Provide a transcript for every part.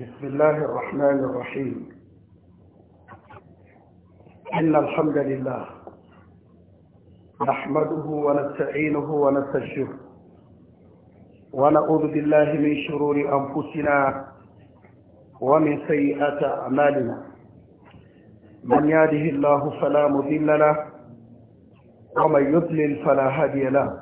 بسم الله الرحمن الرحيم إن الحمد لله نحمده ونستعينه ونستشره ونعوذ بالله من شرور أنفسنا ومن سيئات أعمالنا من يهده الله فلا مضل له ومن يضلل فلا هادي له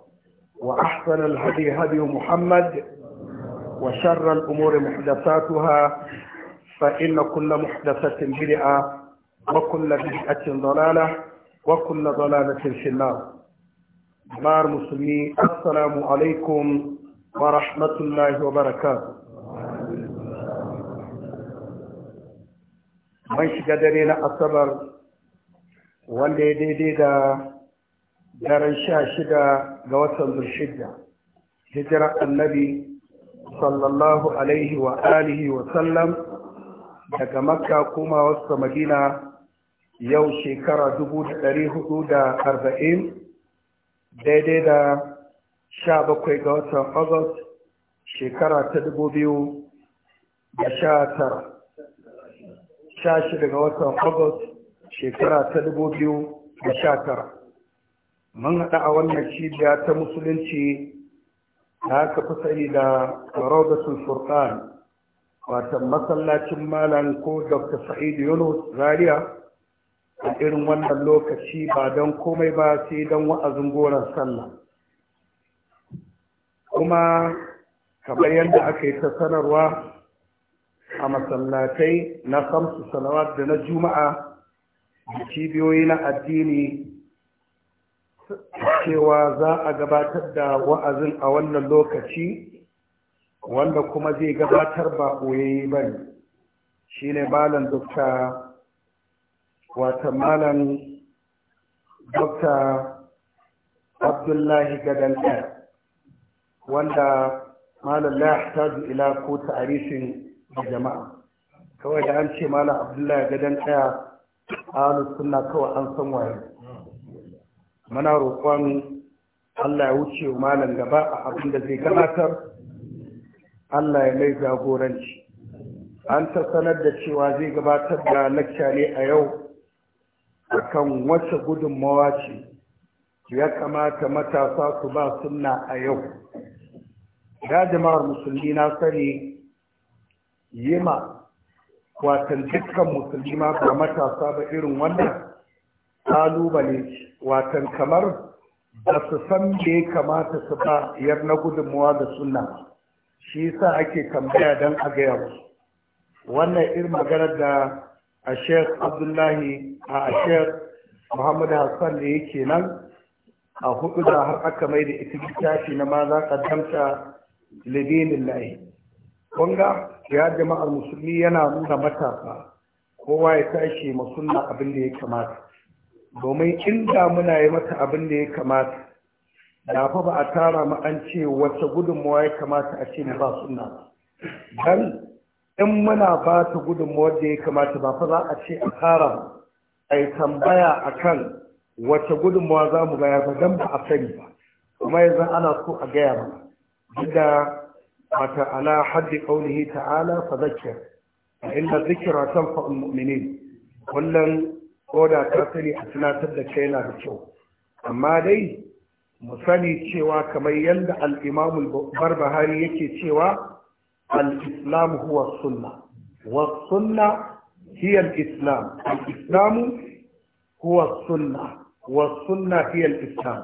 وأحسن الهدي هدي محمد وشر الأمور محدثاتها فإن كل محدثة بدعة وكل بدعة ضلالة وكل ضلالة في النار بار مسلمي السلام عليكم ورحمة الله وبركاته من shiga أصبر وليدي ديدا wanda شاشدا ga watan zulhijja hijiran annabi sallallahu alaihi wa alihi wa sallam daga makka kuma wasu madina yau shekara arba'in, daidai da sha bakwai ga watan august shekara ta sha shida ga watan august shekara ta tara. mun haɗa a wannan cibiya ta musulunci da aka fi sani da raudatul furqan watan masallacin malam ko dr sa'id yunus zaria a irin wannan lokaci ba don komai ba sai don wa'azin goron sallah kuma kamar yadda aka yi ta sanarwa a masallatai na samsu salawat da na juma'a da cibiyoyi na addini cewa za a gabatar da wa'azin a wannan lokaci wanda kuma zai gabatar ba ɓoye ba ne shi ne malam dokta wata malam dokta abdullahi gadanta wanda malam la yahtaju ila ko ta'arifin jama'a kawai da an ce malam abdullahi gadanta a suna kawai an san waye mana roƙon Allah ya wuce wa malam gaba a abin da zai gabatar Allah ya mai jagoranci an ta sanar da cewa zai gabatar da lakca ne a yau akan wace gudunmawa ce ya kamata matasa su ba sunna a yau ya jama'ar musulmi na sani yima watan dukkan musulmi ma ba matasa ba irin wannan kalubale watan kamar ba su san da ya kamata su ba yar na gudunmuwa da sunna shi yasa ake tambaya don a gaya musu wannan irin maganar da a sheikh abdullahi a sheikh muhammadu hassan da yake nan a hudu da har aka mai da ita littafi na maza za ka damta lidinin ya jama'ar musulmi yana nuna matasa kowa ya tashi masunna abin da ya kamata domin inda muna yi mata abin da ya kamata da fa ba a tara mu an ce wata gudunmawa ya kamata a ce ba suna dan in muna ba ta da ya kamata ba fa za a ce a tara a tambaya a kan wata gudunmawa za mu bayar ba dan ba a sani ba kuma yanzu ana so a gaya ba. Gida da mata ala haddi qaulihi ta'ala fa zakkir fa inna dhikra muminin kullum ko ta sani a tunatar da kai yana da kyau amma dai mu sani cewa kamar yadda al'imamul barbahari yake cewa al'islam huwa sunna wa sunna hiya al'islam al'islamu huwa sunna wa sunna hiya al'islam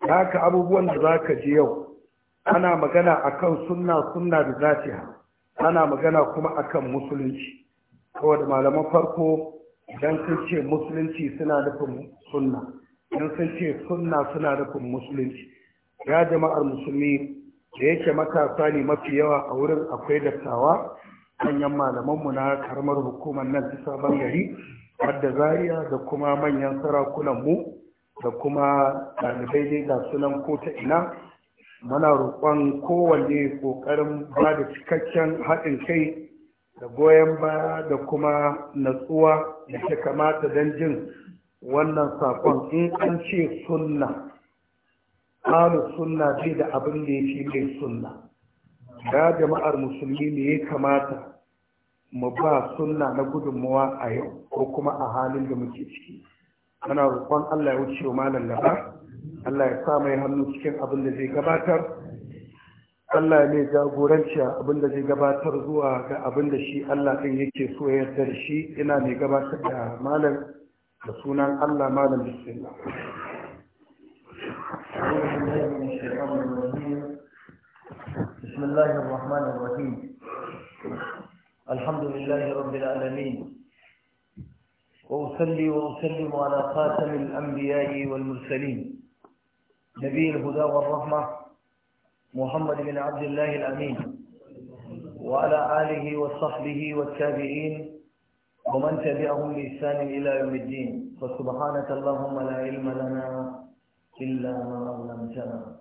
haka abubuwan da za ka ji yau ana magana akan sunna sunna da zatiha ana magana kuma akan musulunci saboda malaman farko idan sun ce musulunci suna nufin sunna idan sun ce sunna suna nufin musulunci ya jama'ar musulmi da yake matasa ne mafi yawa a wurin akwai dattawa manyan malamanmu na karamar hukumar nan ta sabon gari wadda zaria da kuma manyan sarakunan mu da kuma ɗalibai dai ga sunan ko ta ina muna roƙon kowanne ƙoƙarin ba da cikakken haɗin kai da goyon baya da kuma natsuwa da ta kamata don jin wannan saƙon in an ce sunna alu sunna ce da abin da ya ce mai sunna da jama'ar musulmi ne ya kamata mu ba sunna na gudunmawa a yau ko kuma a halin da muke ciki ana roƙon allah ya wuce wa malam gaba allah ya sa mai hannu cikin abin da zai gabatar Allah ne jagoranci abin da zai gabatar zuwa ga abin da shi Allah ɗin yake so ya yarda da shi ina mai gabatar da malam da sunan Allah malam bismillah بسم الله الرحمن الرحيم الحمد لله رب العالمين وأصلي وأسلم على خاتم الأنبياء والمرسلين نبي الهدى والرحمة محمد بن عبد الله الأمين وعلى آله وصحبه والتابعين ومن تبعهم بإحسان إلى يوم الدين فسبحانك اللهم لا علم لنا إلا ما علمتنا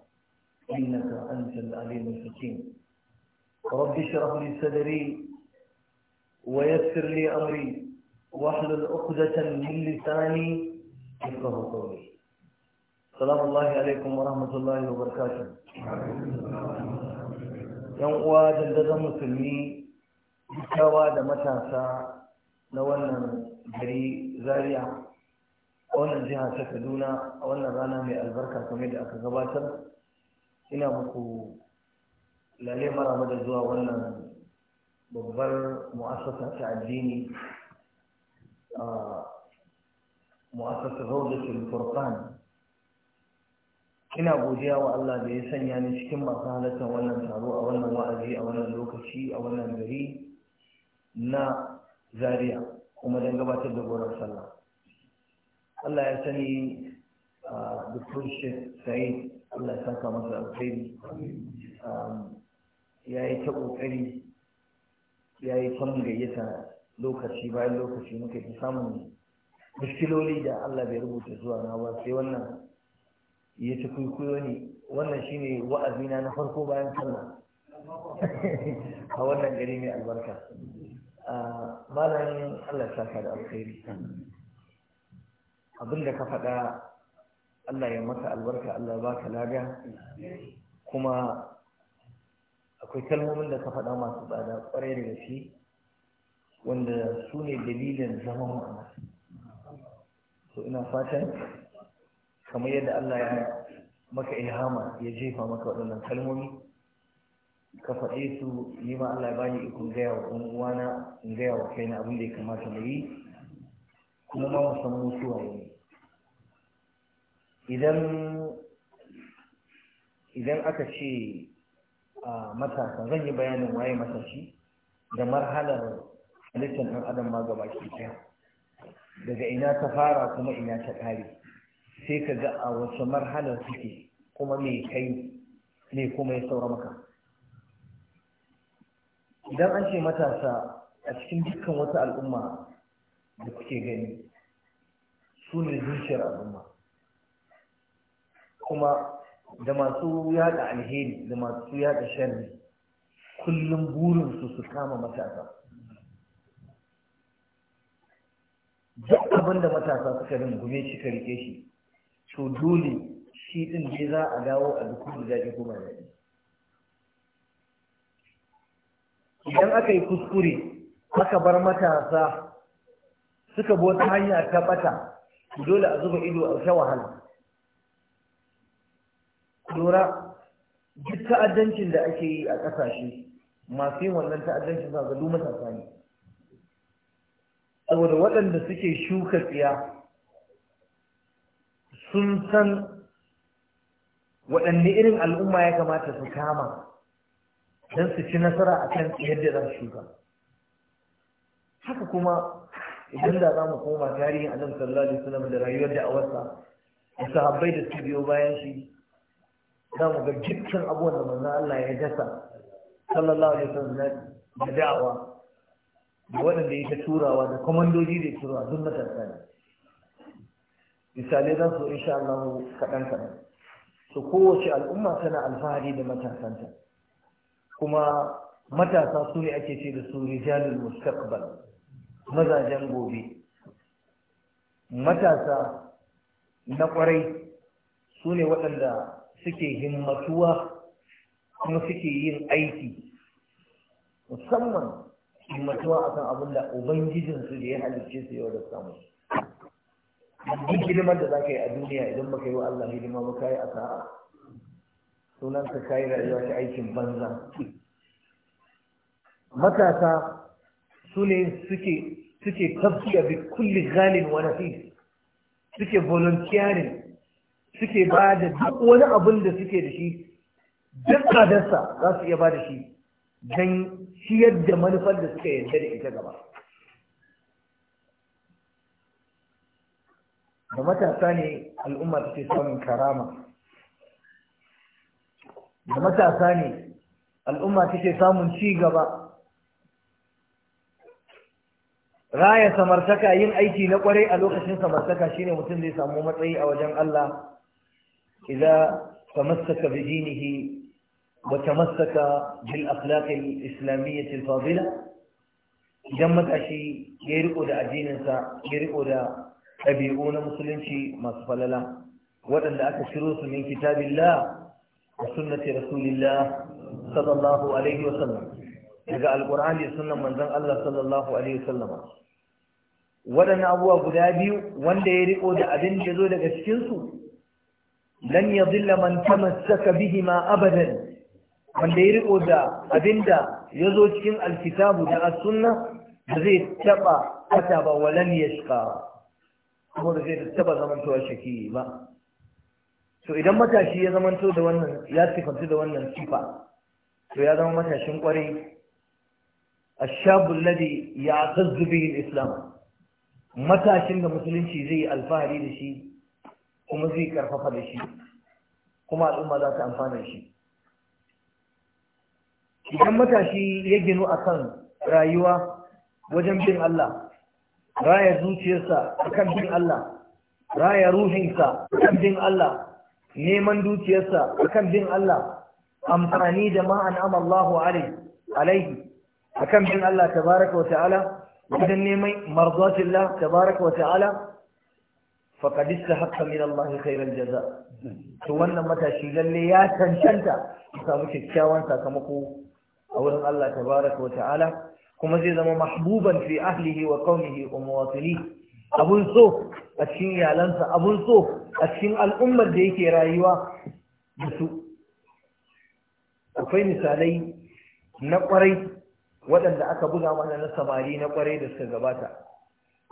إنك أنت العليم الحكيم رب اشرح لي صدري ويسر لي أمري واحلل عقدة من لساني يفقه قولي salamu alaikum wa rahmatullahi wa barakatun yan uwa dandazon musulmi kawa da matasa na wannan gari zaria a wannan jiha ta kaduna a wannan rana mai albarka kamar da aka gabatar ina muku lale marama da zuwa wannan babbar mu'asasa ta addini mu'asasa zaujatul furqan ina godiya wa Allah da ya sanya ni cikin masu halartar wannan taro a wannan wa'azi a wannan lokaci a wannan gari na zaria kuma don gabatar da goron sallah Allah ya sani a Dr. Sheikh Said Allah ya saka masa alkhairi ya yi ta ƙoƙari ya yi ta gayyata lokaci bayan lokaci muka fi samun muskiloli da Allah bai rubuta zuwa na ba sai wannan ya ci kwaikwayo ne wannan shine wa'azina na farko bayan sallah a wannan gari mai albarka malamin Allah saka da alkhairi abinda ka faɗa Allah ya maka albarka Allah ba ka lada kuma akwai kalmomin da ka faɗa masu tsada ƙwarai da gaske wanda su ne dalilin zaman ma'ana so ina fatan kamar yadda Allah ya maka ilhama ya jefa maka waɗannan kalmomi ka faɗe su ni ma Allah ya bani ikon gaya wa ɗan uwana in gaya wa kaina abin da ya kamata mu yi kuma ma musamman su ne idan idan aka ce a matasa zan yi bayanin waye matashi da marhalar halittar ɗan adam ma gaba ke daga ina ta fara kuma ina ta ƙare sai ka ga a wasu marhalar suke kuma mai kai ne kuma ya saura maka idan an ce matasa a cikin dukkan wata al'umma da kuke gani su ne zuciyar al'umma kuma da masu yada alheri da masu yada sharri kullum burinsu su kama matasa duk abin da matasa suka ringume shi ka rike shi to dole shi din ne za a dawo a duk da kuma daɗi idan aka yi kuskure aka bar matasa suka bi wata hanya ta bata dole a zuba ido a ta wahala lura duk ta'addancin da ake yi a ƙasashe masu yin wannan ta'addancin za ga matasa ne saboda waɗanda suke shuka tsiya sun san waɗanne irin al'umma ya kamata su kama don su ci nasara a kan yadda za su shuka haka kuma idan da za mu koma tarihin annabi sallallahu alaihi wasallam da rayuwar da awarsa da sahabbai da su biyo bayan shi za mu ga dukkan abubuwan da Allah ya dasa sallallahu alaihi wasallam da da'awa da waɗanda ya ta turawa da kwamandoji da turawa duk matasa ne misalai zan so insha Allah kaɗan kaɗan so kowace al'umma tana alfahari da matasanta kuma matasa su ne ake ce da su rijalul mustaqbal mazajen gobe matasa na ƙwarai su ne waɗanda suke himmatuwa kuma suke yin aiki musamman himmatuwa akan abin da ubangijinsu da ya halicce su yau da samu duk hidimar da za ka yi a duniya idan baka yi wa Allah hidima ba ka yi a sa'a sunan ka kayi rayuwa ta aikin banza matasa su ne suke suke tafiya bi kulli galin wani fi suke volunteering suke ba da duk wani abin da suke da shi duk kadarsa za su iya ba da shi don shi yadda manufar da suka yarda da ita gaba da matasa ne al'umma ke samun karama da matasa ne al'umma take samun ci gaba raya samartaka yin aiki na kwarai a lokacin samartaka shine mutum zai samu matsayi a wajen Allah idza tamassaka bi dinihi wa tamassaka bil akhlaq al islamiyyah al fadila idan matashi ya riko da addininsa ya riko da ɗabi'u na musulunci masu falala waɗanda aka shiro su min kitabillah da sunnati rasulillah sallallahu alaihi wa sallam daga alqur'ani da sunnan manzon Allah sallallahu alaihi wa sallam waɗannan abubuwa guda biyu wanda ya riko da abin da zo daga cikin su lan yadilla man tamassaka bihima abadan wanda ya riko da abin da ya zo cikin alkitabu da as-sunna ba zai taɓa kata ba walan yashqa kuma da zai taba zamantowa shaki ba to idan matashi ya zamanto da wannan ya da wannan sifa to ya zama matashin kwarai الشاب ya يعتز به Islam. matashin da musulunci zai yi alfahari da shi kuma zai karfafa da shi kuma al'umma za ta amfana shi idan matashi ya ginu akan rayuwa wajen bin Allah raya zuciyarsa kan bin Allah raya ruhinsa kan bin Allah neman a kan bin Allah amfani da ma Allahu alaihi kan bin Allah tabaraka wa ta'ala wajen neman marzatillah tabaraka wa ta'ala faqad istahaqqa min Allah khairal jaza to wannan matashi lalle ya cancanta ya samu kyakkyawan sakamako a wurin Allah tabaraka wa ta'ala kuma zai zama mahbuban fi ahlihi wa qaumihi wa muwatili abun so a cikin iyalansa abun so a cikin al'ummar da yake rayuwa da su akwai misalai na kwarai waɗanda aka buga mana na samari na kwarai da suka gabata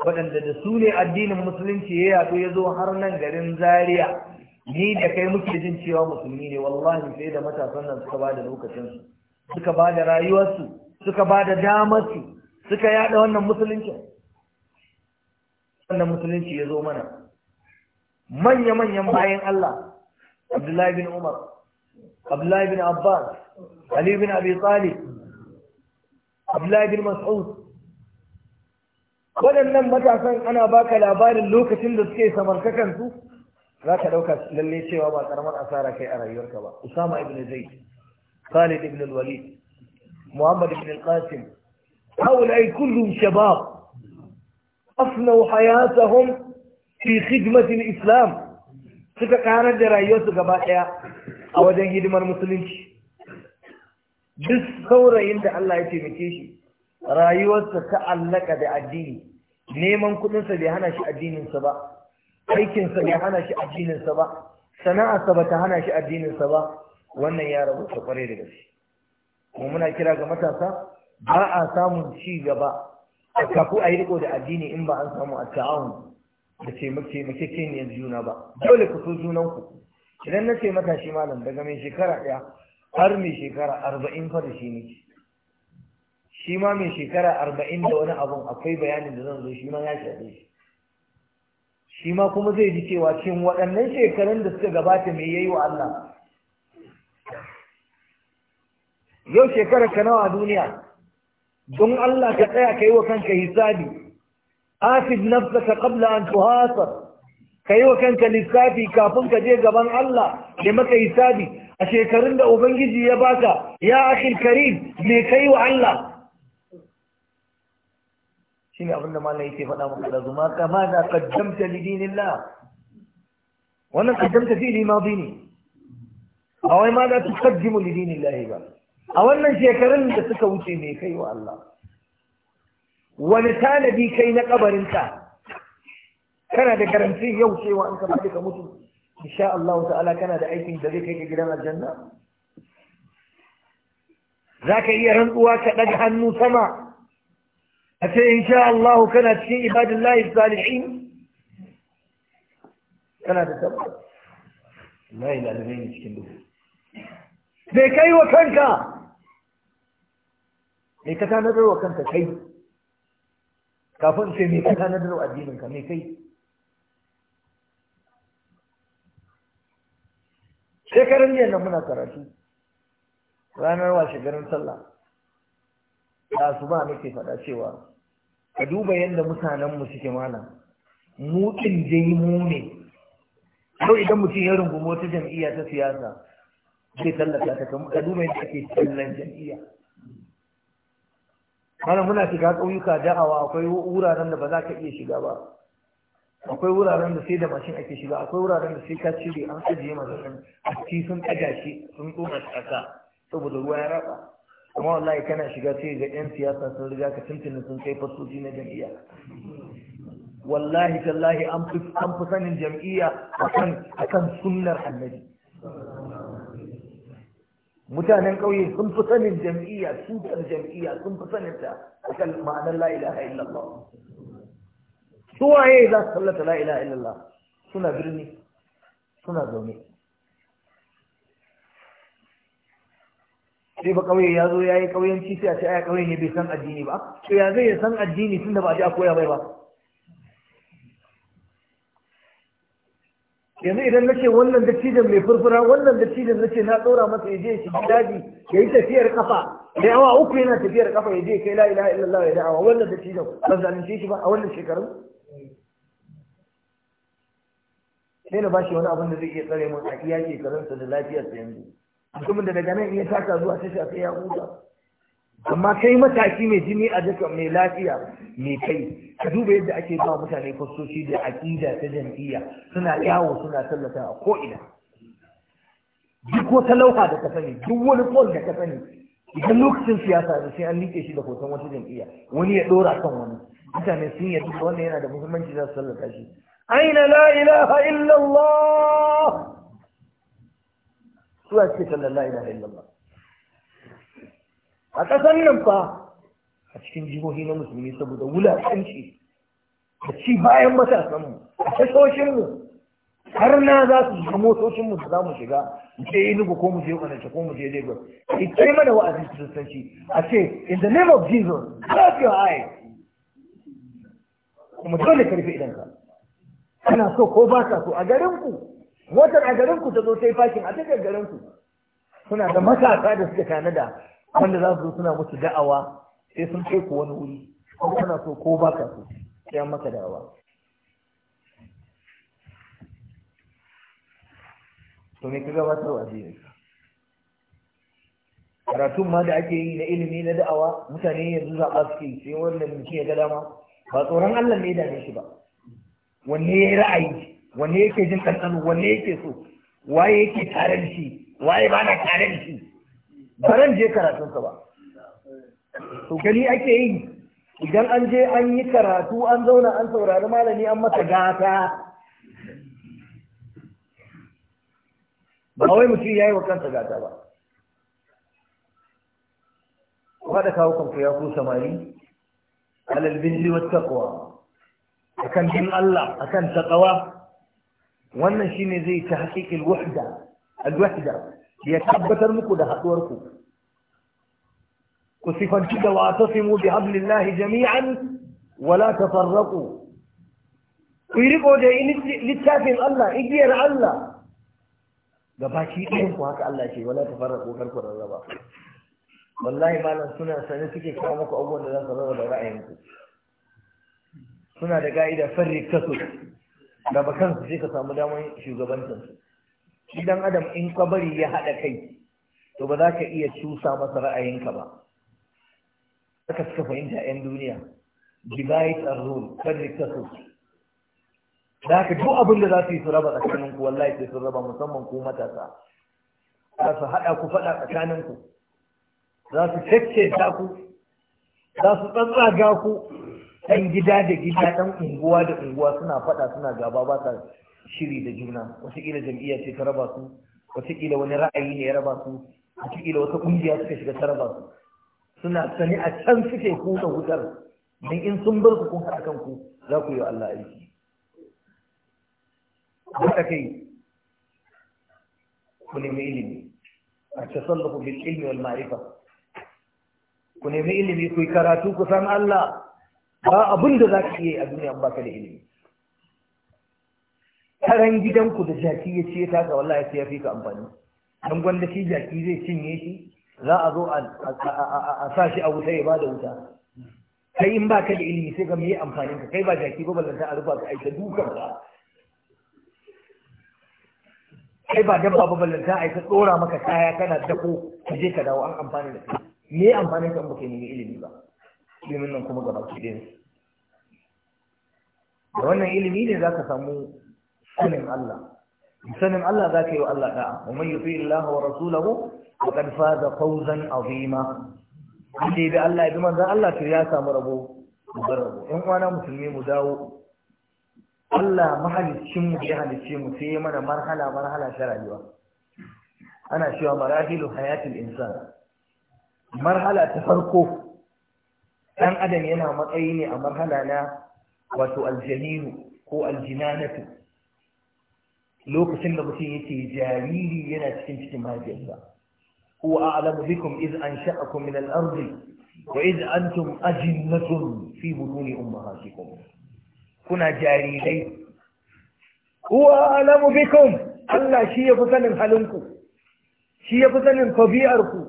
waɗanda da su ne addinin musulunci ya yaɗo ya zo har nan garin zaria ni da kai muke jin cewa musulmi ne wallahi sai da matasan nan suka ba da lokacinsu suka ba da rayuwarsu suka ba da damar su suka yada wannan musulunci wannan musulunci ya zo mana manya-manyan bayan Allah Abdullahi bin Umar Abdullahi bin Abbas Ali bin Abi Talib Abdullahi bin Mas'ud waɗannan matasan ana baka labarin lokacin da suke samarkakan su za ka ɗauka lalle cewa ba ƙaramar asara kai a rayuwarka ba usama ibn zaid khalid ibn al walid محمد بن القاسم هؤلاء كلهم شباب أفنوا حياتهم في خدمة الإسلام suka karar da rayuwarsu gaba ɗaya a wajen hidimar musulunci duk saurayin da Allah ya taimake shi rayuwarsa ta allaka da addini neman kuɗinsa bai hana shi addininsa ba aikinsa bai hana shi addininsa ba sana'arsa ba ta hana shi addininsa ba wannan ya rabu ta kwarai da gaske kuma muna kira ga matasa ba a samun ci gaba a kafu a yi riko da addini in ba an samu a ta'awun da taimakekeniyar juna ba dole ku so junanku idan na ce matashi malam daga mai shekara ɗaya har mai shekara arba'in fa da shi ne shi ma mai shekara arba'in da wani abun akwai bayanin da zan zo shi ma ya shaɗe shi shi ma kuma zai ji cewa cin waɗannan shekarun da suka gabata mai yayi wa Allah yau shekarar ka nawa a duniya don Allah ka tsaya ka yi wa kanka hisabi afid nafsaka kabla an tuhasar ka yi wa kanka lissafi kafin ka je gaban Allah da maka hisabi a shekarun da ubangiji ya baka ya akil karim me kai wa Allah shine abin da malai yake faɗa maka da zuma kama da qaddamta lidinin la wannan qaddamta fi ne a wai ma da tuqaddimu lidinin lahi ba a wannan shekarun da suka wuce mai kai wa Allah wani tanadi kai na kabarinka kana da garanti yau cewa an kama ka mutu insha Allah ta'ala kana da aikin da zai kai ka gidan aljanna za ka iya rantsuwa ka ɗaga hannu sama a ce insha Allah kana cikin ibadin layi salihin kana da tabbas la ilaha cikin duhu mai kai wa kanka mai ka tanadar wa kanka kai kafin ce mai ka tanadar wa addininka mai kai shekarun yin nan muna karatu ranar washe garin sallah da su ba nake faɗa cewa ka duba yadda mutanenmu suke mana mutum jai mu ne yau idan mutum ya rungumo ta jam'iyya ta siyasa zai tallata ta kamar ka duba yadda ake tallan jam'iyya mana muna shiga ƙauyuka da'awa akwai wuraren da ba za ka iya shiga ba akwai wuraren da sai da mashin ake shiga akwai wuraren da sai ka cire an ajiye mazarin a ci sun ɗaga shi sun tsoma shi ƙasa saboda ruwa ya raba amma wallahi kana shiga sai ga 'yan siyasa sun riga ka tuntuni sun kai fasoji na jam'iyya wallahi tallahi an fi sanin jam'iyya akan akan sunnar annabi mutanen ƙauye sun fi sanin jam'iyya cutar jam'iyya sun fi sanin ta akan ma'anar la ilaha illallah su waye za su sallata la ilaha illallah suna birni suna zaune sai ba ƙauye ya zo ya yi ƙauyenci sai a ce aya ƙauyen ne bai san addini ba to ya zai san addini tunda ba a ji a koya bai ba yanzu idan nace wannan dattijan mai furfura wannan dattijan nace na tsora masa ya shi gidaji daji ya yi tafiyar kafa da awa uku yana tafiyar kafa ya je kai la ilaha illallah ya da'awa wannan dattijan ba zalunce shi ba a wannan shekarun sai na bashi wani abin da zai iya tsare mun a iya shekarunsa da lafiyarsa yanzu mutumin da daga nan iya taka zuwa tashi a sai ya huta amma kai mataki mai jini a duka mai lafiya mai kai ka duba yadda ake ba mutane fasoshi da aƙida ta jam'iyya suna yawo suna tallata a ko'ina duk wata lauha da ka sani duk wani kol da ka sani idan lokacin siyasa ne sai an liƙe shi da hoton wata jam'iyya wani ya ɗora kan wani mutane sun yi yadda wannan yana da muhimmanci za su tallata shi aina la ilaha illallah Su ake tallan la ilaha illallah a ƙasar nan fa a cikin jihohi na musulmi saboda wulaƙanci da ci bayan matasanmu a tashoshinmu har na za su shiga motocinmu da za mu shiga mu je inugu ko mu je kwanace ko mu je lagos ita kai mana wa'azin kiristanci a ce in the name of jesus close your eyes kuma dole karfe idan ka kana so ko ba ka so a garinku motar a garinku ta zo ta yi fashin a cikin garinku suna da matasa da suka tanada wanda za su suna musu da'awa sai sun kai ku wani wuri ko kana so ko ba ka so sai an maka da'awa to me ka gabatar wa jiya karatun ma da ake yi na ilimi na da'awa mutane yanzu zaɓa suke yi sai wannan mutum ya ga dama ba tsoron Allah ne ya dame shi ba wanne ya yi ra'ayi wanne yake jin ɗanɗano wanne yake so waye yake tare da shi waye ba na tare da shi baran je karatunsa ba to gani ake yi idan an je an yi karatu an zauna an saurari malami an masa gata ba wai mutum ya yi wa kansa gata ba wadda kawo kanku ya ku samari alal bindi wa a akan bin Allah akan taqwa wannan shine zai ta haƙiƙin wahda al-wahda ya tabbatar muku da haɗuwar ku sifanci da watasimu bi abdullahi jami'an wala tafarraqu ku yi riko da littafin Allah igiyar Allah ga baki ɗayan ku haka Allah ce wala tafarraqu kar ku rarraba wallahi malam suna sani suke kawo muku abubuwan da za su rarraba ra'ayinku suna da ga'ida farri kaso da bakansu sai ka samu damar shugabancinsu shi dan adam in ka ya haɗa kai to ba za ka iya cusa masa ra'ayinka ba haka suka fahimta 'yan duniya divide and rule kan rikasu da haka duk abin da za su yi su raba tsakanin ku wallahi sai su raba musamman ku matasa za su haɗa ku faɗa tsakanin ku za su caccenta ku za su tsatsaga ku ɗan gida da gida ɗan unguwa da unguwa suna faɗa suna gaba ba ta shiri da juna wataƙila jam'iyya ce ta raba su wataƙila wani ra'ayi ne ya raba su wataƙila wata ƙungiya suka shiga ta raba su suna sani a can suke kuka wutar don in sun bar ku kuka akan kanku za ku yi wa Allah aiki haka kai ku nemi ilimi a ku bil ilmi wal ma'rifa ku nemi ilimi ku yi karatu ku san Allah ba abin da za ka iya a duniya ba ka da ilimi karan gidanku da jaki ya ce ta ga wallahi sai ya fi ka amfani dan gwanda shi jaki zai cinye shi za a zo a sa shi a wuta ya ba da wuta kai in ba ka da ilimi sai ka mai amfani ka kai ba jaki ba ballanta a rufa ka aika dukan ka kai ba dabba ba ballanta aika tsora maka kaya kana dako ka je ka dawo an amfani da kai me amfanin ka in baka nemi ilimi ba ilimin nan kuma gaba ki da wannan ilimi ne za ka samu sanin Allah sanin Allah za ka yi wa Allah da'a wa man yuti Allah wa rasulahu faqad faza fawzan azima inda bi Allah bi manzon Allah to ya samu rabo barabo in uwana musulmi mu dawo Allah mahalicin mu ya halicce mu sai mana marhala marhala ta rayuwa ana cewa marahilu hayatul insan marhala ta farko dan adam yana matsayi ne a marhala na wato aljalilu ko aljinanatu lokacin da mutum yake jariri yana cikin cikin mahaifiyarsa huwa a'lamu bikum iz ansha'akum min al-ardi wa iz antum ajinnatun fi butuni ummahatikum kuna jarirai huwa a'lamu bikum Allah shi ya fi sanin halinku shi ya fi sanin tabi'arku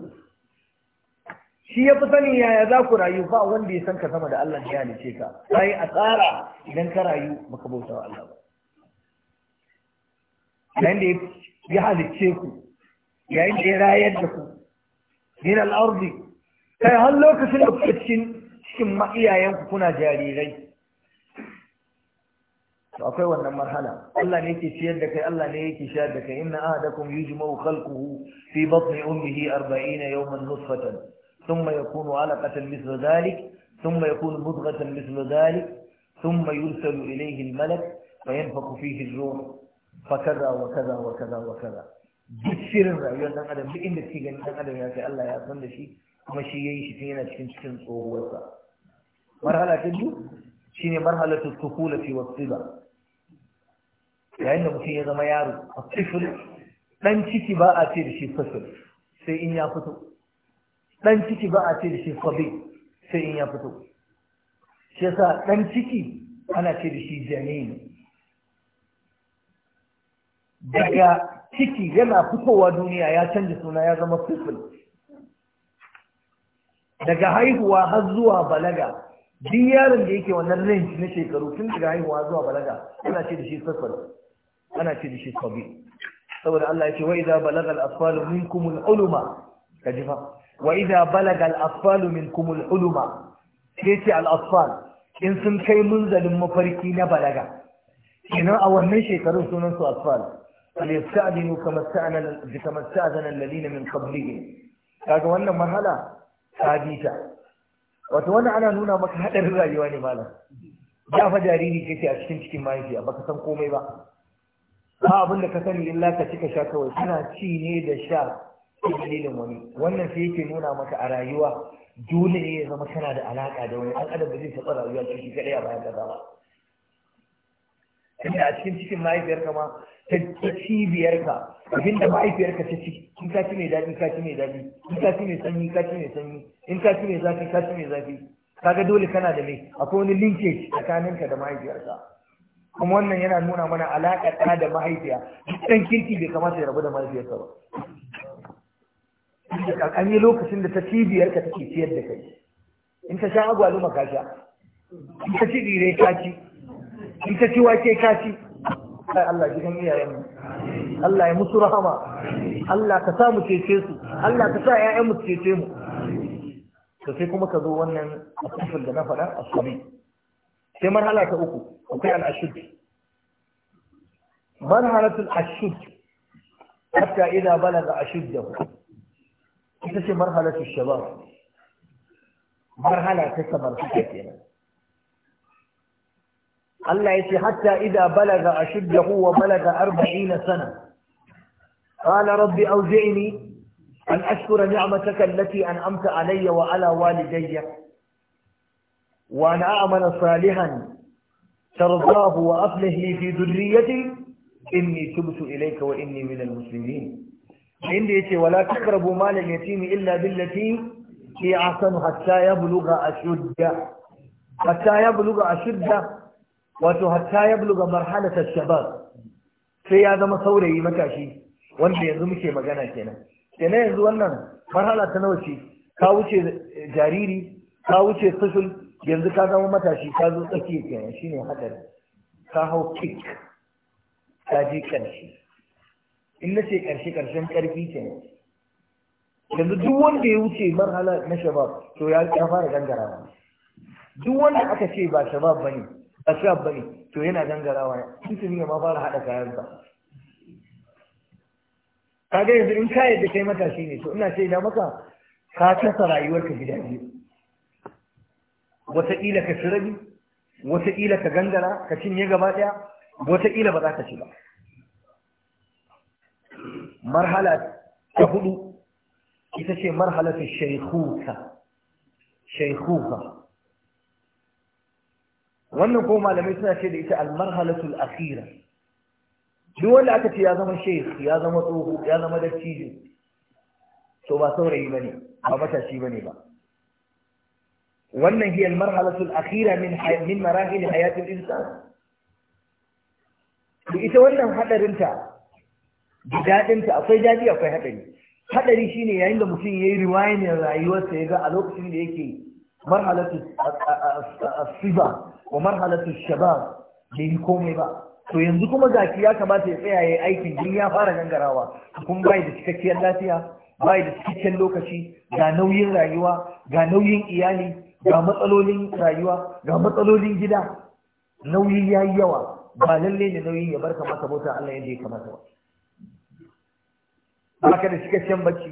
shi ya fi sanin yaya za ku rayu ba wanda ya san ka sama da Allah ya halice ka sai a tsara idan ka rayu baka bauta wa Allah ba yayin da ya halicce ku yayin da ya rayar da ku min al'ardi kai har lokacin da kuka cikin cikin ma'iyayenku kuna jarirai to akwai wannan marhala Allah ne yake ciyar da kai Allah ne yake shayar da kai inna ahadakum yujma'u khalquhu fi batni ummihi 40 yawman nutfatan thumma yakunu 'alaqatan mithla dhalik thumma yakunu mudghatan mithla dhalik thumma yursalu ilayhi al-malak فينفخ فيه الروح fa wa kaza wa kaza wa kaza duk shirin rayuwar dan adam duk inda ke gani dan adam ya kai Allah ya san da shi kuma shi yayi shi tun yana cikin cikin tsohuwarsa marhala ta biyu shine ta tukula fi wasila yayin da mutum ya zama yaro a tifil dan ciki ba a ce da shi fasil sai in ya fito dan ciki ba a ce da shi fabi sai in ya fito shi yasa dan ciki ana ce da shi janin daga ciki yana fitowa duniya ya canza suna ya zama fifil daga haihuwa har zuwa balaga duk yaron da yake wannan range na shekaru tun daga haihuwa zuwa balaga ana ce da shi fifil ana ce da shi sabi saboda Allah ya ce wa idza balaga al-asfalu minkum al-uluma kajifa wa idza balaga al-asfalu minkum al-uluma sai ce al-asfal in sun kai munzalin mafarki na balaga kenan a wannan shekarun sunan su asfal فليستأذنوا كما استأذن كما استأذن الذين من قبلهم kaga wannan mahala sabita wato wannan ana nuna maka hadarin rayuwa ne malam ya fa jariri kake a cikin cikin mahaifiya baka san komai ba ba abin da ka sani illa ka cika sha kawai kana ci ne da sha dalilin wani wannan sai yake nuna maka a rayuwa dole ne ya zama kana da alaka da wani an adam zai taɓa rayuwa cikin kaɗai a bayan gaza ba a cikin cikin mahaifiyar kama ta cibiyarka abin da mahaifiyarka ta ci in ka ci mai daɗi ka ci mai daɗi in ka ci mai sanyi ka ci mai sanyi in ka ci mai zafi ka ci mai zafi kaga dole kana da mai akwai wani linkage tsakaninka da mahaifiyarka kuma wannan yana nuna mana alaƙa ɗa da mahaifiya duk kirki bai kamata ya rabu da mahaifiyarsa ba an yi lokacin da ta cibiyarka take ciyar da kai in ka sha agwaluma ka sha in ka ci dire ka ci in ka ci wake ka ci kai Allah gidan iyayen mu Allah ya musu rahama Allah ka sa cece su Allah ka sa ƴaƴan mu cece mu to sai kuma ka zo wannan asufin da na faɗa asubi sai marhala ta uku akwai al-ashud marhalatul ashud hatta idza balaga ashuddahu ita ce marhalatul shabab marhala ta samar samartaka kenan الله قال حتى إذا بلغ أشده وبلغ أربعين سنة قال ربي أوزعني أن أشكر نعمتك التي أنعمت علي وعلى والدي وأن أعمل صالحا ترضاه وأفله لي في ذريتي إني تبت إليك وإني من المسلمين عندي ولا تقربوا مال اليتيم إلا بالتي هي أحسن حتى يبلغ أشده حتى يبلغ أشده wato hatta ya buluga marhalata shabab sai ya zama saurayi matashi wanda yanzu muke magana kenan kenan yanzu wannan marhala ta nawa ce ka wuce eh, jariri ka wuce sushul yanzu ka zama matashi ka zo tsakiya kenan shine hadari ka hau kick ka je karshe in na ce karshe karshen karfi kenan yanzu duk wanda ya wuce marhala na shabab to ya fara gangara duk wanda aka ce ba shabab bane ba shaf bane to yana gangarawa ne tuntuni ya ma fara haɗa kayan sa kaga yanzu in ka yadda kai matashi ne to ina shaida maka ka rayuwar rayuwarka gida biyu wataƙila ka ci rabi wataƙila ka gangara ka cinye gaba ɗaya wataƙila ba za ka ci ba marhala ta hudu ita ce marhalar shaikuka shaikuka wannan ko malamai suna ce da ita almarhalatul akhira duk wanda aka ce ya zama sheikh ya zama tsoho ya zama dattijo to ba saurayi bane ba matashi bane ba wannan hiya almarhalatul akhira min min marahil hayatil insan to ita wannan hadarinta dadinta akwai dadi akwai hadari hadari shine yayin da mutum yayi riwayan rayuwarsa yaga a lokacin da yake marhalatul asiba wa marhalatu shabab bai yi komai ba to yanzu kuma zaki ya kamata ya tsaya yayi aikin din ya fara gangarawa kun bai da cikakkiyar lafiya bai da cikakken lokaci ga nauyin rayuwa ga nauyin iyali ga matsalolin rayuwa ga matsalolin gida nauyi ya yi yawa ba lalle ne nauyin ya barka masa bauta Allah yadda ya kamata ba baka da cikakken bacci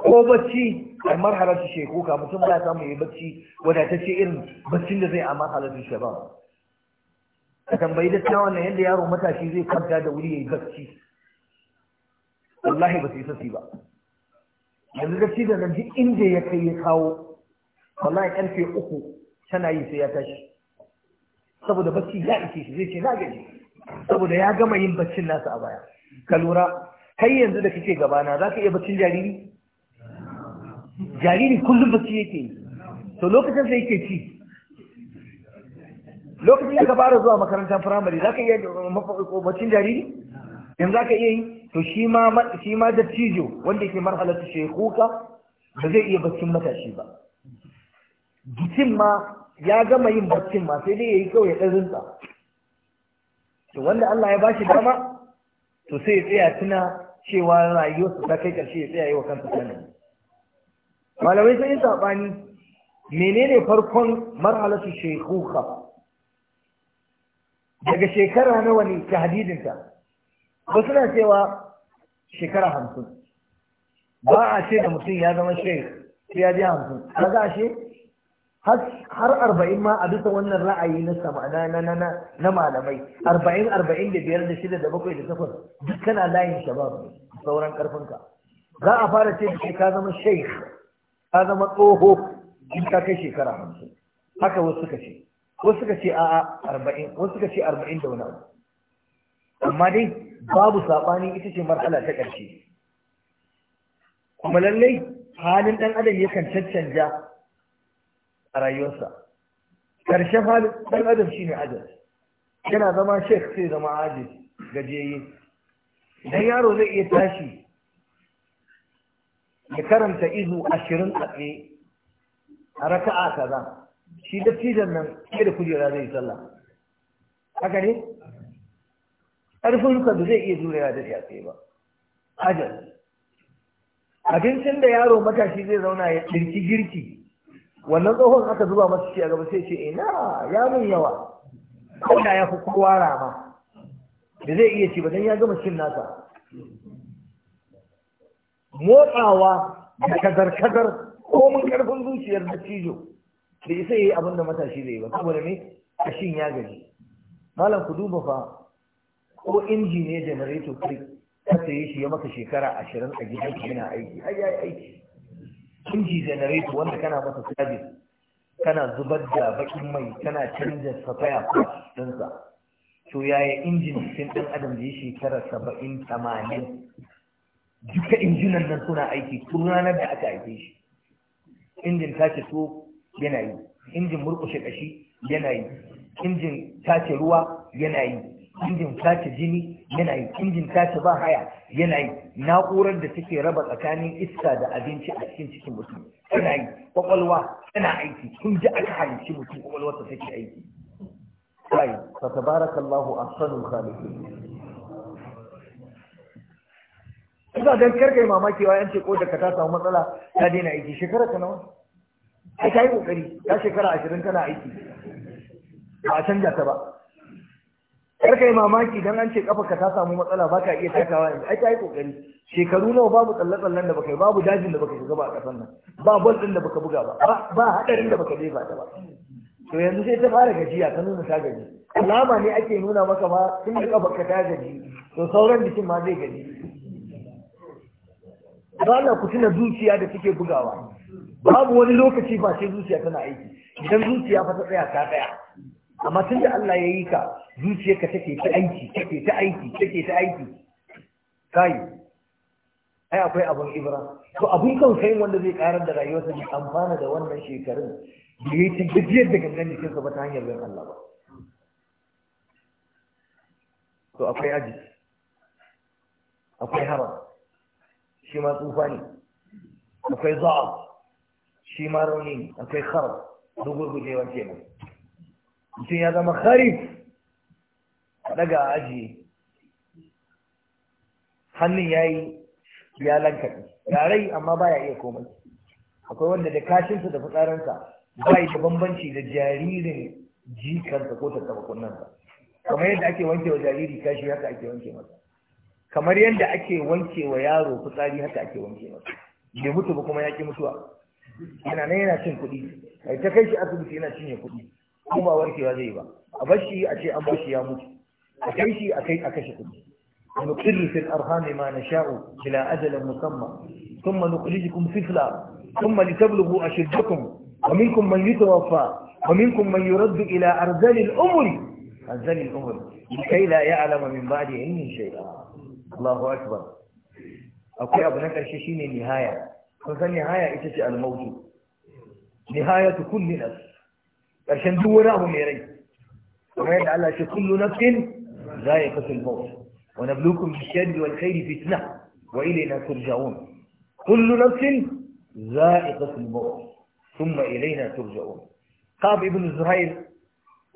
ko bacci a marhalar shi kuka mutum ba samu yi bacci wadatacce irin baccin da zai a marhalar shi ba ka tambayi da cewa nan yadda yaro matashi zai kwanta da wuri ya yi bacci wallahi ba su yi sassi ba yanzu shi da nan duk inda ya kai ya kawo wallahi karfe uku tana yi sai ya tashi saboda bacci ya ishe shi zai ce na gaji saboda ya gama yin baccin nasa a baya ka lura kai yanzu da kake gabana za ka iya baccin jariri jariri kullum bacci yake yi to lokacin sai yake ci lokacin da ka fara zuwa makarantar firamare za ka iya bacin jariri yanzu za ka iya yi to shi ma da cijo wanda yake marhalar shekuka ba zai iya baccin matashi ba jikin ma ya gama yin baccin ma sai dai ya yi kawai ya ɗazinsa to wanda Allah ya ba shi dama to sai ya tsaya tuna cewa rayuwarsa ta kai ƙarshe ya tsaya yi wa kansa sanin malamai sun yi saɓani menene farkon marhalatu shekuka daga shekara nawa ne hadidinta? ba suna cewa shekara hamsin ba a ce da mutum ya zama shek sai ya je hamsin ka za a har arba'in ma a bisa wannan ra'ayi na sama, na malamai arba'in arba'in da biyar da shida da bakwai da takwas duk kana layin shabab sauran karfinka za a fara ce da ka zama sheikh ka zama tsoho in ka kai shekara hamsin haka wasu suka ce wasu suka ce a'a arba'in wasu suka ce arba'in da wani abu amma dai babu saɓani ita ce marhala ta ƙarshe kuma lallai halin ɗan adam yakan cancanja a rayuwarsa ƙarshen halin ɗan adam shi ne ajal yana zama shek sai zama ajal gajiyayye. idan yaro zai iya tashi ya karanta izu ashirin a tsaye a raka'a kaza shi dattijan nan sai da kujera zai sallah haka ne ƙarfin ruka da zai iya ya da a tsaye ba ajal abincin da yaro matashi zai zauna ya ɗirki girki wannan tsohon aka zuba masa shi a gaba sai ce ina ya mun yawa ko da ya fi kowa rama da zai iya ci ba don ya gama cin nasa motsawa da kadar-kadar komin karfin zuciyar da cijo da isa yi abin da matashi zai ba saboda a kashin ya gaji malam ku duba fa ko inji ne janareto kai ta saye shi ya maka shekara ashirin a gidan ka yana aiki ai aiki inji janareto wanda kana masa sabis kana zubar da bakin mai kana canza safaya ko dinsa to yaya injin cikin ɗan adam da ya shekara saba'in tamanin duka injinan nan suna aiki tun ranar da aka aike shi injin tace so yana yi injin murƙushe ƙashi yana yi injin tace ruwa yana yi injin tace jini yana yi injin tace ba haya yana yi na'urar da take raba tsakanin iska da abinci a cikin cikin mutum yana yi kwakwalwa tana aiki kun ji aka halicci mutum kwakwalwarsa take aiki. Right, fa tabarakallahu ahsanul khaliqin. Isa don karkai mamaki wa yance ko daga ta samu matsala ta daina aiki shekara ta nawa? Ai ta yi kokari ta shekara ashirin tana aiki ba a canja ta ba. Karkai mamaki don an ce kafa ka ta samu matsala ba ka iya takawa yanzu ai ta yi kokari shekaru nawa babu tsalle-tsallen da baka yi babu dajin da baka shiga ba a kasan nan ba bol ɗin da baka buga ba ba haɗarin da baka jefa ta ba. To yanzu sai ta fara gajiya ta nuna ta gaji alama ne ake nuna maka ba tun da kafa ka ta gaji to sauran bikin ma zai gaji Ba na ku tuna zuciya da take bugawa babu wani lokaci ba sai zuciya tana aiki idan zuciya fa ta tsaya ta tsaya amma tunda Allah ya yi ka ka take ta aiki take ta aiki take ta aiki kai ai akwai abun ibra to abun kai wanda zai karar da rayuwarsa ne amfana da wannan shekarun da yayi ta gajiyar da gangan jikinsa ba ta hanyar bin Allah ba to akwai aji akwai haram shi ma tsufa ne akwai za'a shi ma rauni ne akwai khar rugurgujewar ne mutum ya zama kharif a daga aji. hannun ya yi ya lankaɗe yarai amma baya iya komai akwai wanda da kashinsa da fitsarinsa ba yi da bambanci da jaririn jikansa ko kunnansa kamar yadda ake wanke wa jariri kashi haka ake wanke masa kamar yadda ake wanke wa yaro fitsari haka ake wanke wa bai mutu ba kuma ya ki mutuwa yana nan yana cin kuɗi Mai ta kai shi asibiti yana cinye kuɗi kuma ba warkewa zai ba a bar shi a ce an bar shi ya mutu a kai shi a kai a kashe kuɗi nuqirru fil arham ma nasha'u bila ajalin musamma thumma nukhrijukum tifla thumma litablugu ashiddakum wa minkum man yutawaffa wa minkum man yuraddu ila arzalil umri arzali al-umri likay la ya'lama min ba'di ilmin shay'a الله أكبر أوكي أبو نكر النهاية نهاية فالنهاية إتسي الموجود نهاية كل نفس عشان دوناه ميري وما يدعلها كل نفس زائقة الموت ونبلوكم بالشد والخير فتنة وإلينا ترجعون كل نفس زائقة الموت ثم إلينا ترجعون قاب ابن إسرائيل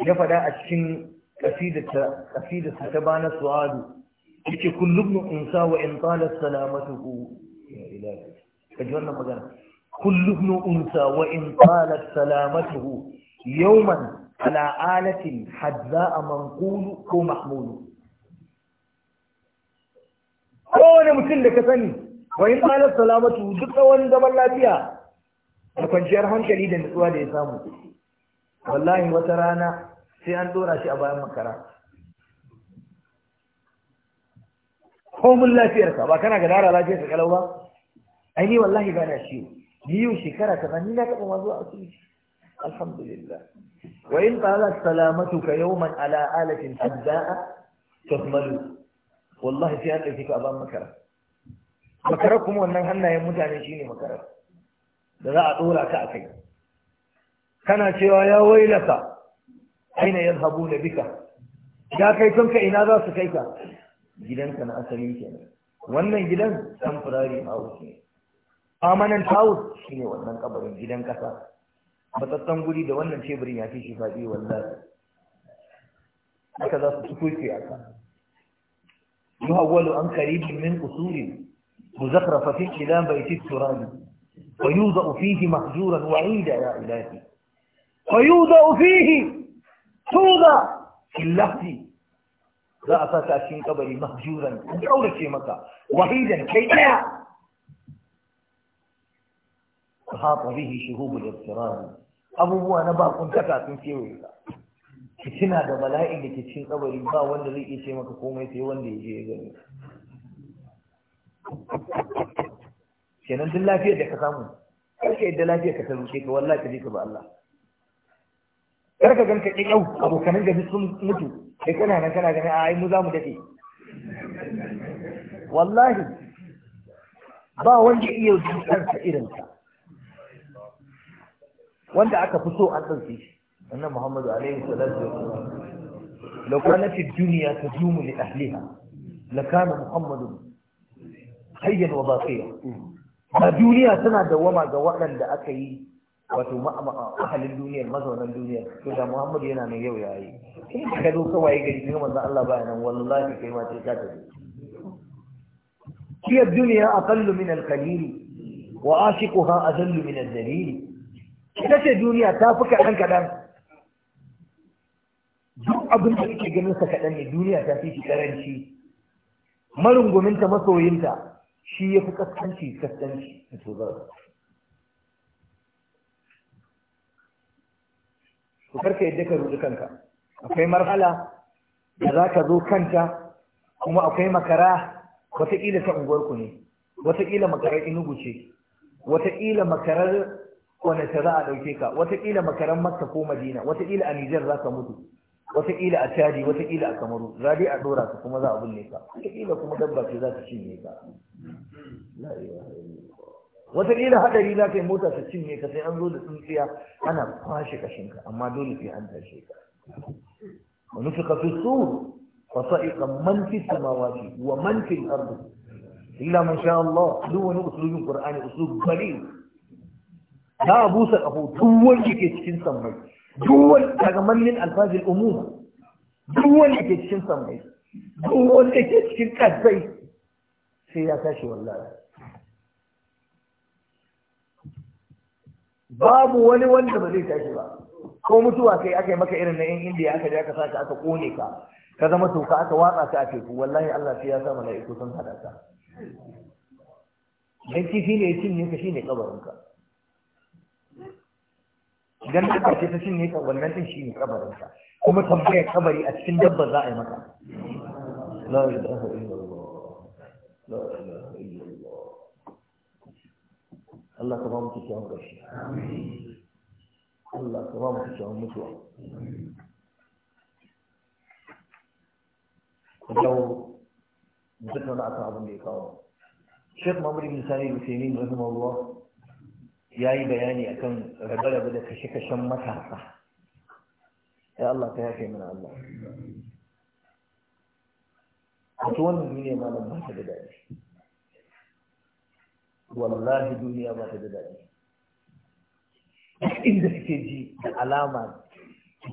يفدى أشكين قصيدة قصيدة تبانا سؤاله yake kullum mu insa wa in talat salamatuhu ya ilahi kaji wannan magana kullum mu insa wa in talat salamatuhu yawman ala alatin hadza manqulu ko mahmulu kowane mutum da ka sani wa in talat salamatuhu duk tsawon zaman lafiya da kwanciyar hankali da nutsuwa da ya samu wallahi wata rana sai an dora shi a bayan makara komun lafiyarka ba kana ga dara lafiyar ka kalau ba ai ni wallahi ba na ciwo ni yau shekara ta ni na taɓa zuwa asibiti alhamdulillah wa in talat salamatuka yawman ala alatin abda'a tuhmalu wallahi sai an ɗauki ka a ban makara makarar kuma wannan hannayen mutane shine makarar da za a ɗora ka a kai kana cewa ya wailaka aina yadhabuna bika ya kai kanka ina za su kai ka gidanka na asali kenan wannan gidan temporary house ne permanent house shine wannan kabarin gidan kasa matsatsan guri da wannan teburin ya fi shi faɗi wallahi haka za su tukuce a ka yuhawwalu an qaribin min usuri muzakhrafa fi ila baiti turab wa yuzau fihi mahjuran wa inda ya ilahi wa yuzau fihi tuza fil za a saka cikin kabari mahjuran an kaurace maka wahidan kai daya ta bihi da ibtirar abubuwa na kun taka sun kewaye ka kina da bala'in da ke cikin kabari ba wanda zai iya ce maka komai sai wanda ya je ya gani kenan duk lafiyar da ka samu kar ka lafiyar ka ta ruke ka wallahi ka ji ka ba Allah kar ka ganka ɗin yau abokanan gari sun mutu sai kana nan kana ganin ai mu za mu daɗe wallahi ba wanda iya irin irinsa wanda aka fi so an ɗauke shi annan muhammadu alaihi salatu wa sallam law kanat ad-dunya tajumu li ahliha la kana muhammadun hayyan wa baqiya ba duniya tana dawama ga waɗanda aka yi wato ahalin duniyar mazaunan duniyar to da muhammadu yana nan yau yayi kai ka zo kawai gari ne manzo Allah baya nan wallahi kai ma sai ka tafi shi duniya aqallu min al-qalil wa ashiquha adallu min al-dalil ita ce duniya ta fi kaɗan kaɗan duk abin da kake ganin sa kaɗan ne duniya ta fi shi marungumin marunguminta masoyinta shi yafi fi kaskanci to a Ku karka yadda ka rudu kanka akwai marhala da za ka zo kanta kuma akwai makara wataƙila ta unguwarku ne wataƙila makarar inugu ce wataƙila makarar wane ta za a ɗauke ka wataƙila makarar makka ko madina wataƙila a nijar za ka mutu wataƙila a cadi wataƙila a kamaru za dai a ɗora ka kuma za a binne ka wataƙila kuma dabba ce za ta cinye ka wataƙila haɗari za ka yi mota ta cinye ka sai an zo da tsintsiya ana kwashe kashinka amma dole sai an tashe ka wani suka fi su fasa'iƙa man fi samawati wa man fi ardu illa man sha Allah duk wani usulubin Qur'ani usul bari za a busa ƙaho duk wanda ke cikin sammai duk wanda daga mallin alfazil umuma duk wanda ke cikin sammai duk wanda ke cikin ƙasai sai ya tashi wallahi babu wani wanda ba zai tashi ba ko mutuwa kai aka yi maka irin na yan indiya aka je aka saka aka kone ka ka zama toka aka watsa ka a teku wallahi Allah sai ya sa mala'iku sun hada ka dan kifi ne ya cinye ka shine kabarin ka idan aka ce ta cinye ka wannan din shine kabarin ka kuma tambayar kabari a cikin dabba za a yi maka la ilaha illallah la ilaha الله تمام كي تعمل الله تمام كي تعمل الجو مثل ما نعطى عظم لي قاوة شيخ مامري بن ساني الوسيمين رحمه الله ياي بياني أكن ربلا بدك شك شمتها صح يا الله تهاشي من الله أتوان الدنيا ما لم نحن بدأش wallahi duniya ba ta da daɗi inda suke ji da alama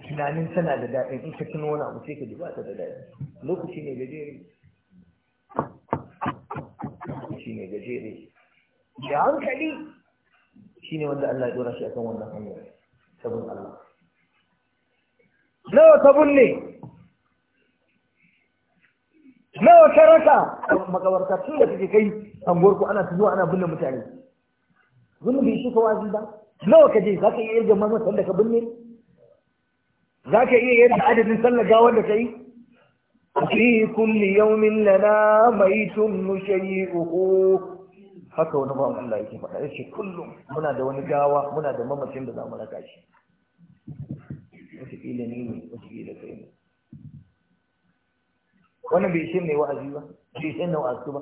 tunanin tana da daɗin in ka tuno wani abu sai ka ji ba ta da daɗi lokaci ne gajere lokaci ne gajere da hankali shine wanda Allah ya dora shi akan wannan hanyar sabon Allah nawa sabon ne nawa ka rasa makabarta tun da kake kai anguwar ku ana tuzo ana binne mutane zulmi bai shi wazi ba nawa ka je za ka iya yarda mamman sanda ka binne ka iya yarda adadin sallar gawar da kai fi kulli yawmin lana maitun uku? haka wani ba Allah yake faɗa yace kullum muna da wani gawa muna da mamacin da za mu raka shi wata ƙila ne ne wata kai ne wannan bai shin wa'azi ba bai shin wa'azi ba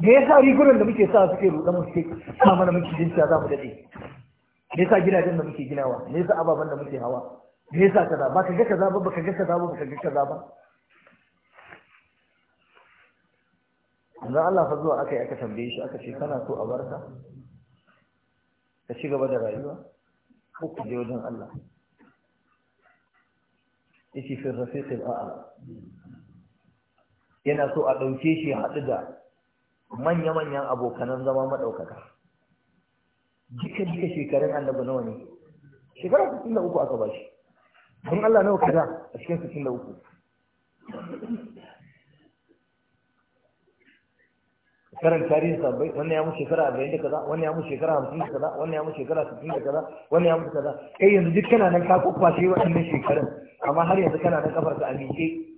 me yasa rigunan da muke sa suke rudan mu suke sa mana muke jin za mu dade me yasa gidajen da muke ginawa me yasa ababen da muke hawa me yasa kaza ba ka ga kaza ba ba ka ga kaza ba ba ka ga kaza ba Zan Allah fa zuwa aka yi aka tambaye shi aka ce kana so a barka ka ci gaba da rayuwa ko ku je wajen Allah yace fi rafiq ala yana so a dauke shi haɗu da manya manyan abokanan zama madaukaka duka duka shekarun annabi nawa ne shekara 63 aka ba shi. don Allah nawa kaza a cikin 63 karan tarihi sabai wannan ya mu shekara arba'in da kaza wannan ya mu shekara hamsin da kaza wannan ya mu shekara sittin da kaza wannan ya mu kaza kai yanzu duk kana nan ka kuffashe waɗannan shekarun amma har yanzu kana da kafar a amince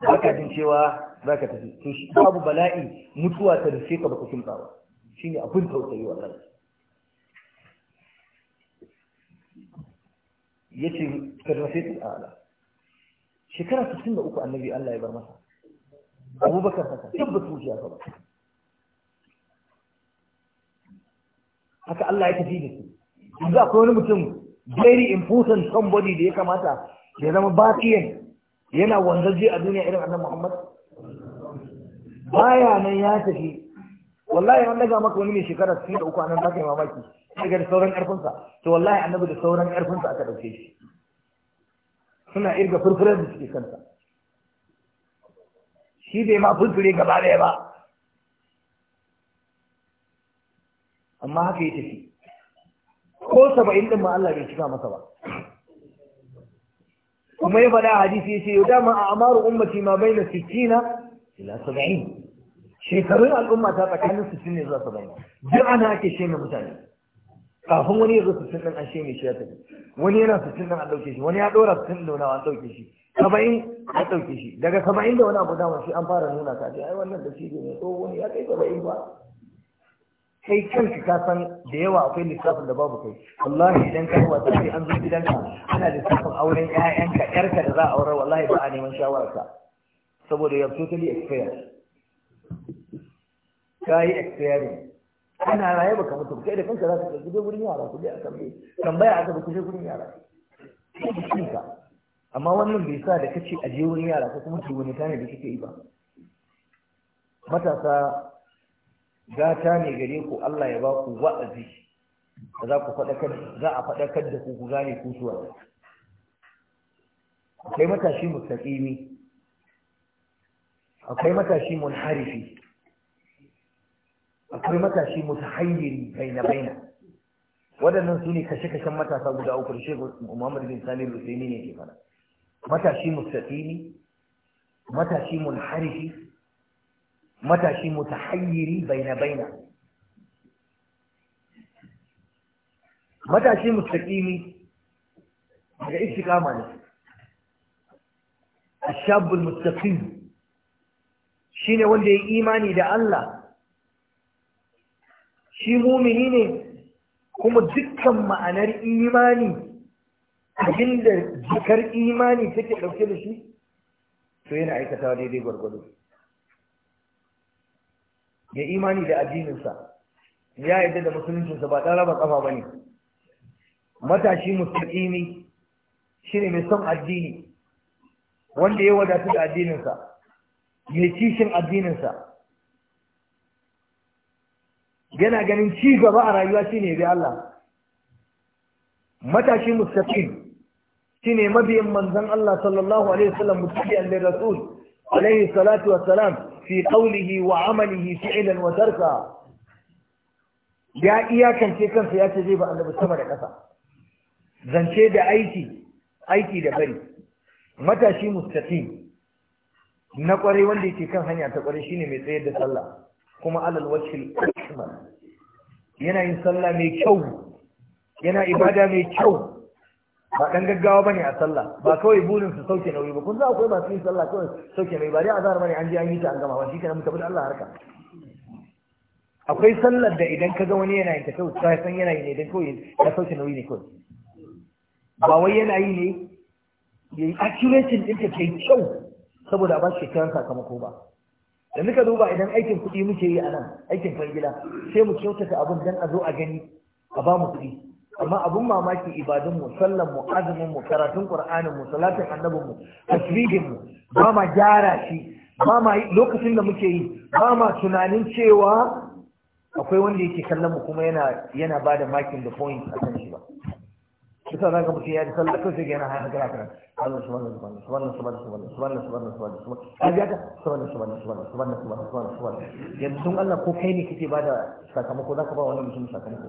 baka jin cewa zaka tafi to shi babu bala'i mutuwa ta rufe ka baka kimta ba shine abin tausayi wannan yace ta ala shekara 63 annabi Allah ya bar masa abubakar haka tabbata zuciya ka ba haka Allah ya tafi da su yanzu akwai wani mutum very important somebody da ya kamata ya zama bakiyan yana wanzarje a duniya irin annan Muhammad baya nan ya tafi wallahi an daga maka wani mai shekara 63 anan zaka yi mamaki daga da sauran karfinsa to wallahi annabi da sauran karfinsa aka dauke shi suna irga furfurar da suke kansa shi bai ma furfure gaba daya ba amma haka ya tafi ko saba'in ɗin ma Allah bai cika masa ba kuma ya faɗa hadisi ya ce yau dama a amaru ummati ma bai na sittina ila saba'in shekarun al'umma ta tsakanin sittin ne zuwa saba'in duk ana ake sheme mutane kafin wani ya zo sittin ɗin an sheme shi ya tafi wani yana sittin ɗin an ɗauke shi wani ya ɗora sittin da wani an ɗauke shi saba'in an ɗauke shi daga saba'in da wani abu dama shi an fara nuna ta ce ai wannan da shi ne tsohon ya kai saba'in ba kai kanki ka san da yawa akwai lissafin da babu kai wallahi idan ka yi wasa sai an zo gidanka ana lissafin auren ƴaƴanka ƴarka da za a aure wallahi ba a neman shawararka saboda you're totally expired ka yi expiring ana raye baka mutu kai da kanka za ka ɗauki je gurin yara ku je a tambaye tambaya aka ba ku je gurin yara ka. amma wannan bai sa da kace a je wurin yara ko kuma ki wani tanadi da kike yi ba matasa gata ne gare ku Allah ya ba ku wa'azi da za ku faɗakar za a faɗakar da ku ku gane ku suwa akwai matashi mustaqimi akwai matashi munharifi akwai matashi mutahayyiri baina baina waɗannan su ne kashe-kashen matasa guda uku da shekaru Muhammad bin Sani Lusaini ne ke fara matashi mustaqimi matashi munharifi matashi mutahayyiri baina baina matashi mustaqimi daga istiqama ne الشاب المستقيم shine wanda ya imani da Allah shi mumini ne kuma dukkan ma'anar imani abinda jikar imani take ɗauke da shi to yana aikata daidai gwargwado ya imani da addininsa ya yarda da musuluncinsa ba ɗan raba ba ne matashi musulmi shi ne mai son addini wanda ya wadatu da addininsa mai kishin addininsa yana ganin ci gaba a rayuwa shi ne bi Allah matashi musulmi shi ne mabiyin manzon Allah sallallahu alaihi wasallam mutabi'an lirrasul alaihi salatu wassalam fi qawlihi wa amalihi fi'lan wa tarka ya iyakance kansa ya ce zai ba annabi sama da ƙasa zance da aiki aiki da bari matashi mustaqim na ƙwarai wanda yake kan hanya ta kwarai shine mai tsayar da sallah kuma alal wajhil akmal yana yin sallah mai kyau yana ibada mai kyau ba ɗan gaggawa bane a sallah ba kawai burin su sauke nauyi ba kun za akwai masu yin sallah kawai sauke nauyi ba dai azhar bane an je an yi ta an gama wani shi kenan mu tafi da Allah harka akwai sallar da idan ka ga wani yana yin ta kawai ka san yana yi ne dan kawai ya sauke nauyi ne kawai ba wai yana yi ne yayi accuracy din ta kai kyau saboda a ba shi kan sakamako ba da muka duba idan aikin kuɗi muke yi a nan aikin kwangila sai mu kyautata abin dan a zo a gani a ba mu kuɗi amma abun mamaki ibadun mu sallan mu azumin mu karatun qur'anin mu salatin annabin mu tasbihin mu ba ma gyara shi ba ma lokacin da muke yi ba ma tunanin cewa akwai wanda yake kallon mu kuma yana yana bada makin da point a kan shi ba kusa zaka mutum ya ji sallah kai sai yana haka kana kana Allah subhanahu wa ta'ala subhanahu wa ta'ala subhanahu wa ta'ala subhanahu wa ta'ala subhanahu wa ta'ala subhanahu wa ta'ala subhanahu wa ta'ala subhanahu subhanahu subhanahu subhanahu subhanahu subhanahu yanzu Allah ko kai ne kake bada sakamako zaka ba wani mutum sakamako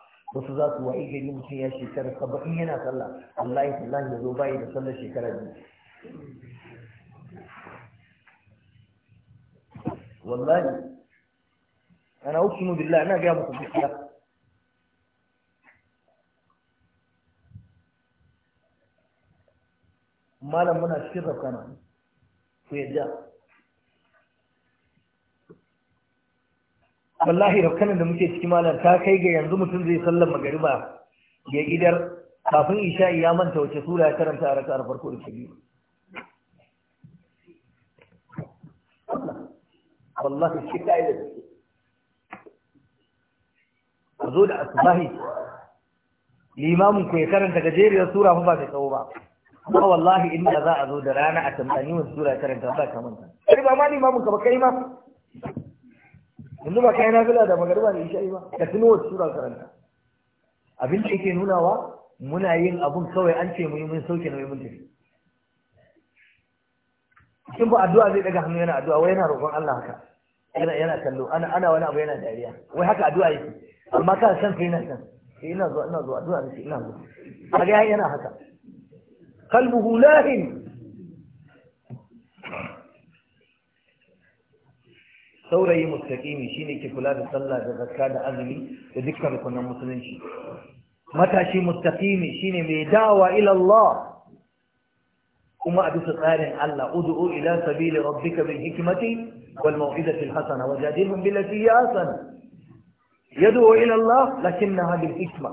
wasu za su wa'i gari mutum ya shekara saba'in yana sallah Allah ya sallah ya zo bayi da sallar shekara biyu wallahi ana mu billah ina gaya muku gaskiya malam muna cikin kana ku yadda wallahi rafkanin da muke ciki malam ta kai ga yanzu mutum zai sallar magariba ya gidar kafin isha'i ya manta wace sura ya karanta a raka'ar farko da biyu wallahi shi kai da zo da asbahi limamin ku ya karanta gajeriyar sura fa ba ta tsawo ba kuma wallahi inda za a zo da rana a tambayi wa sura karanta ba ta manta sai ba ma limamin ka ba kai ma yanzu ba kai fila da magariba da isha'i ba ka tuno wata sura karanta abin da yake nunawa muna yin abun kawai an ce mu yi mun sauke na mun tafi kin ba addu'a zai daga hannu yana addu'a wai yana roƙon Allah haka yana yana kallo ana ana wani abu yana dariya wai haka addu'a yake amma ka san kai nan san eh, ina zuwa ina zuwa addu'a nake ina zuwa kaga yana haka qalbuhu lahin saurayi mustaqimi shine ke kula da sallah da zakka da azumi da dukkan rukunan musulunci matashi mustaqimi shine mai da'awa ila Allah kuma a bisa tsarin Allah ud'u ila sabili rabbika bil hikmati wal mau'izati al hasana wajadilhum lati hiya ahsan yad'u ila Allah lakinnaha bil hikma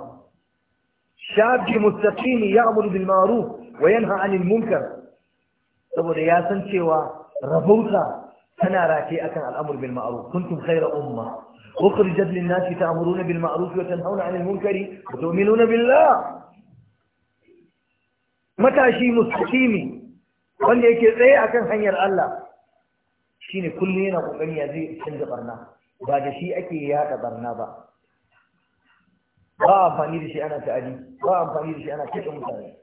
shab mustaqimi ya'muru bil ma'ruf wa yanha 'anil munkar saboda ya san cewa rabauta tana rataye akan al'amur bil ma'ruf kuntum khayra umma ukhrijat lin ta ta'muruna bil ma'ruf wa tanhauna 'anil munkari wa tu'minuna billah matashi mustaqimi wanda yake tsaye akan hanyar Allah shine kullum yana kokari ya zai canza barna ba da shi ake yada barna ba ba amfani da shi ana ta'adi ba amfani da shi ana mutane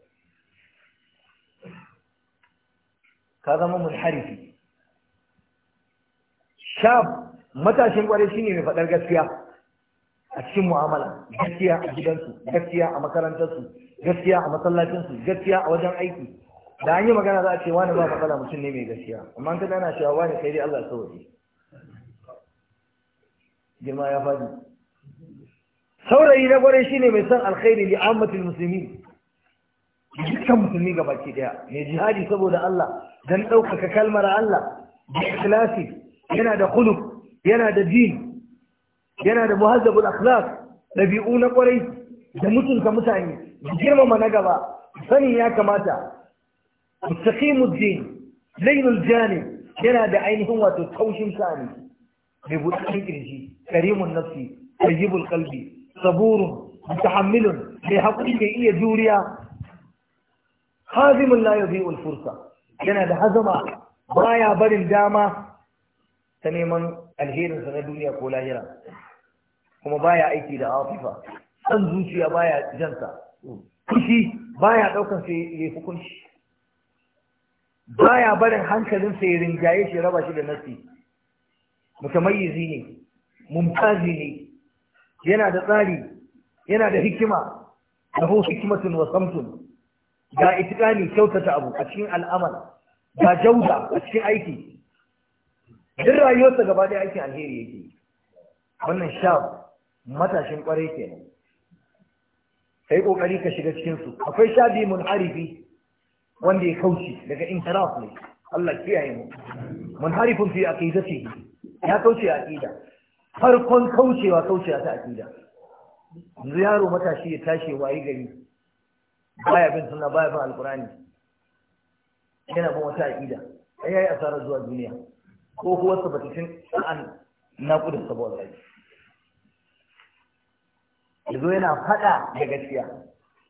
ka zama munharifi sham matashin kwarai shine mai faɗar gaskiya a cikin mu'amala gaskiya a gidansu gaskiya a makarantarsu gaskiya a masallacinsu gaskiya a wajen aiki da an yi magana za a ce wani ba matsala mutum ne mai gaskiya amma an kana cewa wani sai dai Allah sauke girma ya faɗi saurayi na kwarai shine mai son alkhairi li ammatul muslimin dukkan musulmi gabaki daya mai jihadi saboda Allah dan ɗaukaka kalmar Allah da ikhlasi yana da khuluq yana da din yana da muhazzabul akhlaq dabi'u na kwarai da mutunta mutane da girmama na gaba sanin ya kamata mustaqimud din laylul janib yana da ainihin wato taushin sani mai buɗaɗɗen kirji karimun nafsi tayyibul qalbi saburun mutahammilun mai haƙuri da iya juriya hazimun la yudhi'ul fursa yana da hazama baya barin dama ta neman alherinsa na duniya ko lahira kuma baya aiki da afifa san zuciya baya jansa fushi baya daukan sai ya hukunci baya barin hankalin sai ya rinjaye shi raba shi da nasi mutamayyizi ne mumtazi ne yana da tsari yana da hikima lahu hikmatun wa samtun ga itikani kyautata abu a cikin al'amal ga jauda a cikin aiki duk rayuwarsa gaba ɗaya aikin alheri yake wannan shaf. matashin kwarai kenan kai ƙoƙari ka shiga cikin su akwai mun harifi wanda ya kauce daga intanet ne Allah kiyaye mu Mun munharifun fi aqidatihi ya kauce aqida farkon kaucewa kaucewa ta aqida yanzu yaro matashi ya tashi wayi gari baya bin sunna baya bin alqur'ani yana bin wata aqida ai yi asarar zuwa duniya ko kuwa sabatattun sa'an naƙudin sabon rai yanzu yana faɗa da gaskiya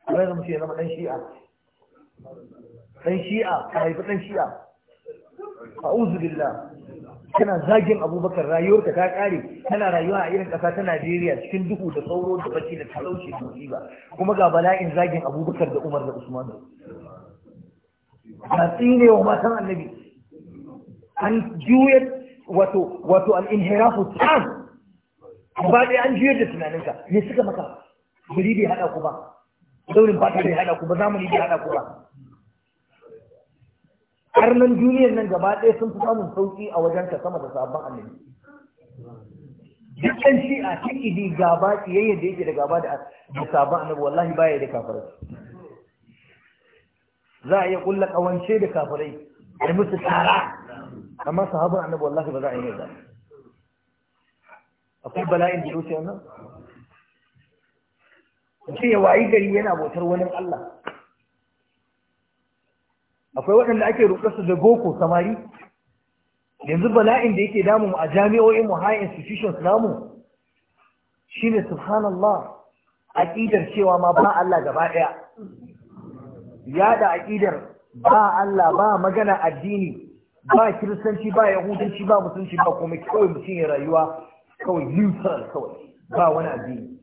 kuma yanzu mace ya zama ɗan shi'a ɗan shi'a a haifi ɗan shi'a a uzubillah tana zagin abubakar rayuwarka ta ƙare tana rayuwa a irin ƙasa ta najeriya cikin duhu da sauro da baki da talauci da musiba kuma ga bala'in zagin abubakar da umar da usman na tsinewa matan annabi an juyar wato wato al tam ba dai an juyar da tunaninka me suka maka guri bai hada ku ba daurin fata bai hada ku ba zamani bai hada ku ba karnan duniyar nan gaba ɗaya sun fi samun sauki a wajen ka sama da sabon annabi dukkan shi a tikidi gaba kiyayya da yake da gaba da sabon annabi wallahi baya da kafirai za a iya kulla kawance da kafirai da musu tara amma sahabin annabi wallahi ba za a yi mai akwai bala'in da yauce wannan mutum ya wayi gari yana bautar wani Allah akwai waɗanda ake roƙarsu da boko samari yanzu bala'in da yake damu a jami'o'in mu high institutions namu ne, subhanallah aqidar cewa ma ba Allah gaba ɗaya yada aqidar ba Allah ba magana addini ba kiristanci ba yahudanci ba musulunci ba kuma kawai mutum ya rayuwa kawai neutral kawai ba wani addini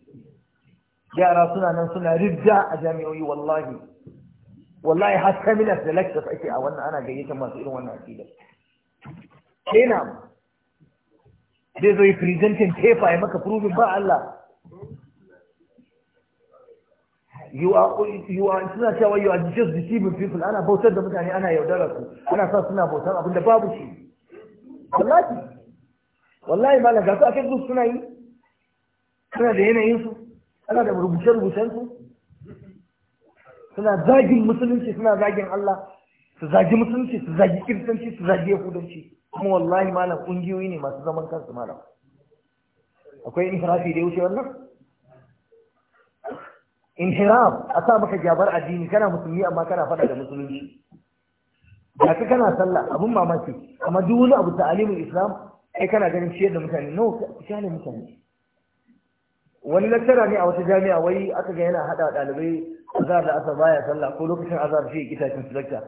yara suna nan suna ridda a jami'o'i wallahi wallahi har terminus da lectures ake a wannan ana gayyata masu irin wannan akidar kenan zai zo yi presenting paper ya maka proving ba Allah you suna cewa you are just deceiving people ana bautar da mutane ana yaudara su ana sa suna bautar abinda babu shi wallahi wallahi malam na su akai zuwa suna yi suna da yanayin su suna da rubuce rubucen su suna zagin musulunci suna zagin Allah su zagi musulunci su zagi kiristanci su zagi yahudanci kuma wallahi malam kungiyoyi ne masu zaman kansu malam akwai infrafi da ya wuce wannan inhiram a sa maka jabar addini kana musulmi amma kana fada da musulunci ba ka kana sallah abun mamaki amma duk wani abu ta alimin islam ai kana ganin ciyar da mutane nawa ka ne mutane wani lattara ne a wata jami'a wai aka ga yana hada dalibai azar da asar baya sallah ko lokacin azar shi kitacin su lakta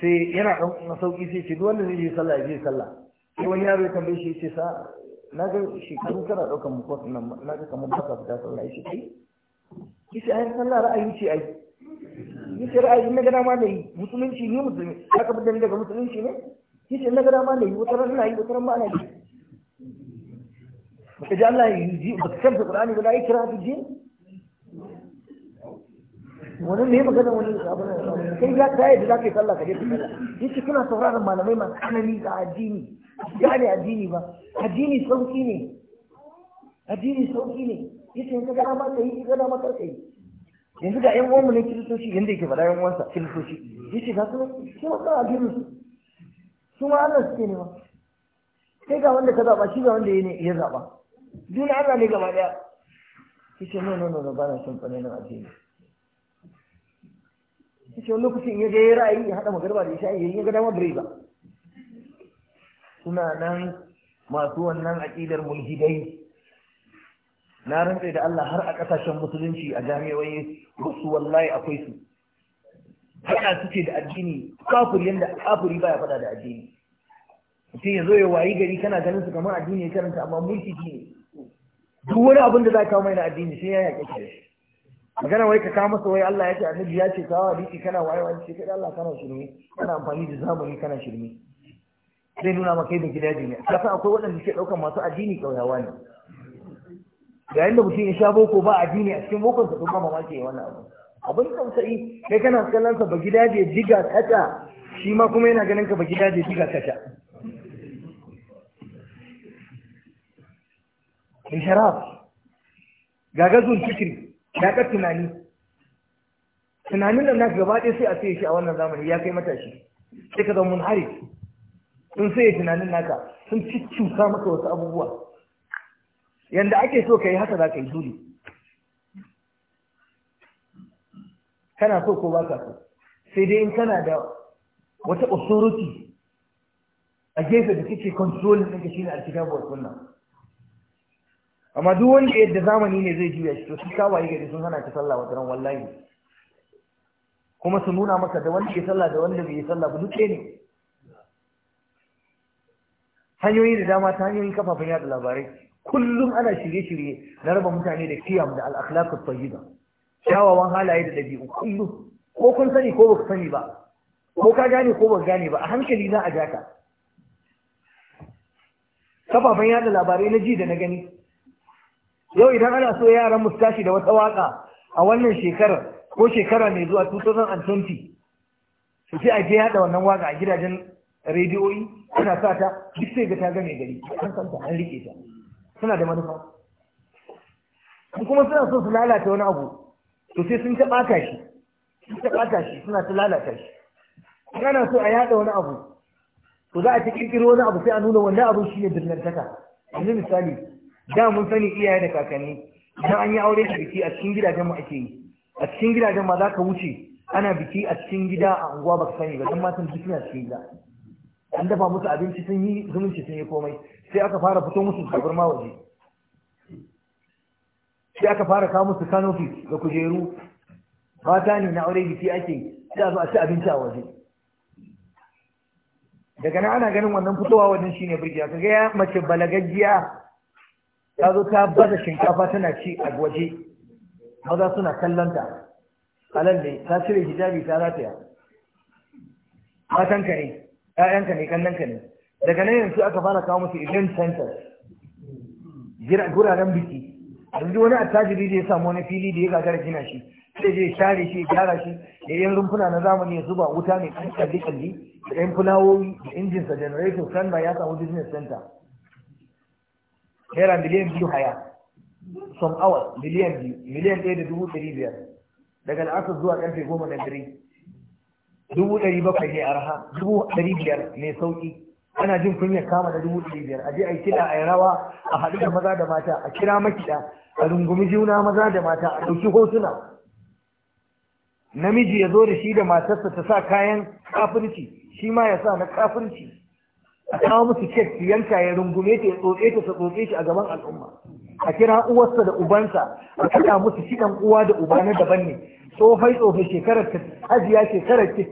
sai yana dan sauki sai ce duk wanda zai yi sallah ya je sallah sai wani yaro ya tambaye shi ya ce sa na ga shekaru kana daukan mu nan na ga kamar ba ka fita sallah ya ce kai yace ai sallah ra'ayi ce ai yace ra'ayi na gada ma da yi musulunci ne musulmi aka fitar dan daga musulunci ne yace na gada ma da yi wata ran ina yi wata ran ba na yi ka ji Allah ya yi ba san da Qur'ani ba da ikra fi din wani ne magana wani abin da kai ya ta yadda da ka yi sallah ka je yace kuna sauraron malamai masu kanani ga addini gane addini ba addini sauki ne addini sauki ne yace in ka gana ma kai ka gana ma kai yanzu ga ƴan uwanmu ne kiristoci yanda yake faɗa ƴan uwansa kiristoci yace ga su shi ma kana addinin su su ma Allah suke ne ba? kai ga wanda ka zaba shi ga wanda ya ya zaba duniya Allah ne gaba daya yace no no no ba na son fananin addini yace wani lokacin ya ga ya ra'ayi ya haɗa magarba da isha ya ga dama bai ba suna nan masu wannan aƙidar mulhidai na rantse da Allah har a kasashen musulunci a jami'oyi wasu wallahi akwai su faɗa suke da addini kafir yanda kafiri baya faɗa da addini sai ya zo ya wayi gari kana ganin su kamar addini ya karanta amma mulki ne duk wani abin da za ka mai na addini sai ya yaƙe ka magana wai ka kawo masa wai Allah ya ce annabi ya ce kawo hadisi kana waye wani ce kai Allah kana shirme kana amfani da zamani kana shirme zai nuna maka da gidaje ne kasa akwai waɗanda ke ɗaukar masu addini ƙauyawa ne da da mutum ya sha boko ba addini a cikin bokon sa kuma mamaki wannan abu abin tausayi kai kana kallon ba gida je diga kata shi ma kuma yana ganin ka ba gida je diga kata inhiraf gagazun ya ga tunani tunanin nan naka gaba ɗaya sai a sai shi a wannan zamani ya kai matashi sai ka zama hari. sun sai tunanin naka sun ciccuka maka wasu abubuwa yanda ake so ka yi haka za ka yi dole kana so ko ba ka so sai dai in kana da wata authority a gefe da kake control ka shine alkitabu wa sunna amma duk wanda yadda zamani ne zai juya shi to su kawaye gari sun hana ka sallah wata ran wallahi kuma su nuna maka da wanda ke sallah da wanda bai sallah ba duk ne hanyoyi da dama ta hanyoyin kafafen yada labarai kullum ana shirye-shirye na raba mutane da kiyam da al'akhlaqut tayyiba kyawawan halaye da dabi'u kullum ko kun sani ko ba sani ba ko ka gane ko ba gane ba a hankali za a ja ka kafafen yada labarai na ji da na gani yau idan ana so yaran mu tashi da wata waka a wannan shekarar ko shekara mai zuwa 2020 su ce a je yada wannan waka a gidajen rediyoyi ana sa ta duk sai ga ta game gari an san ta an rike ta suna da manufa kuma suna so su lalata wani abu to sai sun ta shi sun ta shi suna su lalata shi ana so a yaɗa wani abu to za a ci ƙirƙiro wani abu sai a nuna wannan abu shi ne birnantaka yanzu misali da mun sani iyaye da kakanni idan an yi aure da biki a cikin gidajen mu ake yi a cikin gidajen ma za ka wuce ana biki a cikin gida a unguwa ba ka sani ba don matan duk suna cikin gida an dafa musu abinci sun yi zumunci sun yi komai sai aka fara fito musu tabarma waje sai aka fara kawo musu kanofi da kujeru mata ne na aure biki ake sai a zo a ci abinci a waje daga nan ana ganin wannan fitowa wannan shine birgiya ka ya mace balagaggiya ta zo ta baza shinkafa tana ci a waje maza suna kallonta halal ta cire hijabi ta rataya matan ka ne ƴaƴanka ne kannanka ne daga nan yanzu aka fara kawo musu event center guraren biki yanzu wani attajiri da ya samu wani fili da ya gagara gina shi sai zai share shi gyara shi da yan rumfuna na zamani ya zuba wuta ne kan kalli kalli da yan fulawoyi da injinsa generator sannan ya samu business center naira miliyan biyu haya some hours miliyan biyu miliyan ɗaya da dubu ɗari biyar daga al'asar zuwa ƙarfe goma na dare dubu ɗari bakwai ne arha dubu ɗari biyar mai sauƙi ana jin kunya kama da dubu ɗari biyar a je a yi kiɗa a yi rawa a haɗu da maza da mata a kira makiɗa a rungumi juna maza da mata a ɗauki hotuna namiji ya zo da shi da matarsa ta sa kayan kafirci shi ma ya sa na kafirci a kawo musu kek su yanka ya rungume ta ya tsotse ta ta tsotse shi a gaban al'umma a kira uwarsa da ubansa a kaɗa musu shiɗan uwa da uba na daban ne tsofai tsofai shekarar ta hajiya shekarar ta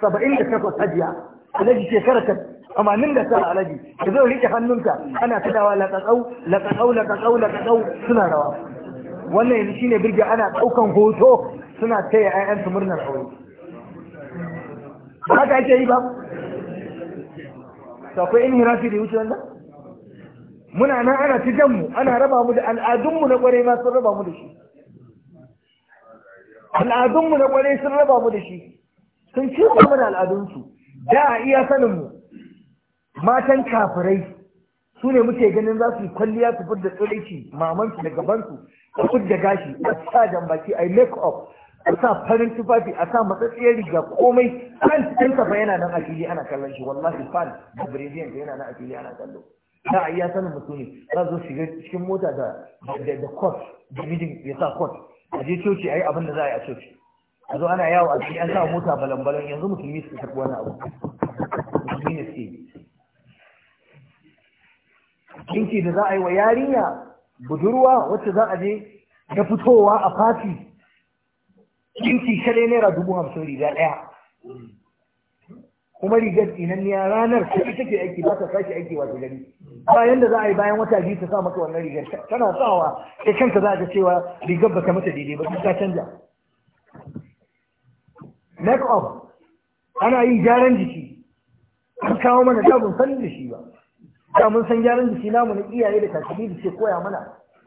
saba'in da takwas hajiya alaji shekarar ta amanin da tara alaji da zai rike hannunka ana tunawa laƙaƙau laƙaƙau laƙaƙau laƙaƙau suna rawa wannan yanzu shine birge ana ɗaukan hoto suna taya 'ya'yansu murnar aure haka ake yi ba to akwai inhirafi da wuce wannan muna nan ana ta mu ana raba mu da al'adunmu na kwarai ma sun raba mu da shi al'adunmu na kwarai sun raba mu da shi sun ci mu da al'adunsu da a iya saninmu matan kafirai su ne muke ganin za su yi kwalliya su budda tsiraici mamansu da gabansu su fidda gashi a sa jambaki a yi make up a sa farin tufafi a sa matsatsiyar riga komai an cikin kafa yana nan a fili ana kallon shi wallahi fan da brazilian yana nan a fili ana kallo za a iya sanin mutum ne za zo shiga cikin mota da da kot da mijin ya sa kot a je coci a yi abin da za a yi a coci a zo ana yawo a cikin an sa mota balan-balan yanzu musulmi su tafi wani abu musulmi ne suke ɗinki da za a yi wa yarinya budurwa wacce za a je ta fitowa a fati ɗinki shaɗai naira dubu hamsin riga ɗaya kuma rigar inan ya ranar ta ita ke aiki ba ta sake aiki wato gari bayan da za a yi bayan wata biyu ta sa maka wannan rigar tana sawa sai kanka za a ga cewa rigar ba ta mata daidai ba ta canja make up ana yin gyaran jiki an kawo mana da mun san da shi ba da mun san gyaran jiki namu na iyaye da kakanni da ke koya mana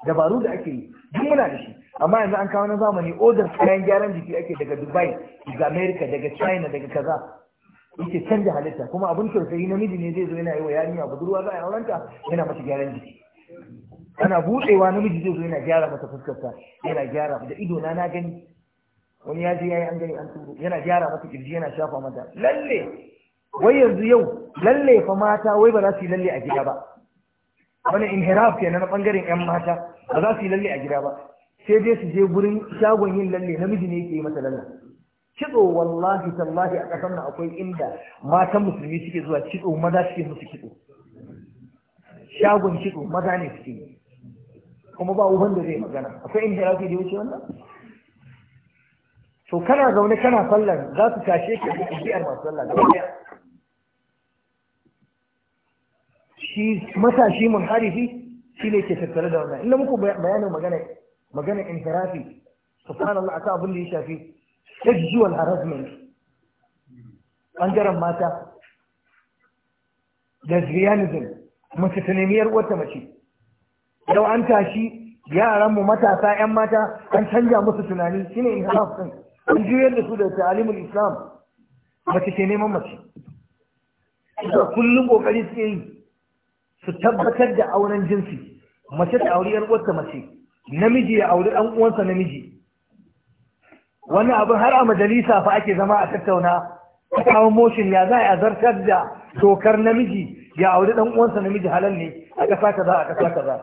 dabaru da ake yi duk muna da shi amma yanzu an kawo na zamani odar kayan gyaran jiki ake daga dubai daga america daga china daga kaza yake canja halitta kuma abin tausayi namiji ne zai zo yana yi wa yarinya budurwa za a aurenta yana mata gyaran jiki ana buɗewa namiji zai zo yana gyara mata fuskarta yana gyara da ido na na gani wani ya je yayi an gani an turo yana gyara mata kirji yana shafa mata lalle wai yanzu yau lalle fa mata wai ba za su yi lalle a gida ba wani inhiraf kenan na bangaren yan mata ba za su yi lalle a gida ba sai dai su je gurin shagon yin lalle namiji ne yake yi mata lalle kido wallahi tallahi a ƙasar nan akwai inda matan musulmi suke zuwa kitso maza suke musu kitso shagon kitso maza ne suke kuma ba uban da zai magana akwai inda rafi da wuce wannan to kana zaune kana sallar za su tashe ka a ɗabi'ar masu sallar da wani shi matashi mun harifi shi ne ke tattare da wannan inda muku bayanin magana magana intirafi subhanallah aka abin da ya shafi sexual harassment ɓangaren mata lesbianism mace ta nemi wata mace yau an tashi mu matasa 'yan mata an canja musu tunani shine inhiraf din an juyar da su da ta'alimul islam mace ke neman mace da kullum kokari suke yi su tabbatar da auren jinsi mace ta auri yar uwarta mace namiji ya auri ɗan uwansa namiji Wani abin har a majalisa fa ake zama a tattauna a kawo motion ya za a zartar da dokar namiji ya auri dan uwansa namiji halal ne a kasa za a kasa za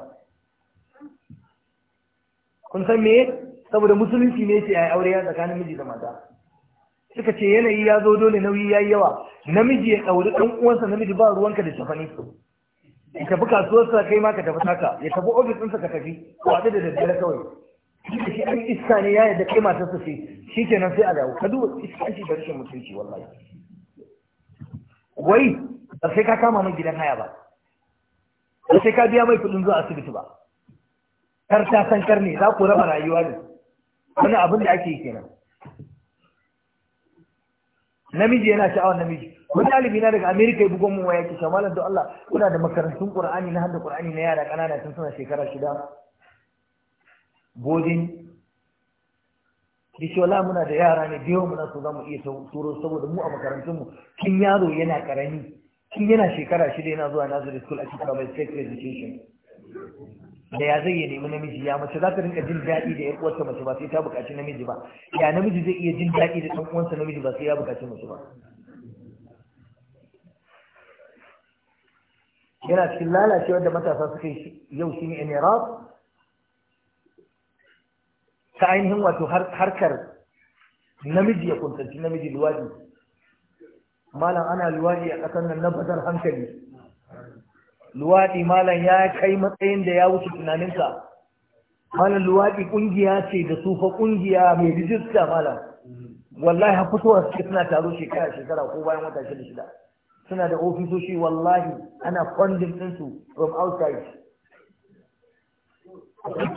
kun san me saboda musulunci ne ce a aure ya tsakanin miji da mata suka ce yanayi ya zo dole nauyi yayi yawa namiji ya auri dan uwansa namiji ba ruwanka da shafani ya tafi kasuwarsa kai ma ka tafi taka ya tafi ofis ɗinsa ka tafi ko a da daddare kawai da shi an iska ne ya yadda kai matarsa ce shi ke nan sai a dawo ka duba iska iskanci da rashin mutunci wallahi wai ba sai ka kama mai gidan haya ba ba sai ka biya mai kudin zuwa asibiti ba kar ta san kar ne za ku raba rayuwa ne wani abin da ake yi kenan namiji yana sha'awar namiji wani ɗalibi na daga amerika ya bugon mu waya ke shamalan da allah kuna da makarantun qur'ani na hada qur'ani na yara ƙanana tun suna shekara shida godin bishola muna da yara ne biyo muna so za mu iya turo saboda mu a makarantunmu kin yaro yana karami kin yana shekara shida yana zuwa nazari school a cikin by State education da ya zai nemi namiji ya mace za ta rinka jin daɗi da ya uwarsa mace ba sai ta buƙaci namiji ba ya namiji zai iya jin daɗi da ɗan uwansa namiji ba sai ya buƙaci mace ba yana cikin lalacewa da matasa suka yi yau ne inirab ta ainihin wato harkar namiji ya kuntanci namiji luwadi malam ana luwadi a ƙasar nan na bazar hankali luwadi malam ya kai matsayin da ya wuce tunaninsa. malam luwadi ƙungiya ce da sufa ƙungiya mai rijista malam wallahi ha fitowa suke suna taro shekara shekara ko bayan wata shida shida suna da ofisoshi wallahi ana funding ɗinsu from outside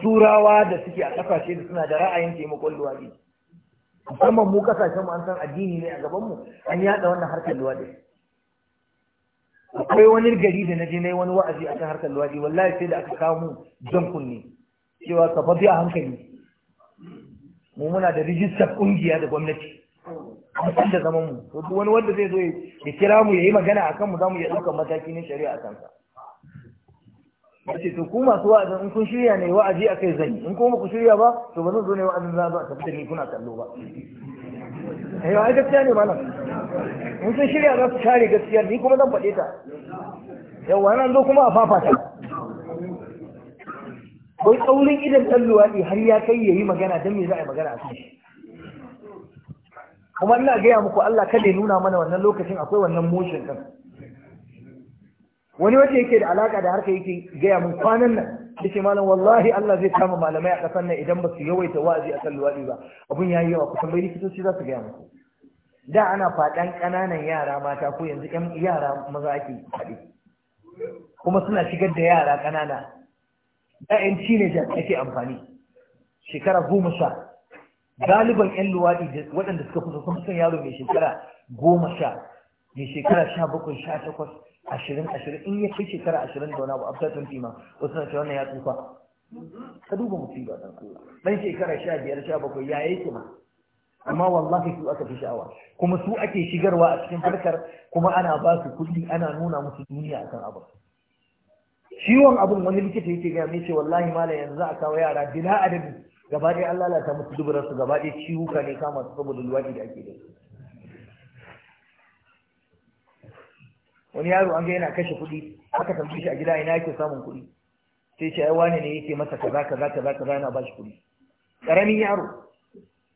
turawa da suke a kasashe da suna da ra'ayin taimakon luwaɗi musamman mu kasashen mu an san addini ne a gaban mu an yada wannan harkar luwaɗi akwai wani gari da na je na wani wa'azi a kan harkar luwaɗi wallahi sai da aka kawo mu jan kunne cewa ka fafi a hankali mu muna da rijistar kungiya da gwamnati an san da zaman mu duk wani wanda zai zo ya kira mu ya yi magana akan mu za mu iya ɗaukar mataki na shari'a a kansa ya ce to ku masu wa'azin in kun shirya ne wa'azi a kai zan yi in kuma ku shirya ba to ba zan zo ne wa'azin za a tafi da ni kuna kallo ba eh ai gaskiya ne malam in sun shirya za su kare gaskiya ni kuma zan faɗe ta yawa nan zo kuma a fafata bai tsaurin idan ɗan luwaɗi har ya kai ya yi magana don me za a yi magana a kan kuma ina gaya muku Allah kada ya nuna mana wannan lokacin akwai wannan motion kan wani wanda yake da alaka da harka yake gaya mun kwanan nan ke malam wallahi Allah zai kama malamai a ƙasar nan idan ba su yawaita wa'azi a kan luwaɗi ba abun yi yawa kusan bai likitoci za su gaya muku da ana faɗan ƙananan yara mata ko yanzu ƴan yara maza ake faɗi kuma suna shigar da yara ƙanana ɗayan teenager ake amfani shekara goma sha galiban ƴan luwaɗi waɗanda suka fito sun san yaro mai shekara goma sha mai shekara sha bakwai sha takwas ashirin ashirin in ya kai shekara ashirin da wani abu abu after twenty ma wasu na ce ya tsufa ka duba musiba dan Allah dan shekara sha biyar sha bakwai ya yake ma amma wallahi su aka fi sha'awa kuma su ake shigarwa a cikin harkar kuma ana ba su kuɗi ana nuna musu duniya akan abu ciwon abun wani likita yake gaya mai ce wallahi malam yanzu za a kawo yara bila adadi gaba ɗaya an lalata musu duburansu gaba ɗaya ciwuka ne kama su saboda luwaɗi da ake da su wani yaro an ga yana kashe kuɗi aka tambaye shi a gida ina yake samun kuɗi sai ce ai wani ne yake masa kaza kaza kaza kaza yana bashi kuɗi karamin yaro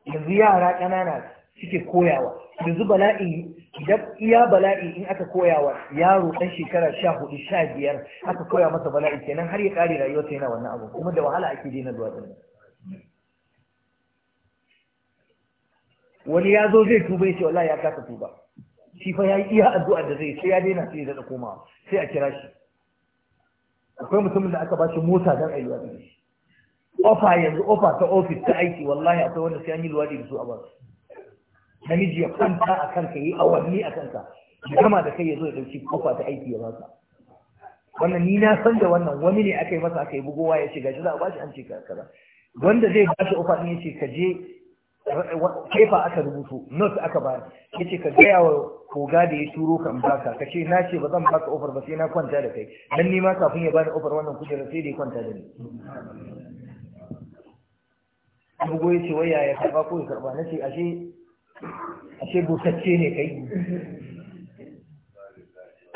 yanzu yara ƙanana suke koyawa yanzu bala'i idan iya bala'i in aka koyawa yaro ɗan shekara sha hudu sha biyar aka koya masa bala'i kenan har ya ƙare rayuwarsa yana wannan abu kuma da wahala ake daina zuwa ɗin wani ya zo zai tuba ya ce wallahi ya kasa tuba shi fa yayi iya addu'a da zai sai ya daina sai ya da koma sai a kira shi akwai mutumin da aka ba shi mota dan ayi luwadi da shi ofa yanzu ofa ta ofis ta aiki wallahi akwai wanda sai an yi luwadi da su a ba namiji ya kwanta a kanka yi awanni a kanka gama da kai ya zo ya dauki ofa ta aiki ya ba ka. wannan ni na san da wannan wani ne aka yi masa aka yi bugowa ya ce gashi za a bashi an ce kaza wanda zai bashi ofa din ya ce ka je kefa aka rubutu? not aka bayar yace ka gaya wa koga da ya turo ka baka ka ce na ce ba zan baka ofar ba sai na kwanta da kai dan ni ma kafin ya bani ofar wannan kujera sai da ya kwanta da ni bugo yace wai ya karba ko ya karba na ce ashe ashe busacce ne kai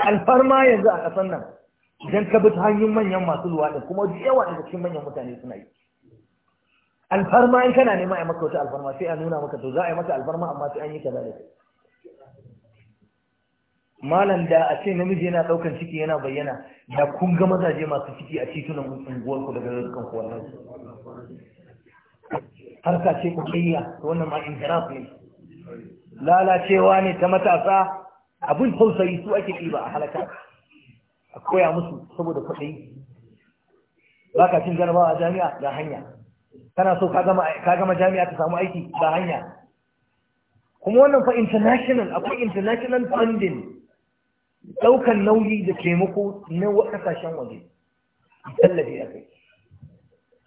alfarma yanzu a kasan nan idan ka bi ta hanyoyin manyan masu luwaɗin kuma da yawa daga cikin manyan mutane suna yi alfarma in kana nema a maka wata alfarma sai a nuna maka to za a yi maka alfarma amma sai an yi kaza ne malam da a ce namiji yana daukan ciki yana bayyana da kun ga mazaje masu ciki a titunan unguwar ku daga rukan ku wannan ka ce ku kiyya wannan ma injiraf ne lalacewa ne ta matasa abin tausayi su ake ɗiba a halaka a koya musu saboda kuɗi ba ka cin jarabawa a jami'a da hanya kana so ka gama jami'a ta samu aiki ba hanya kuma wannan fa international akwai international funding daukan nauyi da taimako na kasashen waje tallafi a kai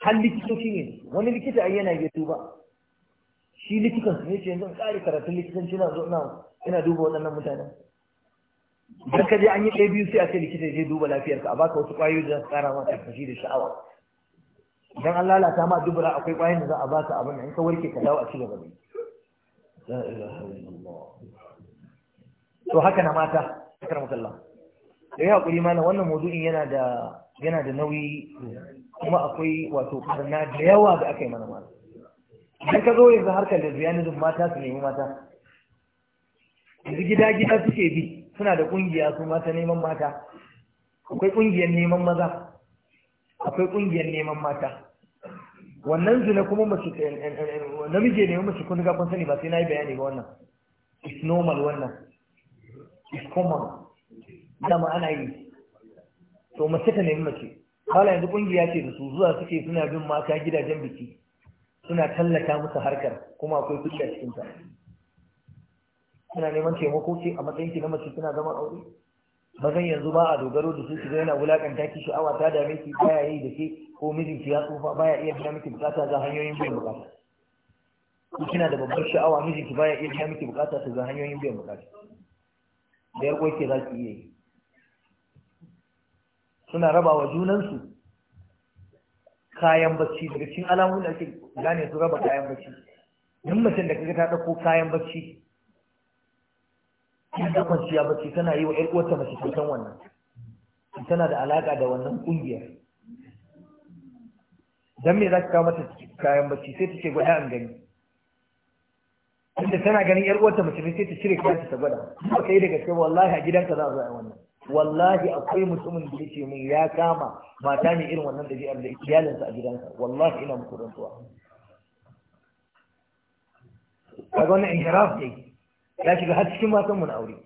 har likitoci ne wani likita ai yana yi tuba shi likitan su ne ce yanzu kare karatun likitanci na zo ina duba waɗannan mutanen idan ka je an yi ɗaya biyu sai a kai likita ya je duba lafiyarka a baka wasu ƙwayoyi da tsara mata kashi da sha'awa idan an lalata ma dubura akwai kwayan da za a baka abin in ka warke ka dawo a ci gaba da to haka na mata akar mukalla da hakuri mana wannan maudu'in yana da yana da nauyi kuma akwai wato karna da yawa da aka yi mana mana idan ka zo yanzu harkar da lesbianism mata su nemi mata yanzu gida gida suke bi suna da kungiya su mata neman mata akwai kungiyar neman maza akwai kungiyar neman mata wannan zina kuma mace namiji ne masu kun ga kun sani ba sai na yi bayani ba wannan is normal wannan is common dama ana yi to masu ta nemi mace kala yanzu kungiya ce da su zuwa suke suna bin mata gidajen biki suna tallata musu harkar kuma akwai kuɗi a cikinta suna neman taimako ce a matsayin ki na mace suna zama aure bazan yanzu ba a dogaro da su su zo yana wulakanta ki sha'awa ta dame ki ta yi da ke ko mijinki ya tsufa baya iya biya miki bukata ga hanyoyin biyan bukata ko kina da babbar sha'awa mijinki baya iya biya miki bukata ta ga hanyoyin biyan bukata da yar ke za ki iya yi suna raba wa junansu kayan bacci daga cikin alamun da ake gane su raba kayan bacci duk mutum da kaga ta dauko kayan bacci ta kwanciya bacci tana yi wa ƴar uwarta mace kyautan wannan tana da alaka da wannan kungiyar dan me za ka kawo mata kayan bacci sai ta ce gwada an gani inda tana ganin yar uwarta mace sai ta cire kayan ta gwada ba kai da gaske wallahi a gidanka za a zo a wannan wallahi akwai mutumin da yake min ya kama mata ne irin wannan da jiyar da iyalinsa a gidansa wallahi ina muku rantsuwa kaga wannan inhiraf ne ya shiga har cikin matan mu na aure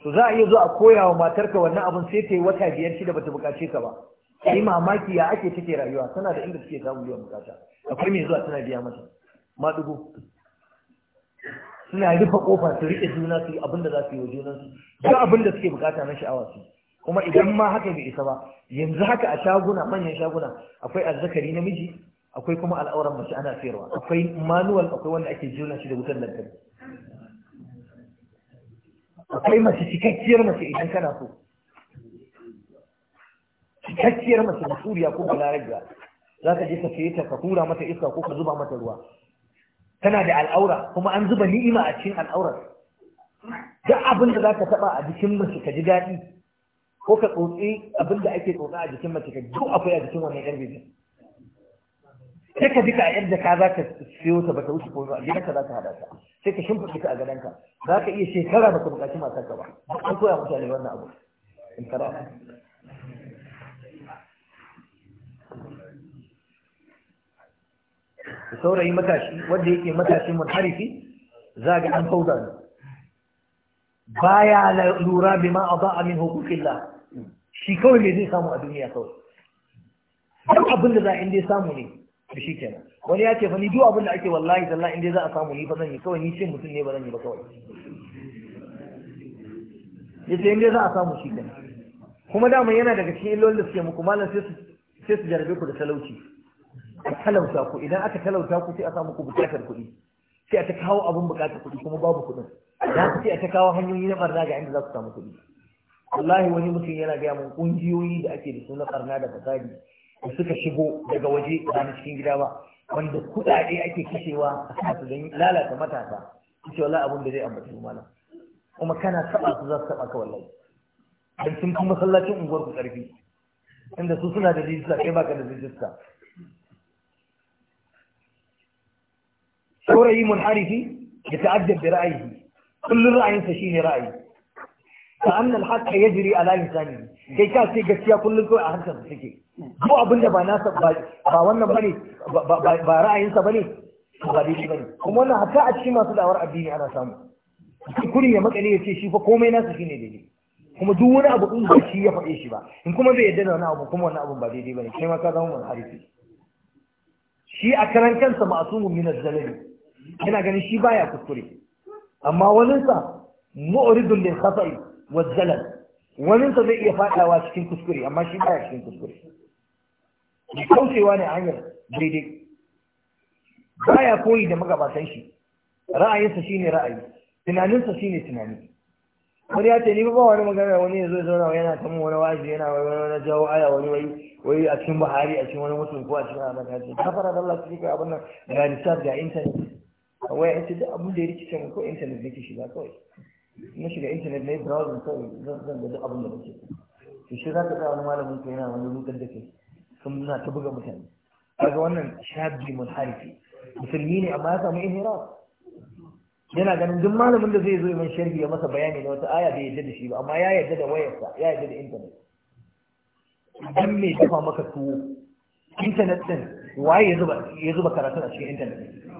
to za a iya zo a koya wa matarka wannan abin sai ta yi wata biyar shida bata bukace ka ba kai mamaki ya ake take rayuwa tana da inda suke samu biyan bukata akwai mai zuwa tana biya mata ma dugo suna rufe kofa su rike juna su abinda za su yi wa junan su duk abin suke bukata na sha'awa su kuma idan ma haka bai isa ba yanzu haka a shaguna manyan shaguna akwai azzakari namiji akwai kuma al'auran mace ana sayarwa akwai manual akwai wanda ake juna shi da wutar lantarki akwai mace cikakkiyar mace idan kana so cikakkiyar mace suriya ko balarabiya za ka je ka ce ta ka hura mata iska ko ka zuba mata ruwa tana da al'aura kuma an zuba ni'ima a cikin al'aurar duk abin da za ka taɓa a jikin mace ka ji daɗi ko ka tsotsi abin da ake tsotsa a jikin mace ka ji duk akwai a jikin wannan yan bebe sai ka duka a yadda ka za ka siyo ta ta wuce ko a ka za ka hada ta sai ka shimfiɗa ta a gadonka za ka iya shekara ba ka buƙaci matarka ba an koya mutane wannan abu in da saurayi matashi wanda yake matashi munharifi za ga an fauda ne baya lura bi ma a ba'a min hukukillah shi kawai me zai samu a duniya kawai duk abin da za in dai samu ne da shi kenan wani ya ce fa ni duk abin da ake wallahi sallah in dai za a samu ni fa zan yi kawai ni ce mutum ne ba zan yi ba kawai yace in dai za a samu shi kenan kuma dama yana daga cikin illolin da suke muku malam sai su jarabe ku da talauci a talauta ku idan aka talauta ku sai a samu ku bukatar kuɗi sai a ta kawo abin bukatar kuɗi kuma babu kuɗin za sai a ta kawo hanyoyi na barna ga inda za ku samu kuɗi wallahi wani mutum yana gaya mun ƙungiyoyi da ake da su na barna da fasadi da suka shigo daga waje ba na cikin gida ba wanda kuɗaɗe ake kashewa a sa su don lalata matasa ita wallahi abin da zai ambaci malam kuma kana taɓa su za su taɓa ka wallahi don sun fi masallacin unguwar ku ƙarfi inda su suna da rijista kai baka da rijista saurayi munharifi ya ta'addab da ra'ayi kullum ra'ayinsa shi ne ra'ayi ka annal haqqa yajri ala lisanihi kai ka ce gaskiya kullum kawai a harshen suke ko abin da ba nasa ba wannan bane ba ra'ayinsa bane ba daidai bane kuma wannan hatta a cikin masu da'awar addini ana samu kuri ya makale ya ce shi fa komai nasa shine daidai kuma duk wani abu in ba shi ya faɗe shi ba in kuma bai yarda da wani abu kuma wani abu ba daidai bane kai ma ka zama mun harifi shi a karan kansa ma'asumun min az-zalali yana ganin shi baya kuskure amma waninsa mu'ridun lil khata'i wa zalal waninsa zai iya fadawa cikin kuskure amma shi baya cikin kuskure kaucewa ne hanyar daidai baya koyi da magabatan shi ra'ayinsa shine ra'ayi tunaninsa shine tunani wani ya ce ni ba wani magana wani ya zo ya zauna yana ta wani wazi yana wani jawo aya wani wai wai a cikin buhari a cikin wani mutum ko a cikin abin ta ce fara da Allah su kai abin nan ga lissafi ga intanet waya ita duk abin da ya rikice mu ko intanet ke shiga kawai na shiga intanet na yi browsing kawai zan ga duk abin da nake to shi za ka ga wani malamin ka yana wani rukar da kai sun na ta buga mutane kaga wannan shabi munharifi musulmi ne amma ya samu inhiraf yana ganin duk malamin da zai zo yi sharhi ya masa bayani na wata aya bai yadda da shi ba amma ya yadda da wayarsa ya yadda da intanet idan mai dafa maka tuwo intanet din waye ya zuba karatun a cikin intanet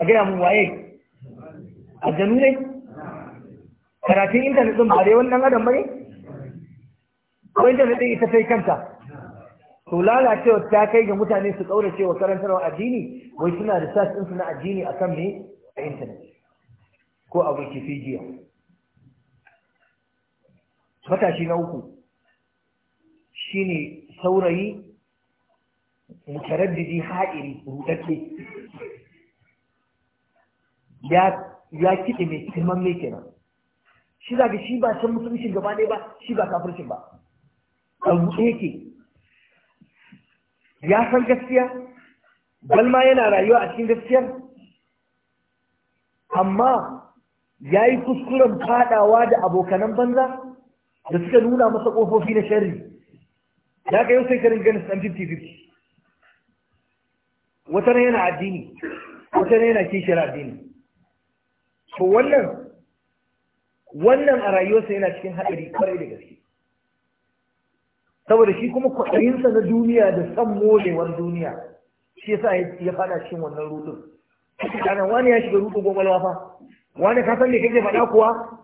a gaya mun waye aljanu ne karatun intanet ɗin ba dai wannan adam ba ko intanet ɗin ita sai kanta to lalacewa ta kai ga mutane su ƙaurace wa karantarwa addini wai suna da sas ɗinsu na addini akan me a intanet ko a wikipedia matashi na uku shine saurayi mutaraddidi ha'iri rudake ya kiɗe mai kiman mai kenan shi zaga shi ba san musulunci gaba ne ba shi ba kafircin ba abu yake ya san gaskiya balma yana rayuwa a cikin gaskiyar amma ya yi kuskuren fadawa da abokanan banza da suka nuna masa ƙofofi na shari ya ka yau sai karin ganin san 50-50 wata yana addini wata na yana kishiyar addini to wannan wannan a rayuwarsa yana cikin haɗari kwarai da gaske saboda shi kuma kwaɗayinsa na duniya da san molewar duniya shi yasa ya faɗa cikin wannan rutun. kana wani ya shiga rutun gwamnati fa wani ka san me kake faɗa kuwa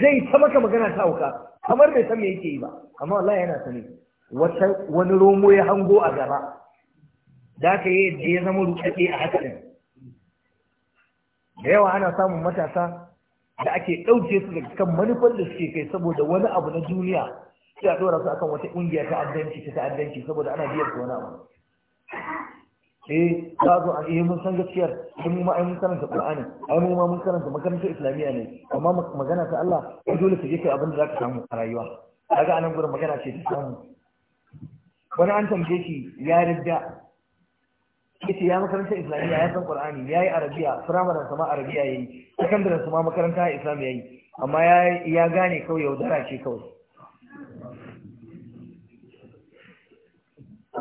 zai ta maka magana ta auka kamar bai san me yake yi ba amma wallahi yana sani wata wani romo ya hango a gaba da ka yi da ya zama rudadde a haka da yawa ana samun matasa da ake ɗauke su daga kan manufar da suke kai saboda wani abu na duniya sai a ɗora su akan wata ƙungiya ta addanci ta ta'addanci saboda ana biyar su wani abu eh za zo a yi mun san gaskiyar ai mu ma ai mun karanta qur'ani ai mu ma mun karanta makarantar islamiyya ne amma magana ta Allah ai dole ka je kai abin da zaka samu a rayuwa kaga anan gurin magana ce ta samu wani an tambaye shi ya ridda yace ya makarantar islamiyya ya san qur'ani ya yi arabiya firamaren sama arabiya ya yi su ma makaranta islamiyya ya yi amma ya gane kawai yaudara ce kawai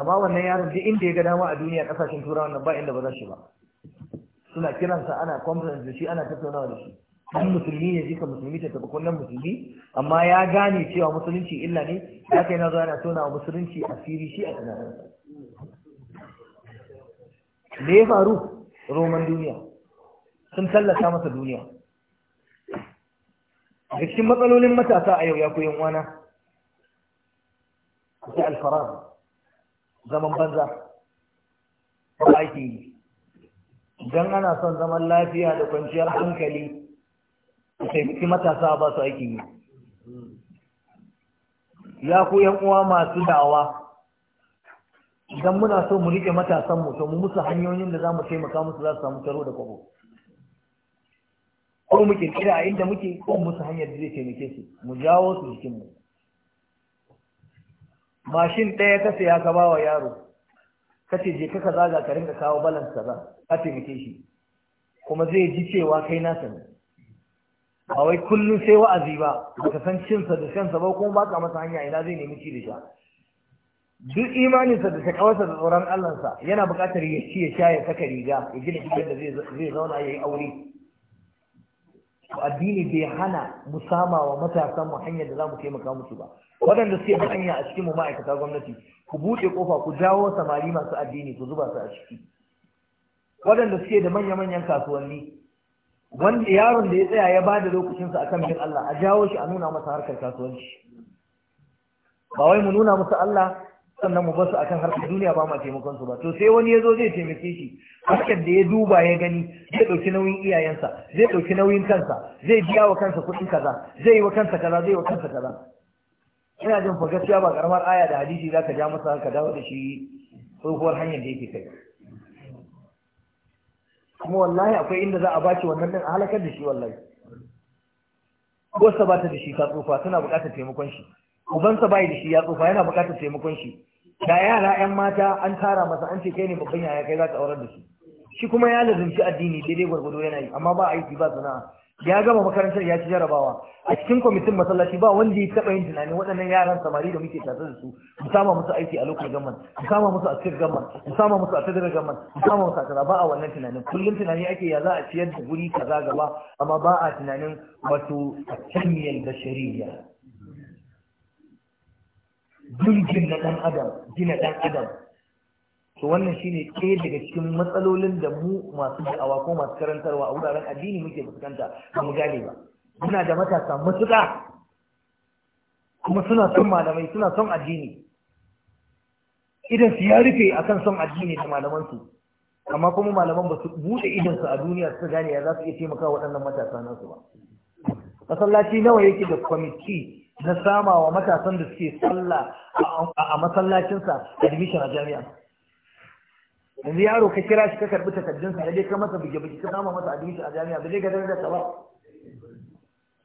amma wannan yaron duk inda ya ga dama a duniya kasashen turawa nan ba inda ba za shi ba suna kiransa ana conference da shi ana tattaunawa da shi dan musulmi ne jika musulmi ta tabbakon nan musulmi amma ya gane cewa musulunci illa ne ya kai na zuwa yana tona musulunci asiri shi a tunaninsa da ya faru roman duniya sun tallata masa duniya da cikin matsalolin matasa a yau ya koyan wana sai alfarar zaman banza ba ke yi idan ana son zaman lafiya da kwanciyar hankali taimaki matasa ba su aiki yi ya koyan uwa masu dawa idan muna so mu rike matasan mu to mu musu hanyoyin da za zamu taimaka musu za su samu taro da kwabo ko mu kirkira a inda muke ko musu hanyar da zai taimake su mu jawo su cikin mu mashin ɗaya ka saya ka bawa yaro kace je ka kaza ga ka rinka kawo balance za ka taimake shi kuma zai ji cewa kai na ne A wai kullum sai wa'azi ba baka san cinsa da shansa ba kuma ba ka masa hanya ina zai nemi ci da sha duk imaninsa da takawarsa da tsoron sa, yana buƙatar ya ci ya sha ya saka riga ya gina gidan da zai zauna ya yi aure addini bai hana mu sama wa matasan mu hanyar da za mu taimaka musu ba waɗanda suke da hanya a cikin mu ma'aikata gwamnati ku buɗe ƙofa ku jawo samari masu addini ku zuba su a ciki waɗanda suke da manya-manyan kasuwanni wanda yaron da ya tsaya ya ba da lokacinsa akan bin Allah a jawo shi a nuna masa harkar kasuwanci ba wai mu nuna masa Allah sannan mu basu akan harkar duniya ba ma taimakon su ba to sai wani ya zo zai taimake shi harkar da ya duba ya gani zai ɗauki nauyin iyayensa zai ɗauki nauyin kansa zai biya wa kansa kuɗin kaza zai yi wa kansa kaza zai yi wa kansa kaza ina jin fa gaskiya ba karamar aya da hadisi za ka ja masa ka dawo da shi tsohuwar hanyar da yake kai kuma wallahi akwai inda za a baci wannan din a halakar da shi wallahi ko ba ta da shi ta tsufa tana buƙatar taimakon shi ubansa bai da shi ya tsufa yana buƙatar taimakon shi da yara yan mata an tara masa an ce kai ne babban yaya kai za ka aurar da su shi kuma ya lazumci addini daidai gwargwado yana yi amma ba aiki ba sana'a ya gama makarantar ya ci jarabawa a cikin kwamitin masallaci ba wanda ya taɓa yin tunanin waɗannan yaran samari da muke tare da su mu sama musu aiki a lokacin gamman mu sama musu a cikin gamman mu sama musu a cikin gamman mu sama musu a kaza ba a wannan tunanin kullum tunani ake ya za a ciyar da guri kaza gaba amma ba a tunanin wato a da shari'a jirgin na ɗan adam gina ɗan adam to wannan shine ɗaya daga cikin matsalolin da mu masu da'awa ko masu karantarwa a wuraren addini muke fuskanta ba mu gane ba muna da matasa matuƙa kuma suna son malamai suna son addini idan su ya rufe akan son addini da malamansu amma kuma malaman ba su buɗe su a duniya su gane ya za su iya taimaka waɗannan matasa nasu ba masallaci nawa yake da kwamiti na sama wa matasan da suke sallah a masallacinsa admission a jami'a yanzu yaro ka kira shi ka karbi takardunsa da dai ka masa buge buge ka sama masa admission a jami'a ba zai ga ta ba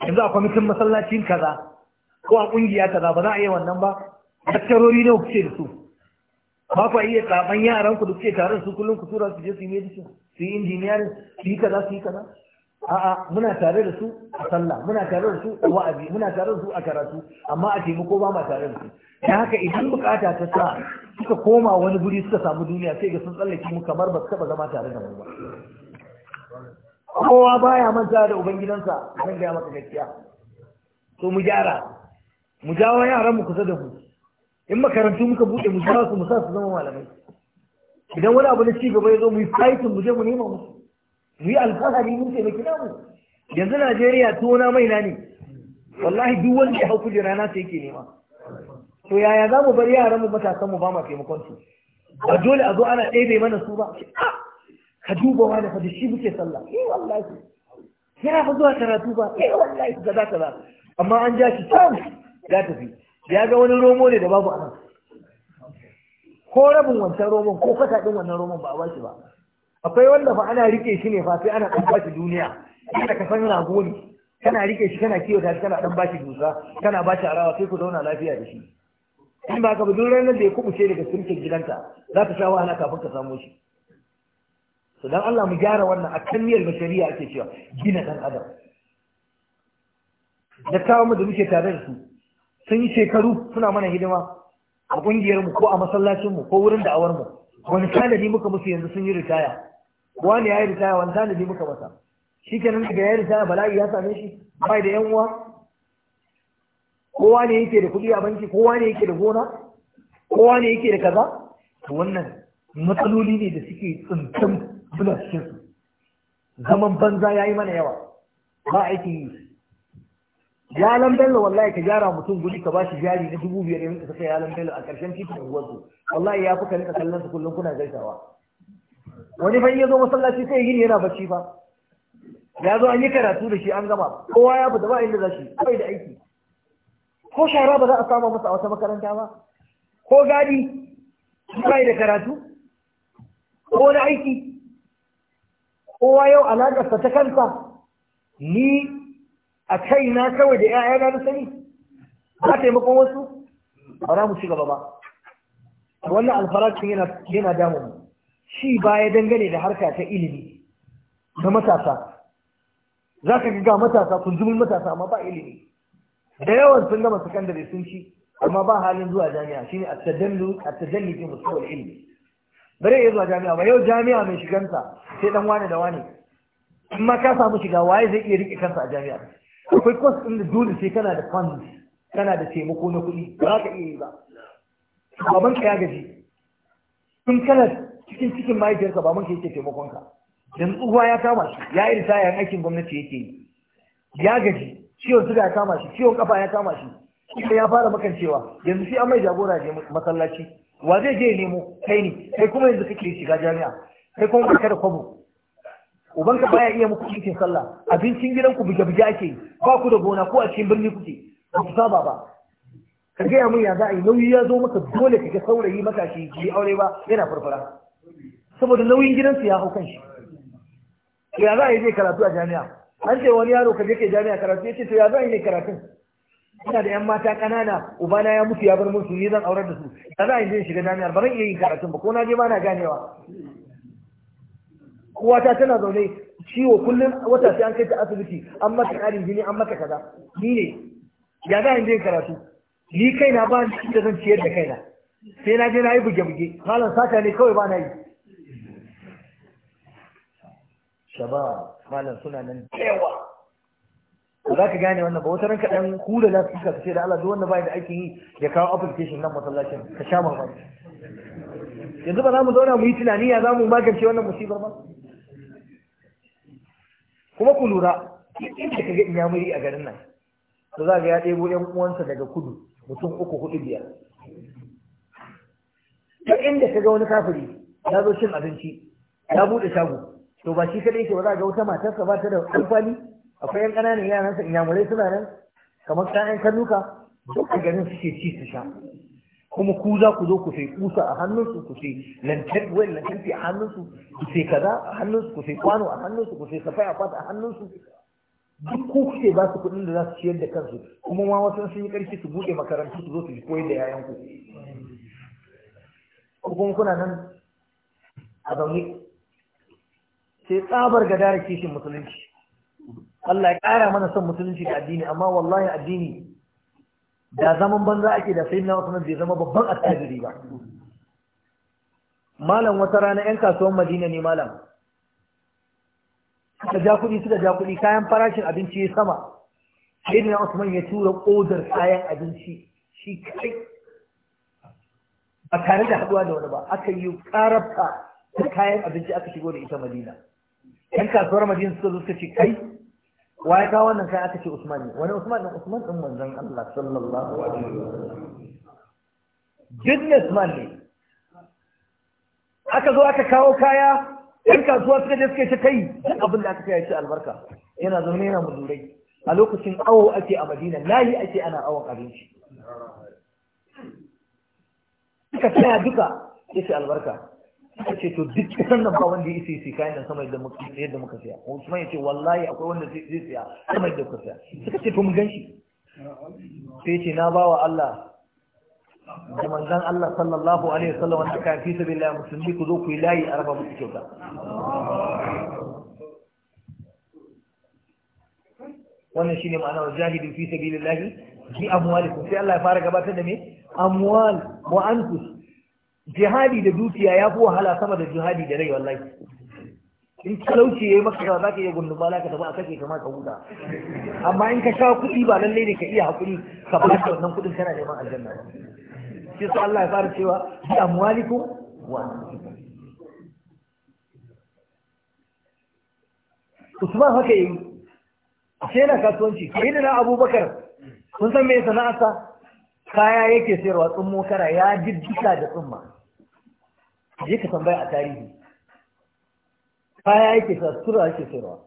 yanzu a kwamitin masallacin kaza ko a kungiya kaza ba za a yi wannan ba tarori ne kuke da su ba ku iya tsaban yaran ku da suke tare su kullum ku tura su je su yi medicine su yi engineering su yi kaza su yi kaza a'a muna tare da su a sallah muna tare da su a wa'azi muna tare da su a karatu amma a taimako ba ma tare da su ta haka idan bukata ta sa suka koma wani guri suka samu duniya sai ga sun tsallake mu kamar ba su taba zama tare da mu ba kowa baya manta da ubangidansa zan gaya maka gaskiya to mu gyara mu jawo yaran mu kusa da mu in makarantu muka bude mu jawo su mu sa su zama malamai idan wani abu na ci gaba ya zo mu yi fighting mu je mu nema musu mu yi alfahari mun taimaki namu yanzu najeriya tona mai na ne wallahi duk wanda ya hau kujera na sai yake nema to yaya za mu bar yaran mu matasan mu ba ma taimakon su ba dole a zo ana ɗebe mana su ba ah! ka duba wa da fadi shi muke sallah eh wallahi kira fa zuwa karatu ba eh wallahi ga za ta za amma an ja shi can ya tafi ya ga wani romo ne da babu a nan ko rabin wancan romon ko kasa ɗin wannan romon ba a ba shi ba akwai wanda fa ana rike shi ne fa sai ana ɗan bashi duniya kada ka san na ne kana rike shi kana kiwo ta kana ɗan bashi dusa kana bashi arawa sai ku zauna lafiya da shi in ba ka ba duk nan da ya kubuce daga sunkin gidanta za ka sha wahala kafin ka samo shi to dan Allah mu gyara wannan a kan shari'a bashariya ake cewa gina dan adam da kawo mu da muke tare da su sun yi shekaru suna mana hidima a ƙungiyarmu ko a masallacin mu ko wurin da'awar mu wani kanadi muka musu yanzu sun yi ritaya wani ya yi ritaya wani tanadi muka masa shi kenan daga ya yi ritaya bala'i ya same shi bai da yan uwa kowa ne yake da kuɗi a banki kowa ne yake da gona kowa ne yake da kaza to wannan matsaloli ne da suke tsintin suna cikin su zaman banza ya yi mana yawa ba aikin yi ya lambello wallahi ka gyara mutum guri ka bashi jari na dubu biyar yanzu ka saka ya lambello a ƙarshen titin unguwarsu wallahi ya fi ka kallon su kullum kuna gaisawa wani fa iya ya zo masallaci sai gini yana bacci ba. ya zo an yi karatu da shi an gama kowa ya fita ba inda za shi bai da aiki ko shara ba za a sama masa a wata makaranta ba ko gadi bai da karatu ko wani aiki kowa yau alaƙarsa ta kansa ni a kai na kawai da 'ya'ya na sani ba taimakon wasu ba za mu ci gaba ba wannan alfaracin yana damun mu shi baya dangane da harka ta ilimi da matasa za ka ga matasa kunzumin matasa amma ba ilimi da yawan sun gama sakandare sun ci amma ba halin zuwa jami'a shi shine at-tajalli fi ilimi. Ba bare iya zuwa jami'a ba yau jami'a mai shiganta sai dan wani da wane amma ka samu shiga waye zai iya rike kansa a jami'a akwai kwas din da dole sai kana da funds kana da taimako na kuɗi ba za ka iya yi ba baban ka ya gaji in kana cikin cikin mahaifiyarka ba muka yake taimakon ka dan tsuwa ya kama shi ya yi aikin gwamnati yake yi ya gaji ciwon suga ya kama shi ciwon kafa ya kama shi kuma ya fara makancewa yanzu sai an mai jagora je masallaci wa zai je ya nemo kai ne kai kuma yanzu kake shiga jami'a kai kuma ka da kwabo ubanka baya iya muku cikin sallah abincin gidanku buge-buge ake ba ku da gona ko a cikin birni kuke ba ku saba ba ka gaya min ya za a yi nauyi ya zo maka dole ka ga saurayi matashi ji aure ba yana farfara saboda nauyin gidansu ya hau kanshi ya za a yi zai karatu a jami'a an ce wani yaro ka je ke jami'a karatu ya ce to ya za a yi karatun ina da yan mata kanana ubana ya mutu ya bar musu ni zan aurar da su ya za a yi zai shiga jami'ar ba zan iya yin karatun ba ko na je ba na ganewa Kowata tana zaune ciwo kullum wata sai an kai ta asibiti an mata ƙarin jini an mata kaza ni ne ya za a yi zai karatu ni kaina ba ni da zan ciyar da kaina sai na je na yi buge-buge malam sata ne kawai ba na yi shabab malam suna nan yawa za ka gane wannan ba wata ranka dan hula na suka kace da Allah duk wanda bai da aikin yi ya kawo application nan masallacin ka sha mamaki yanzu ba za mu zauna mu yi tunani ya za mu magance wannan musibar ba kuma ku lura inda ka ga inyamuri a garin nan to za ga ya ɗebo ɗan uwansa daga kudu mutum uku hudu biyar duk inda ka ga wani kafiri ya zo cin abinci ya buɗe shago to ba shi kadai ke ba za ga wata matarsa ba ta da alfani akwai yan ƙananan sa inyamurai suna nan kamar kayan karnuka duk a garin suke ci su sha kuma ku za ku zo ku sai kusa a hannunsu ku sai lantarki wani lantarki a hannunsu ku sai kaza a hannunsu ku sai kwano a hannunsu ku sai safai a fata a hannunsu duk ku kuke ba su kuɗin da za su ciyar da kansu kuma ma wasu sun yi ƙarfi su buɗe makarantu su zo su koyar da yayan ku kuma kuna nan a zaune sai tsabar ga dare kishin musulunci Allah ya ƙara mana son musulunci da addini amma wallahi addini da zaman banza ake da sayyidina Usman bai zama babban attajiri ba malam wata rana yan kasuwan Madina ne malam suka ja kuɗi suka ja kuɗi kayan farashin abinci ya sama sayyidina Usman ya tura ƙodar kayan abinci shi kai tare da haɗuwa da wani ba aka yi ƙarabta da kayan abinci aka shigo da ita Madina yan kasuwar madina suka zo suka ce kai wa ya kawo wannan kai aka ce usman ne wani usman din usman din manzon Allah sallallahu alaihi wasallam businessman ne aka zo aka kawo kaya yan kasuwa suka je suka ce kai abin da aka kai shi albarka yana zaune yana mudurai. a lokacin awo ake a madina lahi ake ana awon abinci suka tsaya duka ya ce albarka suka ce to duk kasan nan ba wanda ya sisi kayan nan sama yadda muka yadda muka saya Usman ya ce wallahi akwai wanda zai saya sama yadda muka saya suka ce to mu ganshi sai ce na bawa Allah da dan Allah sallallahu alaihi wasallam wanda ka fi sabilillah musulmi ku zo ku yi layi a raba muku kyauta wannan shine ma'anar jahidu fi sabilillah bi amwalikum sai Allah ya fara gabatar da me amwal wa anfus jihadi da dukiya ya fi wahala sama da jihadi da rai wallahi in talauci ya yi maka kawa za ka iya gundun bala ka tafi a kashe kama ka huta amma in ka sha kuɗi ba lallai ne ka iya haƙuri ka ba ka wannan kuɗin kana neman aljanna ba shi sa Allah ya fara cewa bi amwalikum wa Usman haka yi sai na kasuwanci kai da na Abubakar kun san me sana'arsa kaya yake sayarwa tsummo kara ya jiddika da tsumma je ka baya a tarihi kaya yake sa sura yake sayarwa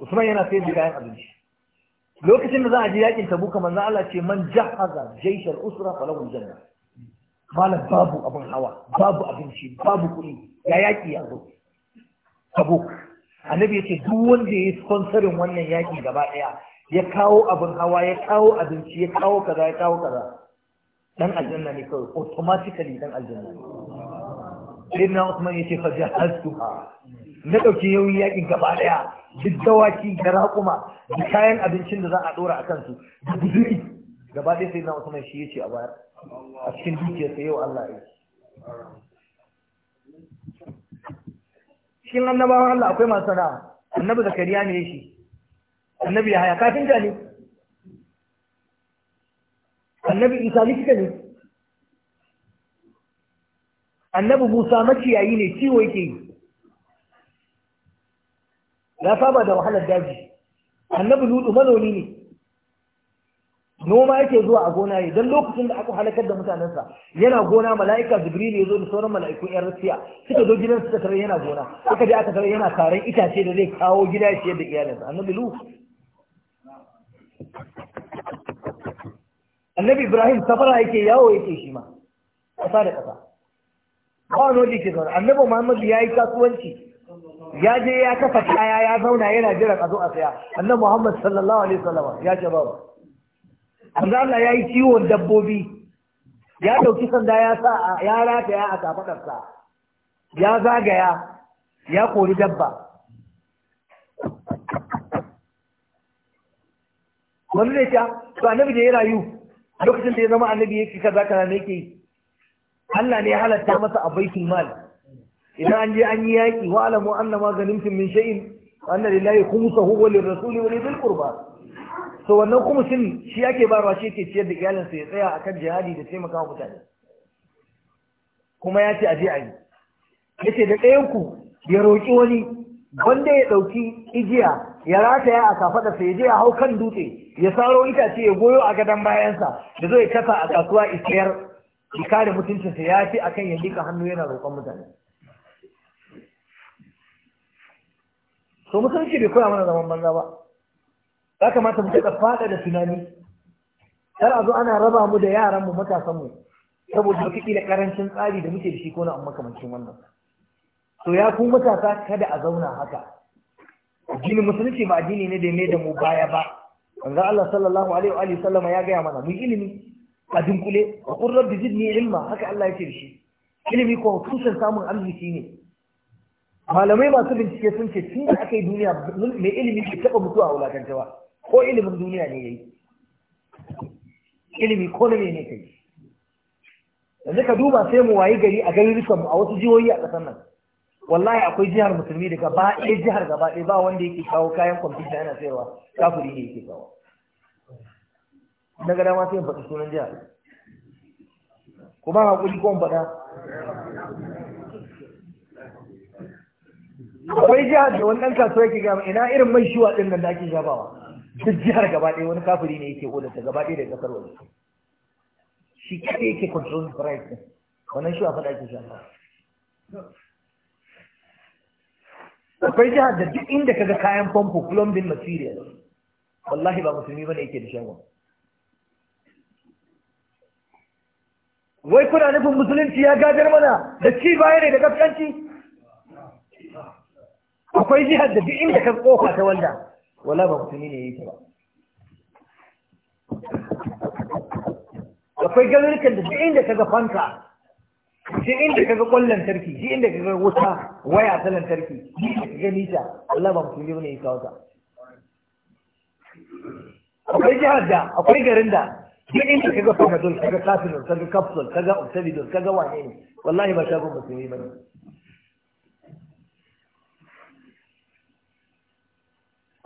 Usman yana sayar da kayan abinci lokacin da za a je yakin tabu kamar za Allah ce man jahaza jaishar usra lahu janna malam babu abin hawa babu abinci babu kuɗi ya yaki ya zo tabu annabi yace duk wanda ya yi sponsorin wannan yaki gaba ɗaya ya kawo abin hawa ya kawo abinci ya kawo kaza ya kawo kaza dan aljanna ne kawai automatically dan aljanna ne sai na Usman yace fa jahaztuha na dauki yauyi yakin gaba daya duk dawaki da raƙuma da kayan abincin da za a dora akan su da guduri gaba daya sai na Usman shi yace a bayar a cikin dukiyar sa yau Allah ya cikin annabawan Allah akwai masu sana'a annabi zakariya ne shi annabi ya haya kafinta ne annabi isa likita ne annabi musa maciyayi ne ciwo yake yi ya saba da wahalar daji annabi ludu manomi ne noma yake zuwa a gona ne don lokacin da aka halakar da mutanensa yana gona mala'ika jibril ya zo da sauran mala'iku yan rasiya suka zo gidan suka tarar yana gona suka je aka tarar yana taron itace da zai kawo gida shi yadda iyalinsa annabi lu annabi ibrahim safara yake yawo yake shi ma ƙasa da ƙasa ba wani waje ke zaune annabi muhammadu ya yi kasuwanci ya je ya kafa kaya ya zauna yana jiran a zo a saya annabi muhammad sallallahu alaihi wasallam ya ce ba. manzo Allah ya yi ciwon dabbobi ya dauki sanda ya sa ya rataya a kafadarsa ya zagaya ya kori dabba wani ne ta to annabi da ya rayu lokacin da ya zama annabi ya fi kaza kaza ne ke yi Allah ne ya halatta masa a baitul mal idan an je an yi yaƙi wa alamu anna ma ganimtum min shay'in anna lillahi khumsuhu wa lirrasuli wa lidhil qurba so wannan khumsin shi yake barwa shi yake ciyar da iyalinsa ya tsaya akan jihadi da taimaka wa mutane kuma ya ce a je a yi yace da ɗayan ku ya roƙi wani wanda ya ɗauki igiya ya rataya a kafaɗarsa ya je a hau kan dutse ya saro itace ya goyo a gadon bayansa da zai kasa a kasuwa isiyar ya kare mutuncinsa ya fi akan ya dika hannu yana roƙon mutane so musulunci bai koya mana zaman banza ba ya kamata mu daɗa faɗa da tunani kar a zo ana raba mu da yaran yaranmu matasanmu saboda wata da karancin tsari da muke da shi ko na amma makamancin wannan to ya ku matasa kada a zauna haka jini musulunci ba addini ne da mai da mu baya ba Allah sallallahu alaihi wa sallama ya gaya mana mu ilimi a dunkule a ƙurrar da zidni ilma haka Allah ya ce shi ilimi ko tushen samun arziki ne malamai masu bincike sun ce tun da aka yi duniya mai ilimi ke taɓa mutuwa a wulakantawa ko ilimin duniya ne ya yi ilimi ko na ne kai yanzu ka duba sai mu wayi gari a garin mu a wasu jihohi a ƙasar nan wallahi akwai jihar musulmi da gaba eh, jihar gaba ɗaya ba wanda yake kawo kayan kwamfuta yana sayarwa kafuri ne yake kawo na gada ma sai in faɗi sunan jihar ku ba haƙuri ko faɗa akwai jihar da wani ɗan kasuwa yake gama ina irin mai shiwa ɗin nan da ake gabawa duk jihar gaba ɗaya wani kafiri ne yake odata gaba ɗaya da ƙasar waje shi kaɗai yake control price ɗin wannan shiwa faɗa ake shafa akwai jihar da duk inda kaga kayan pompo plumbing material wallahi ba musulmi bane yake da shagon wai kuna nufin musulunci ya gajar mana da ci baya ne da gaskanci akwai jihar da duk inda ka kofa ta wanda wala ba musulmi ne yake ba akwai garurukan da duk inda ka ga fanka shi inda ka ga kwallon lantarki shi inda ka ga wuta waya ta lantarki shi inda ka ga nisa wala ba musulmi ne yake wata akwai jihar da akwai garin da duk inda kaga fahadul kaga kafirun kaga kapsul kaga ka kaga wane ne wallahi ba shagon musulmi ba ne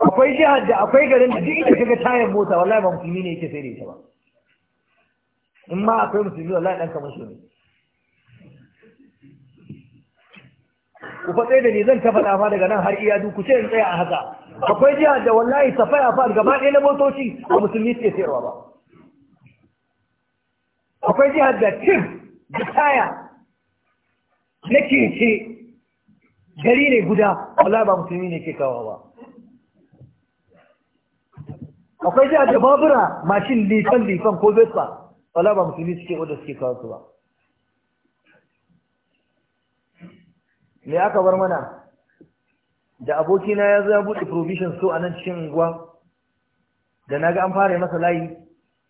akwai jihar da akwai garin da duk inda kaga tayar mota wallahi ba musulmi ne yake sai da ita ba in ma akwai musulmi wallahi dan kamar shi ne ku fatsai da ni zan ta faɗa fa daga nan har iyadu ku ce in tsaya a haka akwai jihar da wallahi safaya fa gaba ɗaya na motoci a musulmi ke sayarwa ba akwai jihar da tif da taya na kince gari ne guda wala ba musulmi ne ke kawo ba akwai jihar da babura mashin lifan lifan ko vespa wala ba musulmi suke wadda suke kawo su ba me aka bar mana da abokina ya zo ya buɗe provision so a nan cikin unguwa da na ga an fara masa layi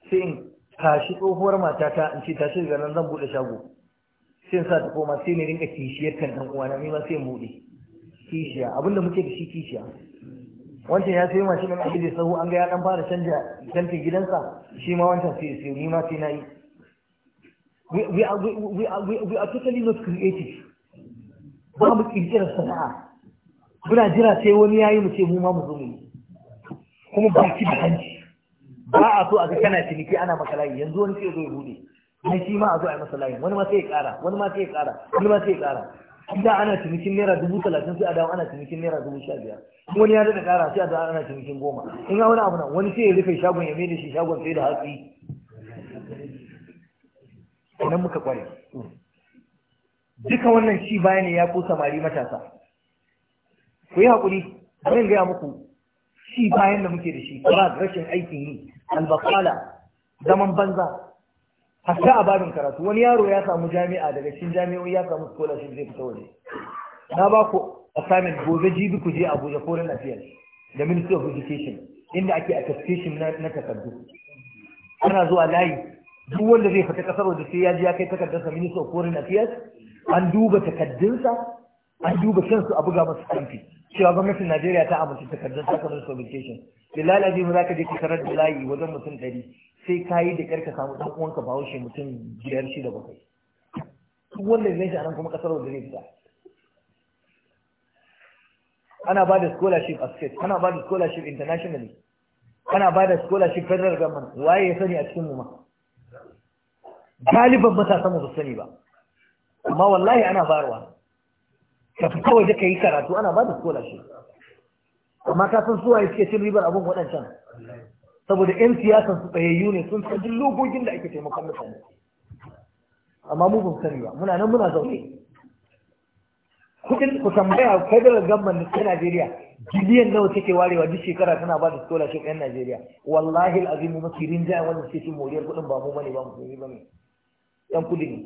sai in Kashi tsohuwar matata in ce tashi daga nan zan buɗe shago sai sa ta koma sai ne rinka kishiyar kan ɗan uwana ni ma sai buɗe kishiya abinda muke da shi kishiya wancan ya sayi mashin ɗin abin da sahu an ga ya ɗan fara canja tantin gidansa shi ma wancan sai sai ni ma sai na yi we, are, we, are, we are totally not creative ba mu ƙirƙirar sana'a muna jira sai wani ya yi mu ce mu ma mu zo mu yi kuma baki da hanci ba a so a ga kana ciniki ana maka layi yanzu wani sai zo ya bude ne shi ma a zo a yi masa layi wani ma sai ya ƙara wani ma sai ya ƙara wani ma sai ya ƙara idan ana cinikin naira dubu talatin sai a dawo ana cinikin naira dubu sha biyar wani ya daɗa ƙara sai a dawo ana cinikin goma in ga wani abu nan wani sai ya rufe shagon ya maida shi shagon sai da hatsi idan muka kware duka wannan shi baya ne ya ko samari matasa ku yi haƙuri zan gaya muku shi bayan da muke da shi fara rashin aikin yi albakala zaman banza hatta a babin karatu wani yaro ya samu jami'a daga cikin jami'o'i ya samu scholarship zai fita waje na ba ku assignment gobe jibi ku je Abuja foreign affairs da ministry of education inda ake attestation na takardu ana zuwa layi duk wanda zai fita kasar waje sai ya je ya kai takardarsa ministry of foreign affairs an duba takardunsa an duba kansu a buga masu kamfi cewa gwamnatin najeriya ta amince takardar sakamakon publication bilal azim za ka je ka karar da layi wajen mutum ɗari sai ka yi da kyar ka samu ɗan uwanka bahaushe mutum biyar shi da bakwai duk wanda zai shi a nan kuma ƙasar wanda zai fita ana ba da scholarship a state ana ba da scholarship internationally ana ba da scholarship federal government waye ya sani a cikin mu ma galiban matasan mu ba sani ba amma wallahi ana bayarwa ka kawai waje ka yi karatu ana ba da shi amma ka san suwa suke cin ribar abin waɗancan saboda 'yan siyasan su tsayayyu ne sun san duk logogin da ake taimakon mutane amma mu ban sani ba muna nan muna zaune kudin ku tambaya federal government ta Najeriya biliyan nawa take warewa duk shekara tana ba da scholarship ɗan Najeriya wallahi alazim mafi rinjaya wannan wajen cin moriyar kudin ba mu bane ba mu ba ne yan kudi ne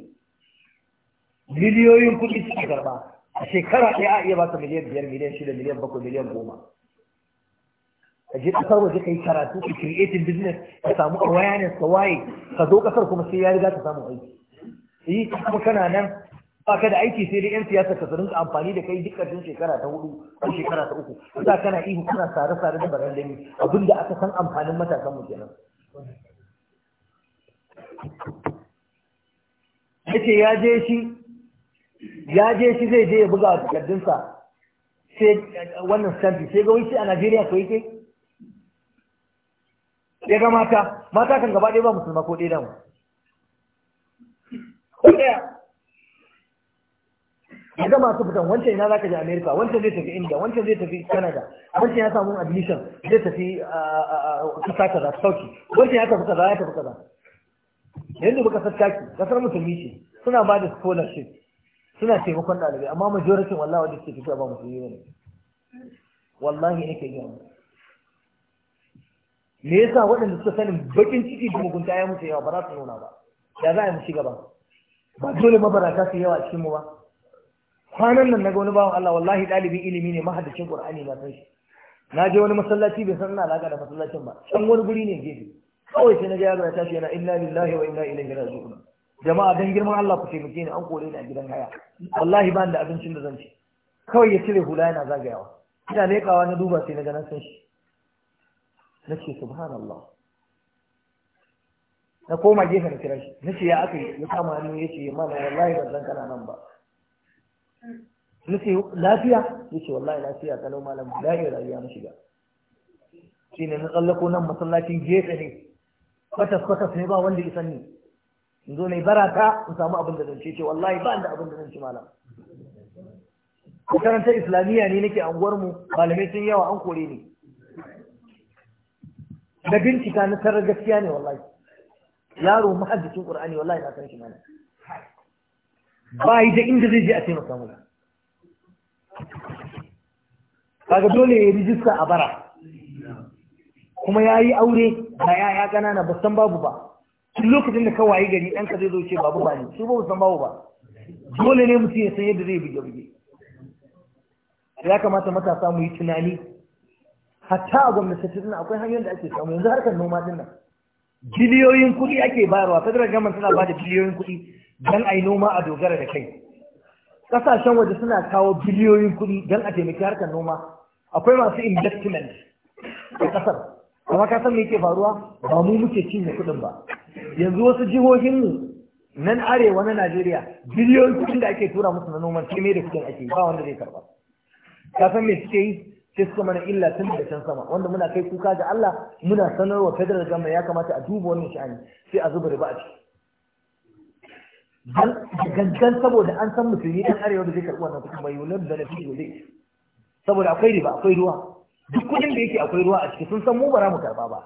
biliyoyin kudi suke karba a shekara ɗaya a iya baka miliyan biyar miliyan shida miliyan bakwai miliyan goma ka je ƙasar waje ka yi karatu ka creating business ka samu awareness ka waye ka zo ƙasar kuma sai ya riga ka samu aiki yi kuma kana nan ba ka da aiki sai dai yan siyasa ka rinka amfani da kai duk ƙarshen shekara ta hudu ko shekara ta uku sa kana ihu kana sare sare da baran dami abinda aka san amfanin matasan mu kenan yace ya je shi ya je shi zai je ya buga takardunsa sai wannan stampi sai gawai shi a Najeriya ko yake ya ga mata mata kan gaba ɗaya ba musulma ko ɗaya damu ko ɗaya ya ga masu fitan wancan ina ka je Amerika wancan zai tafi India wancan zai tafi Canada wancan ya samu admission zai tafi kasa kaza sauki wancan ya tafi kaza ya tafi kaza yanzu baka sassaki kasar musulmi ce suna ba da scholarship suna taimakon ɗalibai amma majoritin wallahi wanda suke tafiya ba musulmi ne wallahi nake gaya muku me yasa waɗanda suka sanin bakin ciki da mugunta ya mutu yawa ba za su nuna ba ya za a yi mu shiga ba ba dole mabarata su yawa a cikin mu ba kwanan nan naga wani bawan Allah wallahi ɗalibin ilimi ne mahaddacin Qur'ani na san shi na je wani masallaci bai san ina alaka da masallacin ba can wani guri ne gefe kawai sai na ga yaro ya tashi yana inna lillahi wa inna ilaihi raji'un jama'a dan girman Allah ku taimake ni an kore ni a gidan haya wallahi ba da abincin da zan ci kawai ya cire hula yana zagayawa ina leƙawa na duba sai na ganin san shi na ce subhanallah na koma gefe na kira shi na ce ya aka yi ya kama hannu ya ce mana wallahi ban san kana nan ba na ce lafiya ya ce wallahi lafiya kalau malam lafiya rayuwa na shiga shi ne na tsallako nan masallacin gefe ne kwatas kwatas ne ba wanda isan ni in zo na yi baraka, in samu abin da zan ce ce wallahi ba da abin da zan ci malam makarantar islamiyya ne nake anguwar mu malamai sun yawa an kore ni da bincika na tarar gaskiya ne wallahi yaro mahaddicin qur'ani wallahi na san shi mana ba yi da inda zai je a taimaka mu kaga dole ya rijista a bara kuma ya yi aure ba ya ya ƙanana ba san babu ba lokacin da ka wayi gari ɗanka zai zo ce babu ba ne su ba san babu ba dole ne mutum ya san yadda zai buge buge ya kamata matasa mu yi tunani hatta a gwamnati nan akwai hanyoyin da ake samu yanzu harkar noma din nan biliyoyin kuɗi ake bayarwa federal government tana bada biliyoyin kuɗi don a yi noma a dogara da kai ƙasashen waje suna kawo biliyoyin kuɗi don a taimaki harkar noma akwai masu investment a ƙasar amma ka san me yake faruwa ba mu muke cinye kuɗin ba yanzu wasu jihohin mu nan arewa na Najeriya biliyon kuɗin da ake tura musu na noman sai da kuɗin ake ba wanda zai karba ka san me suke yi sai suka mana illa tun da can sama wanda muna kai kuka ga Allah muna sanarwa federal government ya kamata a duba wannan sha'ani sai a zuba riba a ciki gangan saboda an san musulmi ɗan arewa da zai karɓi wannan kuɗin bai yunar da fi gobe saboda akwai riba akwai ruwa duk kuɗin da yake akwai ruwa a ciki sun san mu ba za mu karɓa ba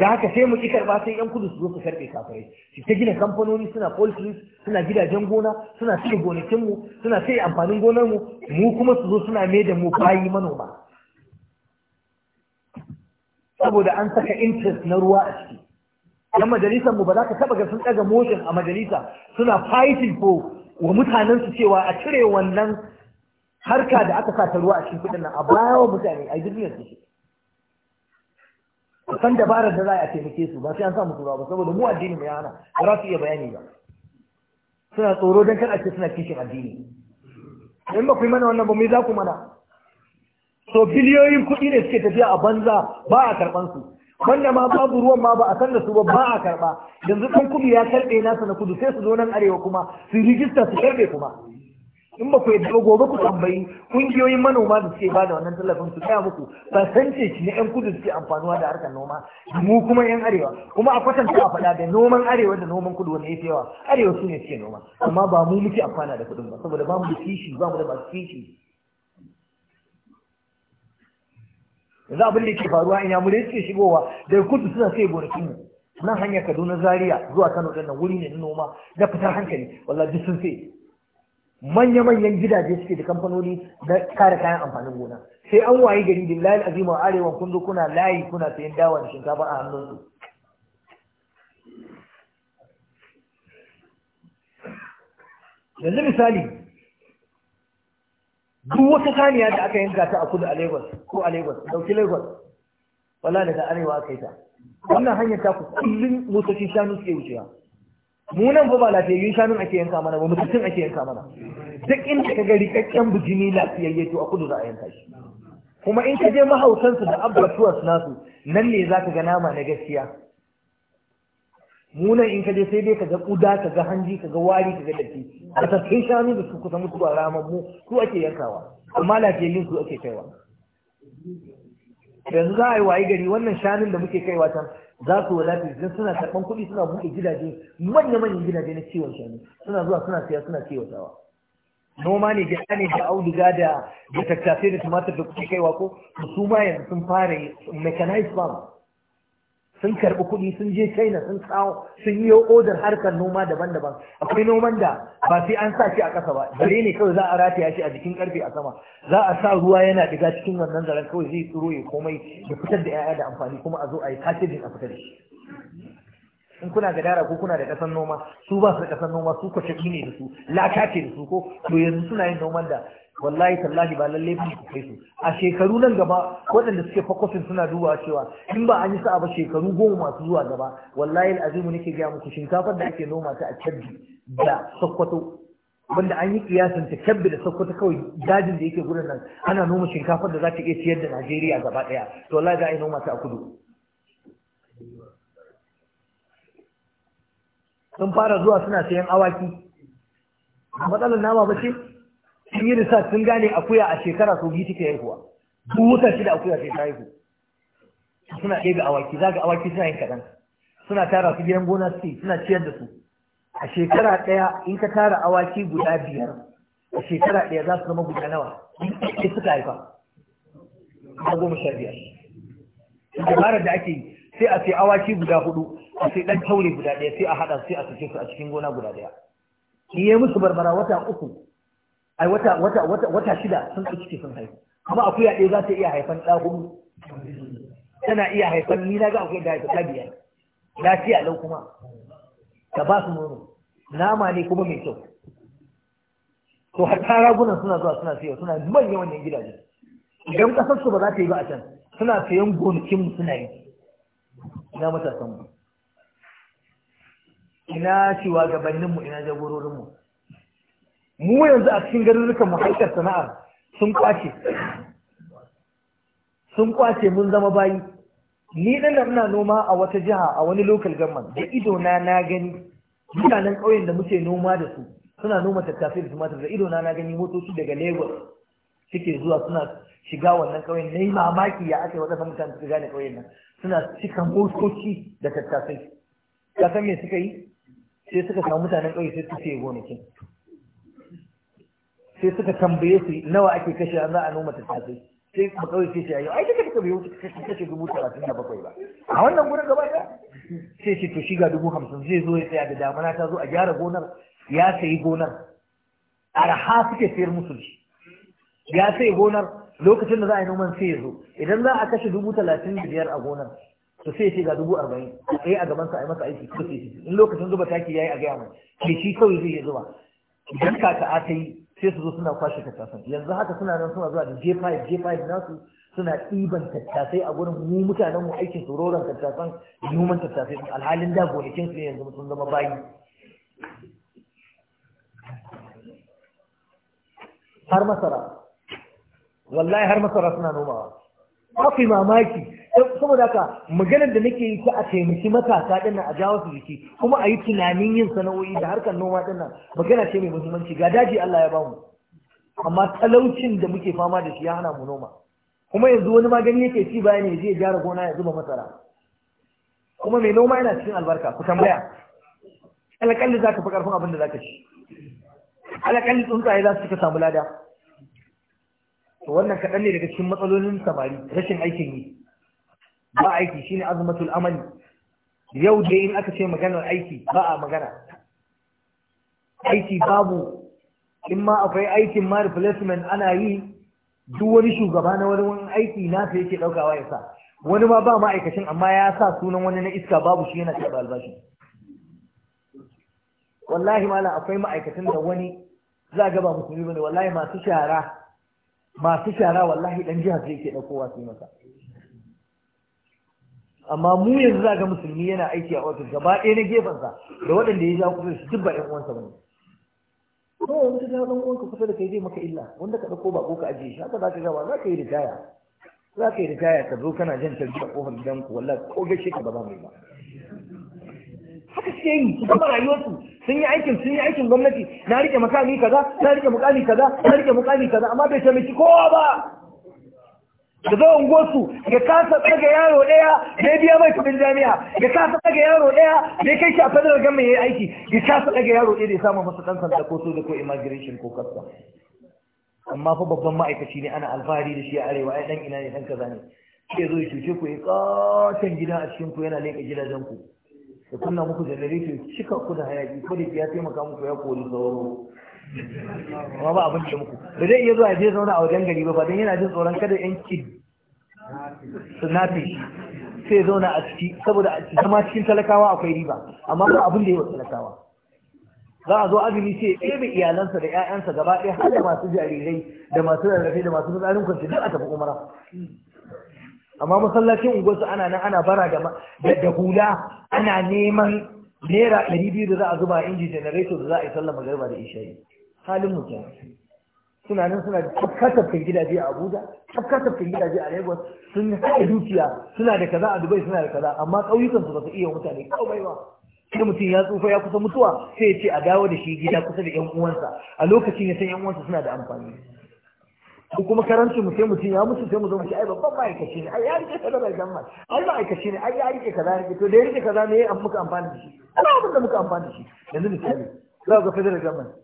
da haka sai mu ki karba sai yan kudu su zo su karbe kafirai su ta gina kamfanoni suna poultry suna gidajen gona suna cire gonakin mu suna sai amfanin gonar mu mu kuma su zo suna mai da mu bayi manoma saboda an saka interest na ruwa a ciki yan majalisar mu ba za ka taba ga sun daga motion a majalisa suna fighting for wa mutanen su cewa a cire wannan harka da aka sa ta ruwa a cikin kudin nan a bayawa mutane a duniyar su san dabarar da za a taimake su ba sai an sa musu ba saboda mu addini ya hana ba za su iya bayani ba suna tsoro don kar a ce suna kishin addini in ba ku yi mana wannan ba mu za ku mana so biliyoyin kuɗi ne suke tafiya a banza ba a karɓan su wanda ma babu ruwan ma ba a san da su ba ba a karɓa yanzu kan kudu ya karɓe nasa na kudu sai su zo nan arewa kuma su rijista su karɓe kuma in ba ku yadda ba gobe ku tambayi kungiyoyin manoma da suke bada wannan tallafin su kaya muku ba san ce shi ne yan kudu suke amfanuwa da harkar noma mu kuma yan arewa kuma a kwatanta a faɗa da noman arewa da noman kudu wanda fi yawa arewa su ne suke noma amma ba mu muke amfana da kudin ba saboda ba mu da kishi ba mu da masu kishi yanzu abin da yake faruwa ina mu da suke shigowa da kudu suna sai gonakinmu nan hanyar kaduna zaria zuwa kano ɗin nan wuri ne na noma da fitar hankali wallahi duk sun sai manya-manyan gidaje suke da kamfanoni na kare kayan amfanin gona sai an waye gari da layin azima arewa kun zo kuna layi kuna sayan dawa da shinkafa a hannunsu yanzu misali duk wata saniya da aka yanka ta a kudu a lagos ko a lagos dauki lagos wala daga arewa aka yi ta wannan hanyar ta ku kullum motocin shanu suke wucewa mu nan ba lafiyayyun shanun ake yanka mana ba mutum ake yanka mana duk inda ka ga rikakken bijimi lafiyayye to a kudu za a yanka shi kuma in ka je mahaukansu da abbatuwas nasu nan ne za ka ga nama na gaskiya munan in ka je sai dai ka ga kuda ka ga hanji ka ga wari ka ga datti a sassan shanu da su kusa mutuwa ramar mu su ake yankawa amma lafiyayyun su ake kaiwa yanzu za a yi wayi gari wannan shanun da muke kaiwa can za su wadata idan suna karɓan kuɗi suna buɗe gidaje manya-manyan gidaje na ciwon shanu suna zuwa suna siya suna kiwatawa noma ne da ne da auduga da da tattafe da tumatir da kuke kaiwa ko su ma yanzu sun fara mechanized farm sun karɓi kuɗi sun je china sun tsawo sun yi odar harkar noma daban-daban akwai noman da ba sai an sa shi a ƙasa ba dare ne kawai za a rataya shi a jikin ƙarfe a sama za a sa ruwa yana diga cikin wannan zaren kawai zai tsiro ya komai ya fitar da 'ya'ya da amfani kuma a zo a yi packaging a fitar da shi in kuna ga dara ko kuna da kasan noma su ba su da kasan noma su kwace ne da su lakace ce da su ko to yanzu suna yin noman da wallahi tallahi ba lalle ba ku kai su a shekaru nan gaba waɗanda suke fakwafin suna duba cewa in ba an yi sa'a ba shekaru goma masu zuwa gaba wallahi alazimu nake gaya muku shinkafar da ake noma ta a kebbi da sokoto wanda an yi kiyasin ta kebbi da sokoto kawai dajin da yake gurin nan ana noma shinkafar da za ta iya ciyar da najeriya gaba ɗaya to wallahi za a yi noma ta a kudu sun fara zuwa suna sayan awaki matsalar nama ba ce sun yi research sun gane akuya a shekara sau biyu take haihuwa duk wuta shida akuya sai ta haihu suna ɗaya ga awaki za ga awaki suna yin kaɗan suna tara su biyan gona suke suna ciyar da su a shekara ɗaya in ka tara awaki guda biyar a shekara ɗaya za su zama guda nawa sai suka haifa a goma sha biyar dabarar da ake yi sai a sai awaki guda hudu a sai ɗan taure guda ɗaya sai a haɗa sai a sace su a cikin gona guda ɗaya in yi musu barbara wata uku ai wata wata wata wata shida sun ɗauki ciki sun haihu kuma akuya ɗaya za ta iya haifan ɗa hudu tana iya haifan ni na ga akwai da haifan ɗa biyar lafiya lau kuma ta ba su nono nama ne kuma mai kyau to har ta ragunan suna zuwa suna sayo suna manyan wannan gidaje idan kasar su ba za ta yi ba a can suna sayan gonakin mu suna yi ina matasan mu ina shiwa gabanin mu ina jagororin mu mu yanzu a cikin garurrukan mu harkar sana'ar sun kwace sun kwace mun zama bayi ni dan ina noma a wata jiha a wani local government da ido na na gani mutanen ƙauyen da muke noma da su suna noma tattasai da tumatir da ido na na gani motoci daga Lagos suke zuwa suna shiga wannan ƙauyen na yi mamaki ya aka yi waɗannan mutane suka gane ƙauyen nan suna cika motoci da tattasai ka san me suka yi sai suka samu mutanen ƙauye sai su ce gonakin sai suka tambaye su nawa ake kashe za a noma tattasai sai kuma kawai sai shi a yau ai duka duka bai wuce kashe dubu talatin da bakwai ba a wannan gurin gaba ɗaya sai shi to shi ga dubu hamsin zai zo ya tsaya da damana ta zo a gyara gonar ya sayi gonar arha suke sayar musu shi ya sayi gonar lokacin da za a yi noman sai ya zo idan za a kashe dubu talatin da biyar a gonar to sai ce ga dubu arba'in a tsaye a gabansa a yi masa aiki ko sai in lokacin zuba taki ya yi a gaya mai ke shi kawai zai yi zuba idan kaka a ta yi sai su zo suna kwashe tattasan yanzu haka suna nan suna zuwa da J5 J5 nasu suna ɗiban tattasai a gurin mu mutanen mu aikin sororan tattasan numan tattasai alhalin da gonakin su yanzu sun zama bayi har masara wallahi har masara suna nomawa ba ku mamaki saboda ka maganar da nake yi ta a taimaki matasa din a jawo su jiki kuma a yi tunanin yin sana'o'i da harkar noma din nan magana ce mai muhimmanci ga daji Allah ya bamu amma talaucin da muke fama da shi ya hana mu noma kuma yanzu wani magani yake ci bayan ya je ya gyara gona ya zuba masara kuma mai noma yana cikin albarka ku tambaya alƙalli za ka fi ƙarfin abin da za ka ci alƙalli tsuntsaye za su cika samu lada wannan kaɗan ne daga cikin matsalolin samari rashin aikin yi ba aiki ne azumatul amali yau da in aka ce maganar aiki ba a magana aiki babu in ma akwai aikin ma replacement ana yi duk wani shugaba na wani wani aiki na ta yake daukawa ya sa wani ma ba ma'aikacin amma ya sa sunan wani na iska babu shi yana karɓar albashi wallahi ma akwai ma'aikacin da wani za ga ba musulmi bane wallahi masu shara masu shara wallahi dan jihar zai ke daukowa su yi masa amma mu yanzu za ga musulmi yana aiki a ofis gaba ɗaya na gefensa da waɗanda ya ja kusa shi duk ba ɗan uwansa ba bane to ta da ɗan uwanka kusa da kai zai maka illa wanda ka ɗauko ko ka ajiye shi haka za ka gaba za ka yi ritaya za ka yi ritaya ka zo kana jan tarbi a ƙofar gidanku wallahi ko gaishe ka ba ba mai yi ba haka suke yi su gama rayuwarsu sun yi aikin sun yi aikin gwamnati na rike makami kaza na rike mukami kaza na rike mukami kaza amma bai taimaki kowa ba da zo unguwarsu ya kasa tsaga yaro daya da biya mai kudin jami'a ya kasa tsaga yaro daya da kai shi a fadar gama ya yi aiki ya kasa tsaga yaro daya da ya samu masa ɗan sanda ko soja ko immigration ko kasa amma fa babban ma'aikaci ne ana alfahari da shi a arewa ai dan ina ne dan kaza ne sai zo ya cuce ku ya kasan gida a cikin ku yana leƙa gidajen ku ya kunna muku janareto ya cika ku da hayaki ko da ya taimaka muku ya kori sauro ba ba abin da muku ba zai iya zuwa je zauna a wajen gari ba ba don yana jin tsoron kada yan kid su nafi sai zauna a ciki saboda zama cikin talakawa akwai riba amma ba abin da yi wa talakawa za a zo azumi ce ya ɗebe iyalansa da 'ya'yansa gaba ɗaya har da masu jarirai da masu rarrafe da masu fitsarin kwanci duk a tafi umara amma masallacin unguwarsu ana nan ana bara da hula ana neman naira ɗari biyu da za a zuba inji janareto da za a yi sallama garba da isha'i halin mutum suna nan suna kasafin gidaje a abuja kasafin gidaje a lagos sun haɗa dukiya suna da kaza a dubai suna da kaza amma ƙauyukansu ba su iya mutane kawai ba sai mutum ya tsufa ya kusa mutuwa sai ya ce a dawo da shi gida kusa da yan uwansa a lokacin ya san yan uwansa suna da amfani ko kuma karanci mu sai mutum ya musu sai mu zo mu ce ai babban ma'aikaci ne ai ya rike kaza da mai. ai ma'aikaci ne ai ya rike kaza ne to da ya rike kaza ne ya muka amfani da shi ana abin da muka amfani da shi yanzu misali za ga federal government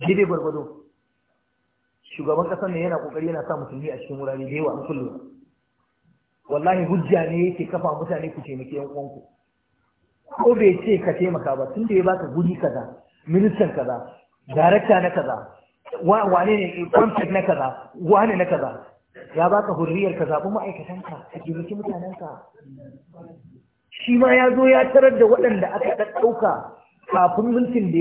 daidai gwargwado shugaban kasar ne yana kokari yana sa musulmi a cikin wurare da yawa an kullum wallahi hujja ne yake kafa mutane ku taimaki yan uwanku ko bai ce ka taimaka ba tun da ya baka guri kaza ministan kaza darakta na kaza wane ne kwamfet eh, na kaza wane na kaza ya baka hurriyar ka zaɓi ma'aikatanka ka taimaki mutanenka shi ma ya zo ya tarar da waɗanda aka ɗauka kafin mulkin da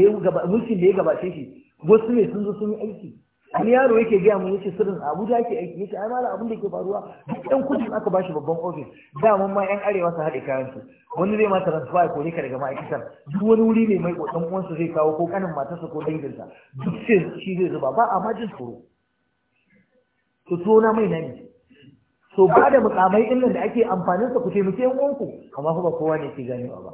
ya gabace shi wasu ne sun zo sun yi aiki wani yaro yake gaya mu yace sirrin Abuja yake aiki yace ai malam abin da yake faruwa duk ɗan kudin aka bashi babban office da mun ma yan arewa su haɗe kayan su wani zai ma transfer ko kore ka daga ma'aikatar duk wani wuri ne mai dan uwansa zai kawo ko kanin matarsa ko dangin sa duk sai shi zai zuba ba a majin jin tsoro to mai nani to ba da mukamai din nan da ake amfanin sa ku taimake yan uwanku amma fa ba kowa ne ke ganewa ba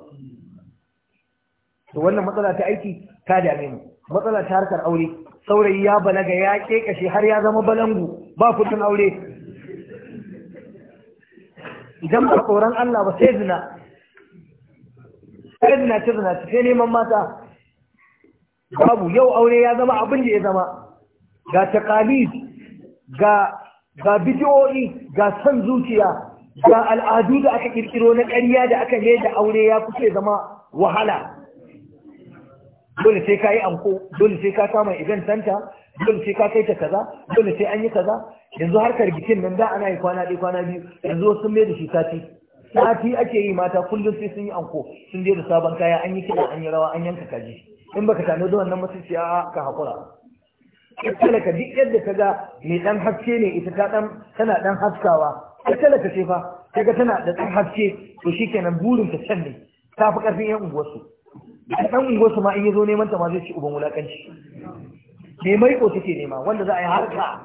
to wannan matsala ta aiki ta dame mu matsala ta harkar aure saurayi ya balaga ya kekashe har ya zama balangu ba kudin aure idan ba tsoron Allah ba sai zina sai zina ce zina ce neman mata babu yau aure ya zama abin da ya zama ga taqalid ga ga bidiyoyi ga san zuciya ga al'adu da aka kirkiro na ƙarya da aka da aure ya kusa zama wahala dole sai ka yi anko dole sai ka kama idan tanta dole sai ka kai ta kaza dole sai an yi kaza yanzu harkar bikin nan da ana yi kwana ɗaya kwana biyu yanzu sun mai da shi sati sati ake yi mata kullum sai sun yi anko sun je da sabon kaya an yi kiɗa an yi rawa an yanka kaji in baka tano da wannan mutunci a ka haƙura talaka duk yadda ka ga mai ɗan haske ne ita ta ɗan tana ɗan haskawa ka talaka ce fa kaga tana da ɗan haske to kenan burin ta can ne ta fi ƙarfin yan unguwarsu da ɗan su ma in ya zo neman ta ma zai ci uban wulaƙanci. ne mai ko take nema wanda za a yi harka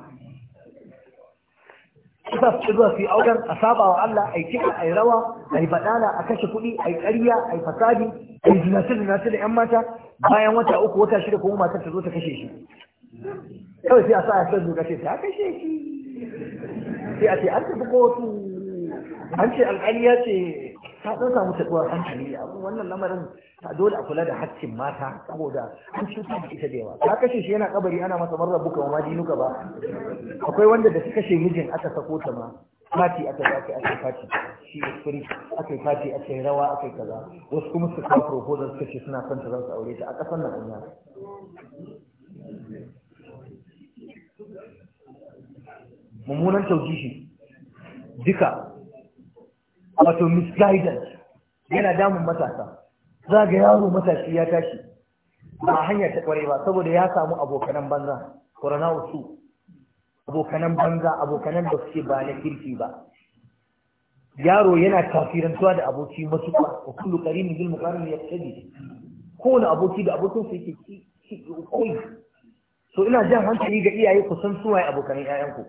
kusa su zuwa su yi auren a saba wa Allah a yi kiɗa a yi rawa a yi faɗana a kashe kuɗi a yi ƙarya a yi fasadi a yi zinace zinace da 'yan mata bayan wata uku wata shida kuma matar ta zo ta kashe shi kawai sai a sa a san zuwa kashe ta kashe shi sai a ce an tafi kotu an ce alƙali ya ce ta ɗan musu taɗuwar hankali a wannan lamarin ta dole a kula da haccin mata saboda an cuta da ita da yawa ta kashe shi yana kabari ana masa marar buka ma dinuka ba akwai wanda da ta kashe mijin aka sako ta ma fati aka yi aka fati shi ya furi aka yi fati aka yi rawa aka yi kaza wasu kuma su kawo proposal suka ce suna son ta za su aure ta a ƙasar nan anya mummunan taujihi duka wato misguidance yana damun matasa za ga yaro matashi ya tashi ba hanya ta kware ba saboda ya samu abokanan banza corona su abokanan banza abokanan da suke ba na kirki ba yaro yana tafirantuwa da aboki matuƙa wa kullu qarin bil muqarin yaqtadi kowane aboki da abokin su yake koyi so ina jan hankali ga iyaye ku san suwaye abokanan ƴaƴanku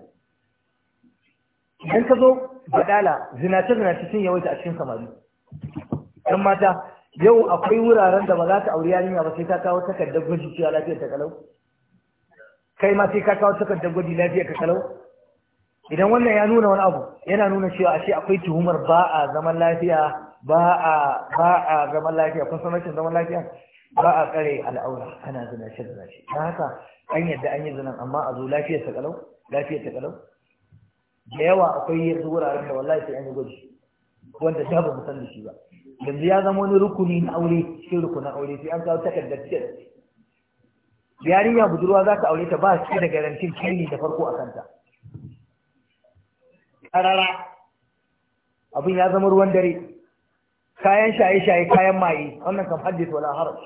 idan ka zo badala zinace zinace sun yawaita a cikin samari ɗan mata yau akwai wuraren da ba za ta aure yarinya ba sai ta kawo takardar gwaji cewa lafiyar ta kalau kai ma sai ka kawo takardar gwaji lafiyar ka kalau idan wannan ya nuna wani abu yana nuna cewa ashe akwai tuhumar ba a zaman lafiya ba a ba a zaman lafiya kun san rashin zaman lafiya ba a tsare al'aura ana zina shi da shi dan haka an yadda an yi zinan amma a zo lafiyar ta kalau lafiyar ta kalau da yawa akwai yanzu wuraren da wallahi sai an yi gwaji wanda ta ba san da shi ba yanzu ya zama wani rukuni na aure cikin rukunin aure sai an kawo takardar cikin yarinya budurwa za ka aure ta ba shi da garantin kini da farko a kanta karara abin ya zama ruwan dare kayan shaye-shaye kayan maye wannan kan haddisa wala haraj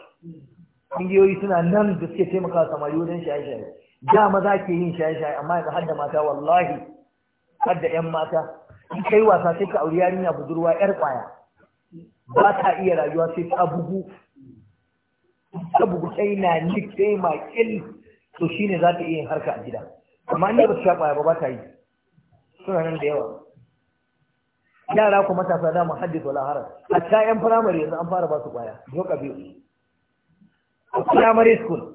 kungiyoyi suna nan da suke taimaka samari wajen shaye-shaye da maza ke yin shaye-shaye amma yanzu har da mata wallahi har da yan mata in kai wasa sai ka auri yarinya budurwa yar kwaya ba ta iya rayuwa sai ta bugu ta bugu sai na ni sai makil to ne za ta iya yin harka a gida amma in ba su sha kwaya ba ba ta yi suna nan da yawa yara ku matasa da mu haddisa wala haram hatta yan firamare yanzu an fara ba su kwaya zo ka A firamare school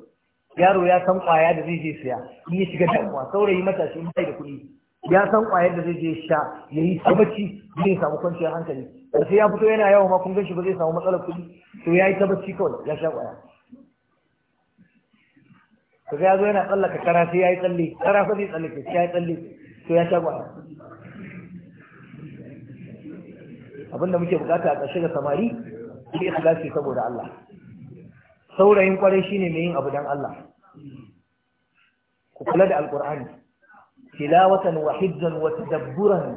yaro ya san kwaya da zai je siya in ya shiga damuwa saurayi matashi bai da kuɗi ya san kwayar da zai je sha ya yi tabbaci zai samu kwanciyar hankali da sai ya fito yana yawa ma kun ganshi ba zai samu matsalar kuɗi to ya yi tabbaci kawai ya sha kwaya to ya zo yana tsallaka kara sai ya yi tsalle kara fa zai tsalle sai ya yi tsalle to ya sha kwaya abinda muke bukata a ƙarshe da samari shi ikhlasi saboda Allah saurayin kwarai shine mai yin abu dan Allah ku kula da alqur'ani tilawatan wa hijjan wa tadabburan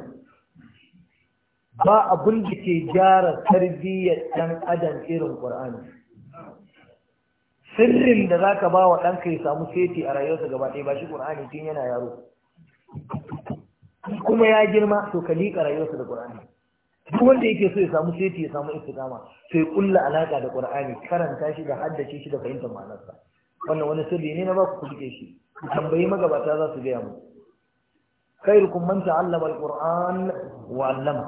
ba abin da ke gyara tarbiyyar ɗan adam irin ƙur'ani sirrin da za ka ba wa ɗanka ya samu seti a rayuwarsa gaba ɗaya ba shi ƙur'ani tun yana yaro kuma ya girma to ka liƙa rayuwarsa da ƙur'ani duk wanda yake so ya samu seti ya samu istiqama to ya kulla alaƙa da ƙur'ani karanta shi da haddace shi da fahimtar ma'anarsa wannan wani sirri ne na ba ku kuke shi tambayi magabata za su gaya mu khairukum man ta'allama alquran wa 'allama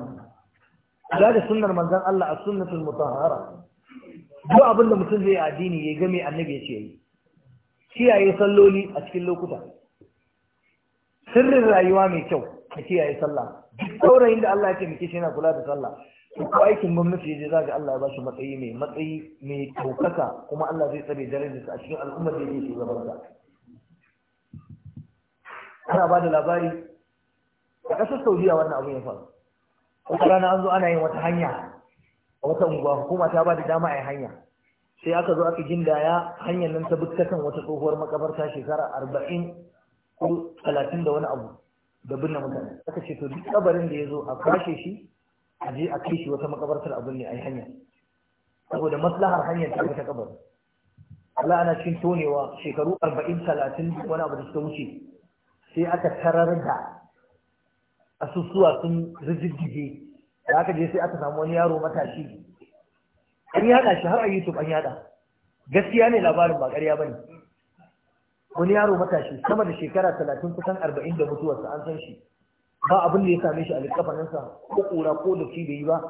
ala da sunnar manzon Allah a sunnatul mutahhara duk abin da mutum zai addini ya ga me annabi ya ce yi kiyaye salloli a cikin lokuta sirrin rayuwa mai kyau ka kiyaye sallah duk saurayin da Allah ya taimake shi yana kula da sallah to ko aikin gwamnati ya je za ga Allah ya ba shi matsayi mai matsayi mai ɗaukaka kuma Allah zai tsare darajarsa a cikin al'ummar da yake shugaban ana ba da labari a ƙasar saudiya wannan abin ya faru wata rana an zo ana yin wata hanya a wata unguwa hukuma ta ba da dama a yi hanya sai aka zo aka gindaya hanyar nan ta bukkatan wata tsohuwar makabarta shekara arba'in ko talatin da wani abu da binne mutane aka ce to duk kabarin da ya zo a kwashe shi a je a kai shi wata makabartar abin ne a yi hanya saboda maslahar hanyar ta ta kabar. Allah ana cin tonewa shekaru arba'in talatin wani abu da suka wuce sai aka tarar da asusuwa sun rijigige da aka je sai aka samu wani yaro matashi an yada shi har a youtube an yada gaskiya ne labarin ba ƙarya bane wani yaro matashi sama da shekara talatin kusan arba'in da mutuwarsa an san shi ba abin da ya same shi a littafaninsa ko ƙura ko da shi bai yi ba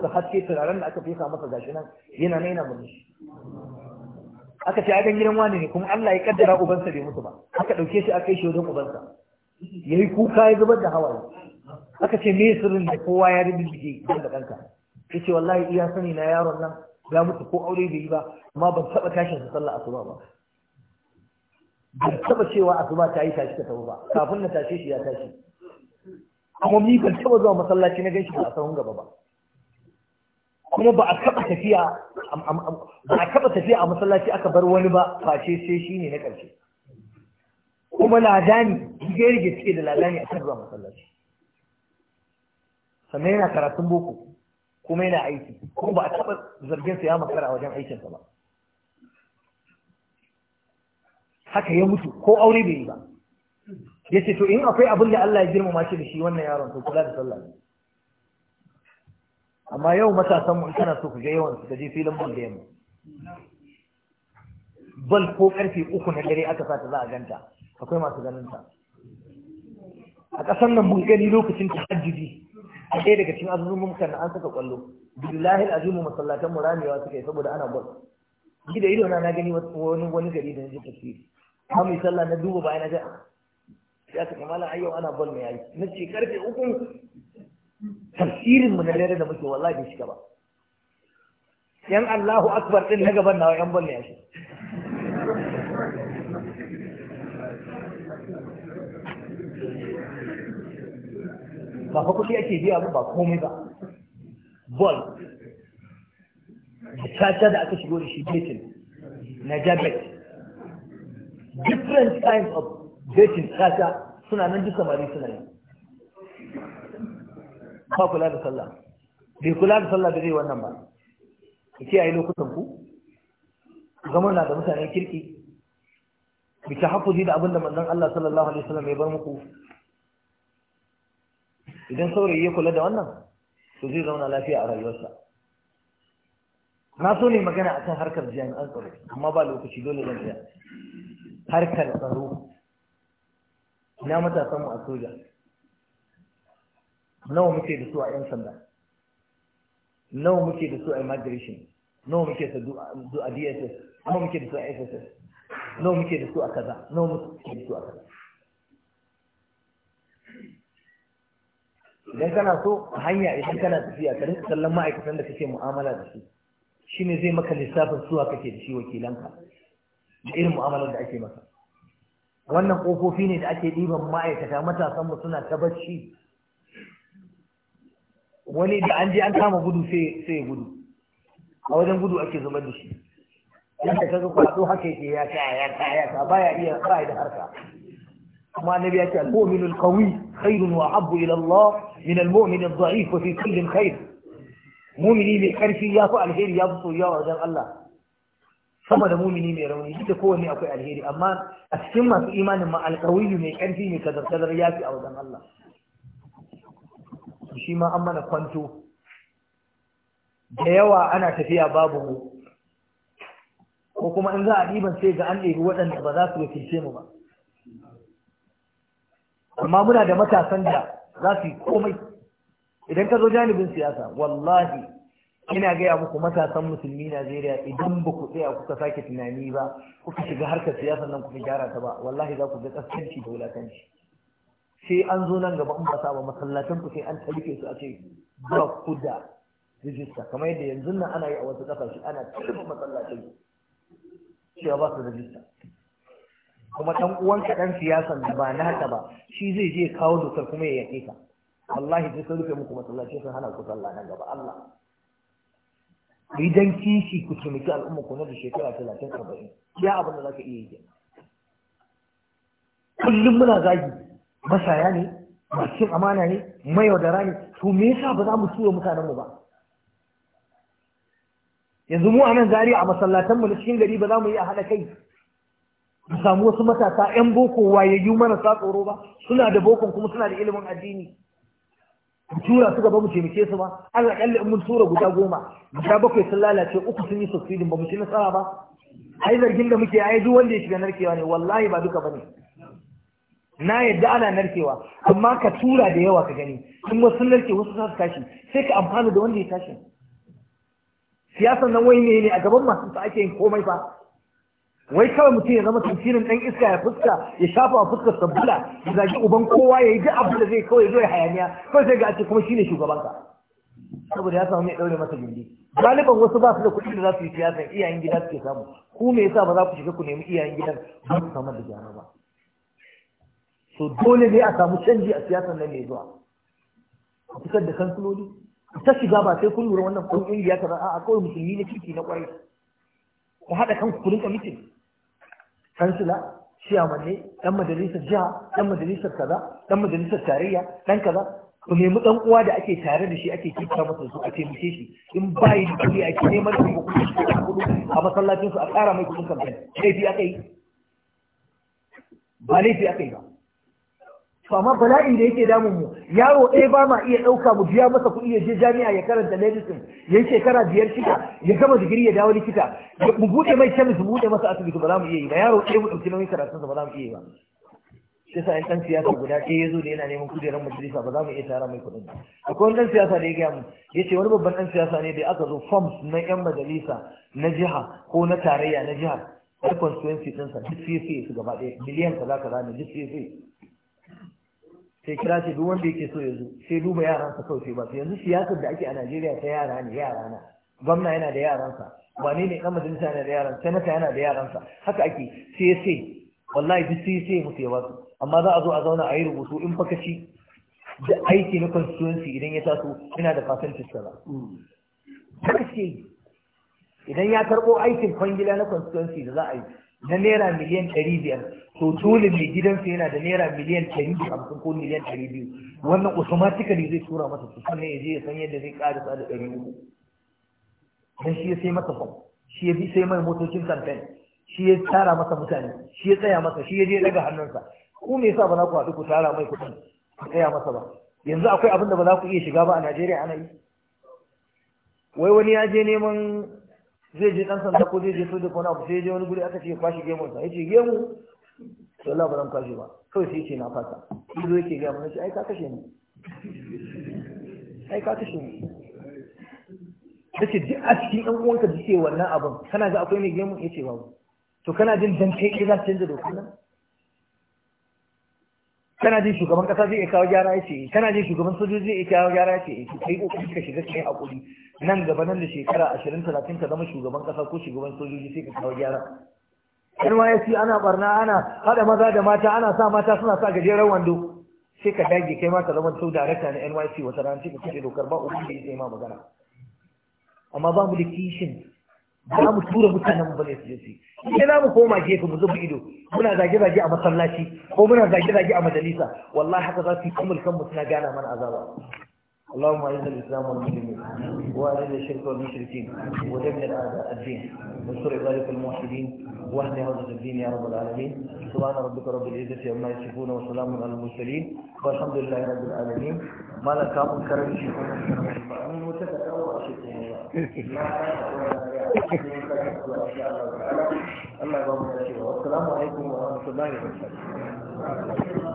sa haske turaren da aka fesa masa gashi nan yana naina shi aka ce a gidan wani ne kuma Allah ya kaddara ubansa bai mutu ba aka ɗauke shi aka kai shi wajen ubansa ya yi kuka ya zubar da hawaye aka ce me sirrin da kowa ya rubuce don da kanka ya ce wallahi iya sani na yaron nan ya mutu ko aure bai yi ba amma ban taɓa tashin sa sallah asuba ba ban taɓa cewa asuba ta yi tashi ta tabo ba kafin na tashe shi ya tashi amma ni ban taɓa zuwa masallaci na gaishe ba a sahun gaba ba kuma ba a taɓa tafiya ba a taɓa tafiya a masallaci aka bar wani ba face sai shine na ƙarshe kuma ladani gere gaske da ladani a kan zuwa masallaci sannan yana karatun boko kuma yana aiki kuma ba a taɓa zargin sa ya makara a wajen aikinsa ba haka ya mutu ko aure bai yi ba ya ce to in akwai abin da Allah ya girmama shi da shi wannan yaron to kula da sallah amma yau matasan mu kana so ku ga yawan su je filin bal da yamma bal ko karfe uku na dare aka sa ta za a ganta akwai masu ganin ta a ƙasar nan mun gani lokacin ta hajjiji a ɗaya daga cikin azumumukan na an saka kwallo billahi azimu masallatan mu ramewa suka yi saboda ana gwal ni da idona na gani wani wani gari da nake tafi ha mai sallah na duba bayan na ga ya ta kamala ayyau ana gwal mai yayi na ce karfe uku tafsirin mu na lere da muke wallahi bai shiga ba yan Allahu akbar din na gaban na yan bol ne ya shiga ba fa kuɗi ake biya ba komai ba ball da caca da aka shigo da shi dating na jabet different kinds of dating caca suna nan duk samari suna yi ba kula da sallah bai kula da sallah da zai wannan ba a yi lokutan ku zama na da mutanen kirki bi ta hafuzi da abin da manzon Allah sallallahu alaihi wasallam ya bar muku idan saurayi ya kula da wannan to zai zauna lafiya a rayuwarsa na so ne magana a kan harkar jami'an tsaro amma ba lokaci dole zan tsaya harkar tsaro na matasan mu a soja nawa muke da su a 'yan sanda nawa muke da su a immigration nawa muke da su a dss nawa muke da su a sss nawa muke da su a kaza nawa muke da su a kaza idan kana so a hanya idan kana tafiya ka rinka kallon ma'aikatan da kake mu'amala da su shine zai maka lissafin suwa kake da shi wakilanka da irin mu'amalar da ake maka wannan kofofi ne da ake ɗiban ma'aikata matasanmu suna ta bacci wani da an je an kama gudu sai ya gudu a wajen gudu ake zubar da shi yadda ga kwaɗo haka yake ya ta ya ta ya ta baya iya ba da harka ما النبي يقول المؤمن القوي خير وأحب إلى الله من المؤمن الضعيف وفي كل خير مؤمني من خلف يا فؤاد خير يا بطو يا رجال الله ثم مؤمني من روني جد كوني أقوى الهير أما السمة في إيمان ما القوي من خلف من كدر كدر يا في أرجال الله بشي ما أما نقنتو جيوا أنا تفيا بابه وكما إن ذا عديبا سيجا أنه هو أن بذاته في الشيمة amma muna da matasan da za su yi komai idan ka zo janibin siyasa wallahi ina gaya muku matasan musulmi Najeriya idan ba ku tsaya kuka sake tunani ba kuka shiga harkar siyasar nan kuka gyara ta ba wallahi za ku ga kaskanci da wulakanci sai an zo nan gaba in ba saba masallatan ku sai an talike su a ce ba ku da rijista kamar yadda yanzu nan ana yi a wasu kasashe ana talibin masallatan cewa ba su rijista kuma dan uwanka dan siyasan da ba naka ba shi zai je kawo dokar kuma ya yake ka wallahi sai sun rufe muku masallaci sun hana ku sallah nan gaba Allah idan dan kishi ku tumiki al'umma ku na da shekara talatin arba'in ya abin da ka iya yi kullum muna zagi masaya ne masu amana ne mayaudara ne to me yasa ba za mu tura mutanenmu ba yanzu mu a nan zari a masallatanmu na cikin gari ba za mu yi a haɗa kai Ka samu wasu matasa 'yan boko mana marasa tsoro ba suna da bokon kuma suna da ilimin addini mu tura su gaba mu taimake su ba Allah kalli in mun tura guda goma guda bakwai sun lalace uku sun yi subsidin ba mu ci nasara ba ai zargin da muke ai duk wanda ya shiga narkewa ne wallahi ba duka bane na yadda ana narkewa amma ka tura da yawa ka gani in wasu narke wasu za su tashi sai ka amfana da wanda ya tashi siyasan nan wai ne ne a gaban masu ta ake yin komai fa wai kawai mutum ya zama tafsirin ɗan iska ya fuska ya shafa a fuskar sabula ya zagi uban kowa ya yi duk abin da zai kawai zo ya hayaniya kawai sai ga a kuma shine shugaban ka saboda ya samu mai ɗaure masa gindi galiban wasu ba su da kuɗi da za su yi siyasa iyayen gida suke samu ku me yasa ba za ku shiga ku nemi iyayen gidan ba su samar da gyara ba so dole ne a samu canji a siyasar nan mai zuwa a fitar da kansuloli ta shiga ba sai kun lura wannan ya kaza a'a kawai musulmi na kiki na kwarai ku haɗa kanku ku rinka kansila ciyamanni ɗan majalisar jiha ɗan majalisar kaza ɗan majalisar tarayya ɗan kaza ku nemi ɗan uwa da ake tare da shi ake kika masa su a taimake shi in bayi da kudi ake neman da kudi a masallacin su a ƙara mai kudin kamfani aka yi ba laifi aka yi ba to amma bala'in da yake damun mu yaro ɗaya ba ma iya ɗauka mu biya masa kuɗi ya je jami'a ya karanta medicine ya yi shekara biyar shida ya gama digiri ya dawo likita mu buɗe mai kemis mu buɗe masa asibiti ba za mu iya yi ba yaro ɗaya mu ɗauki nauyin karatun ba za mu iya yi ba shi sa ɗan siyasa guda ɗaya ya zo da yana neman kujerar majalisa ba za mu iya tara mai kuɗin akwai wani ɗan siyasa da ya gaya mu ya ce wani babban ɗan siyasa ne da aka zo forms na ƴan majalisa na jiha ko na tarayya na jihar har constituency ɗinsa duk fiye-fiye su gaba ɗaya miliyan kaza kaza ne duk fiye-fiye sai kira shi duk wanda yake so ya zo sai duba yaransa kawai ba yanzu siyasar da ake a Najeriya ta yara ne yara na gwamna yana da yaransa wane ne kamar dinsa yana da yaransa sanata yana da yaransa haka ake sai sai wallahi duk sai sai mu ya basu amma za a zo a zauna a yi rubutu in fa ci da aiki na constituency idan ya taso ina da percentage kaza haka ce idan ya karɓo aikin kwangila na constituency da za a yi na naira miliyan ɗari biyar to dole mai gidansa yana da naira miliyan 150 ko miliyan 200 wannan automatically zai tura masa su sannan ya je ya san yadda zai ƙara sa da 300 dan shi ya sai masa fam shi ya sai mai motocin campaign shi ya tara masa mutane shi ya tsaya masa shi ya je daga hannunsa ku me yasa ba za ku haɗu ku tara mai kuɗin ku tsaya masa ba yanzu akwai abin da ba za ku iya shiga ba a Najeriya ana yi wai wani ya je neman zai je ɗan sanda ko zai je soja ko wani abu sai ya je wani guri aka ce ya kwashe gemunsa ya ce gemu to Allah ba kwashe ba kawai sai ce na fasa izo zo yake ga mun ai ka kashe ni ai ka kashe ni Ta ce a cikin ɗan uwanka da wannan abin kana ga akwai mai gemu ce babu to kana jin dan kai za su canza dokar nan kana jin shugaban kasa zai kawo gyara ya ce eh. kana jin shugaban sojoji zai kawo gyara ya ce eh. to kai kokari ka shiga cikin hakuri nan gaba nan da shekara 20 30 ka zama shugaban kasa ko shugaban sojoji sai ka kawo gyara NYSC ana barna ana haɗa maza da mata ana sa mata suna sa gajeren wando sai ka dage kai ma ka zama sau darakta na NYC wata ran sai ka kace dokar ba ubangi ya sai ma magana amma ba mu da kishin ba mu tura mutanen bane su je su yi na mu koma gefe mu zuba ido muna zage zage a masallaci ko muna zage zage a majalisa wallahi haka za su yi kamul kan mu suna gana mana azaba اللهم اعز الاسلام والمسلمين واذل الشرك والمشركين ودمر اعداء الدين وانصر عبادك الموحدين واهد هذا الدين يا رب العالمين سبحان ربك رب العزه عما يصفون وسلام على المرسلين والحمد لله رب العالمين ما لك من كرم شيء من وتتكوى شيء الله عليكم ورحمه الله وبركاته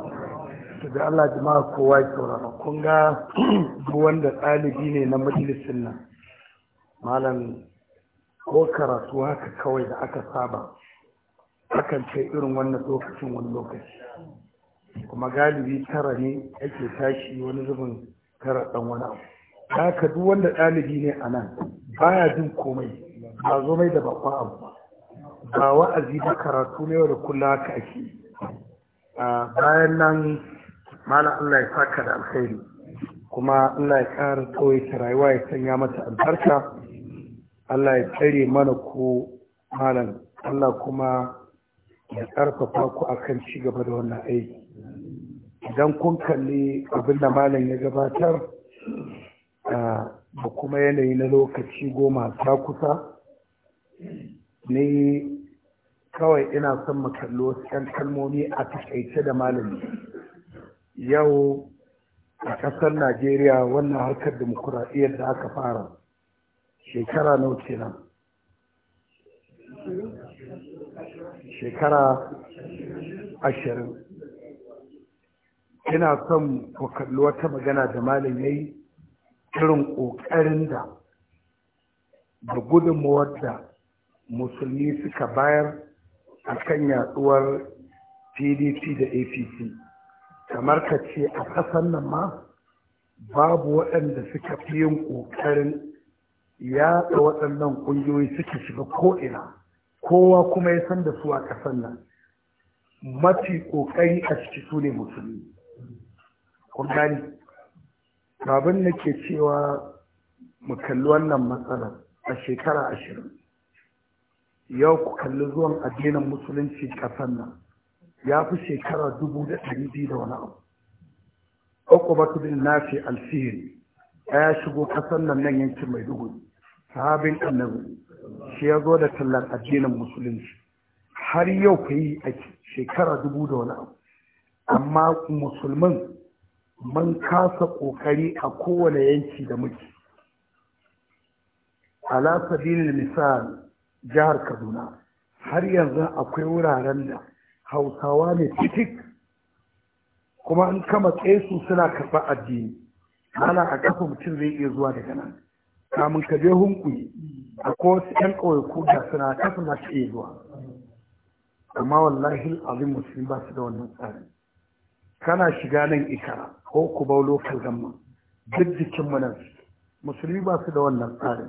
da Allah jama'a kowa ya saurara kun ga wanda ɗalibi ne na majalisin nan malam ko karatu haka kawai da aka saba akan ce irin wannan lokacin wani lokaci kuma galibi tara ne ake tashi wani zubin tara ɗan wani abu haka duk wanda ɗalibi ne a nan baya jin komai ba zo mai da babban abu ba wa'azi ba karatu ne da kula haka ake bayan nan malam Allah ya saka da alkhairi kuma Allah ya ƙara tsawaita rayuwa ya sanya mata albarka Allah ya tsare mana ku malam Allah kuma ya ƙarfafa ku akan ci gaba da wannan aiki idan kun kalli abin da malam ya gabatar ah, da kuma yanayi na lokaci goma ta kusa ne kawai ina son mu kalli wasu 'yan kalmomi a takaice da malami yau a ƙasar najeriya wannan harkar demokuraɗiyyar da aka fara shekara nau kenan shekara ashirin ina son ku kalli wata magana da malam ya irin ƙoƙarin da da gudunmuwar da musulmi suka bayar a kan yaɗuwar pdp da apc kamar ka ce a kasan nan ma babu waɗanda suka fi yin ƙoƙarin yaɗa waɗannan ƙungiyoyi suka shiga ko'ina kowa kuma ya san da su a ƙasar nan mafi ƙoƙari a ciki su ne musulmi ƙungani babin da ke cewa mu kalli wannan matsalar a shekara ashirin yau ku kalli zuwan addinin musulunci ƙasar nan ya fi shekara dubu da ɗari biyu da wani abu uqbatu bin nafi ce ya shigo ƙasar nan nan yankin mai dubu. sahabin annabi shi ya zo da tallar addinin musulunci har yau ka yi a shekara dubu da wani abu amma musulmin mun kasa ƙoƙari a kowane yanki da muke ala sabilin misal jihar kaduna har yanzu akwai wuraren da hausawa ne titik kuma an kama tsesu suna karɓar addini ana a kafa mutum zai iya zuwa daga nan kamun ka je hunkuyi a kowace 'yan ƙauyaku da suna ƙasa na iya zuwa amma wallahi azim musulmi ba su da wannan tsari kana shiga nan ikara ko ku bau lokal gamma duk jikin nan musulmi ba su da wannan tsari.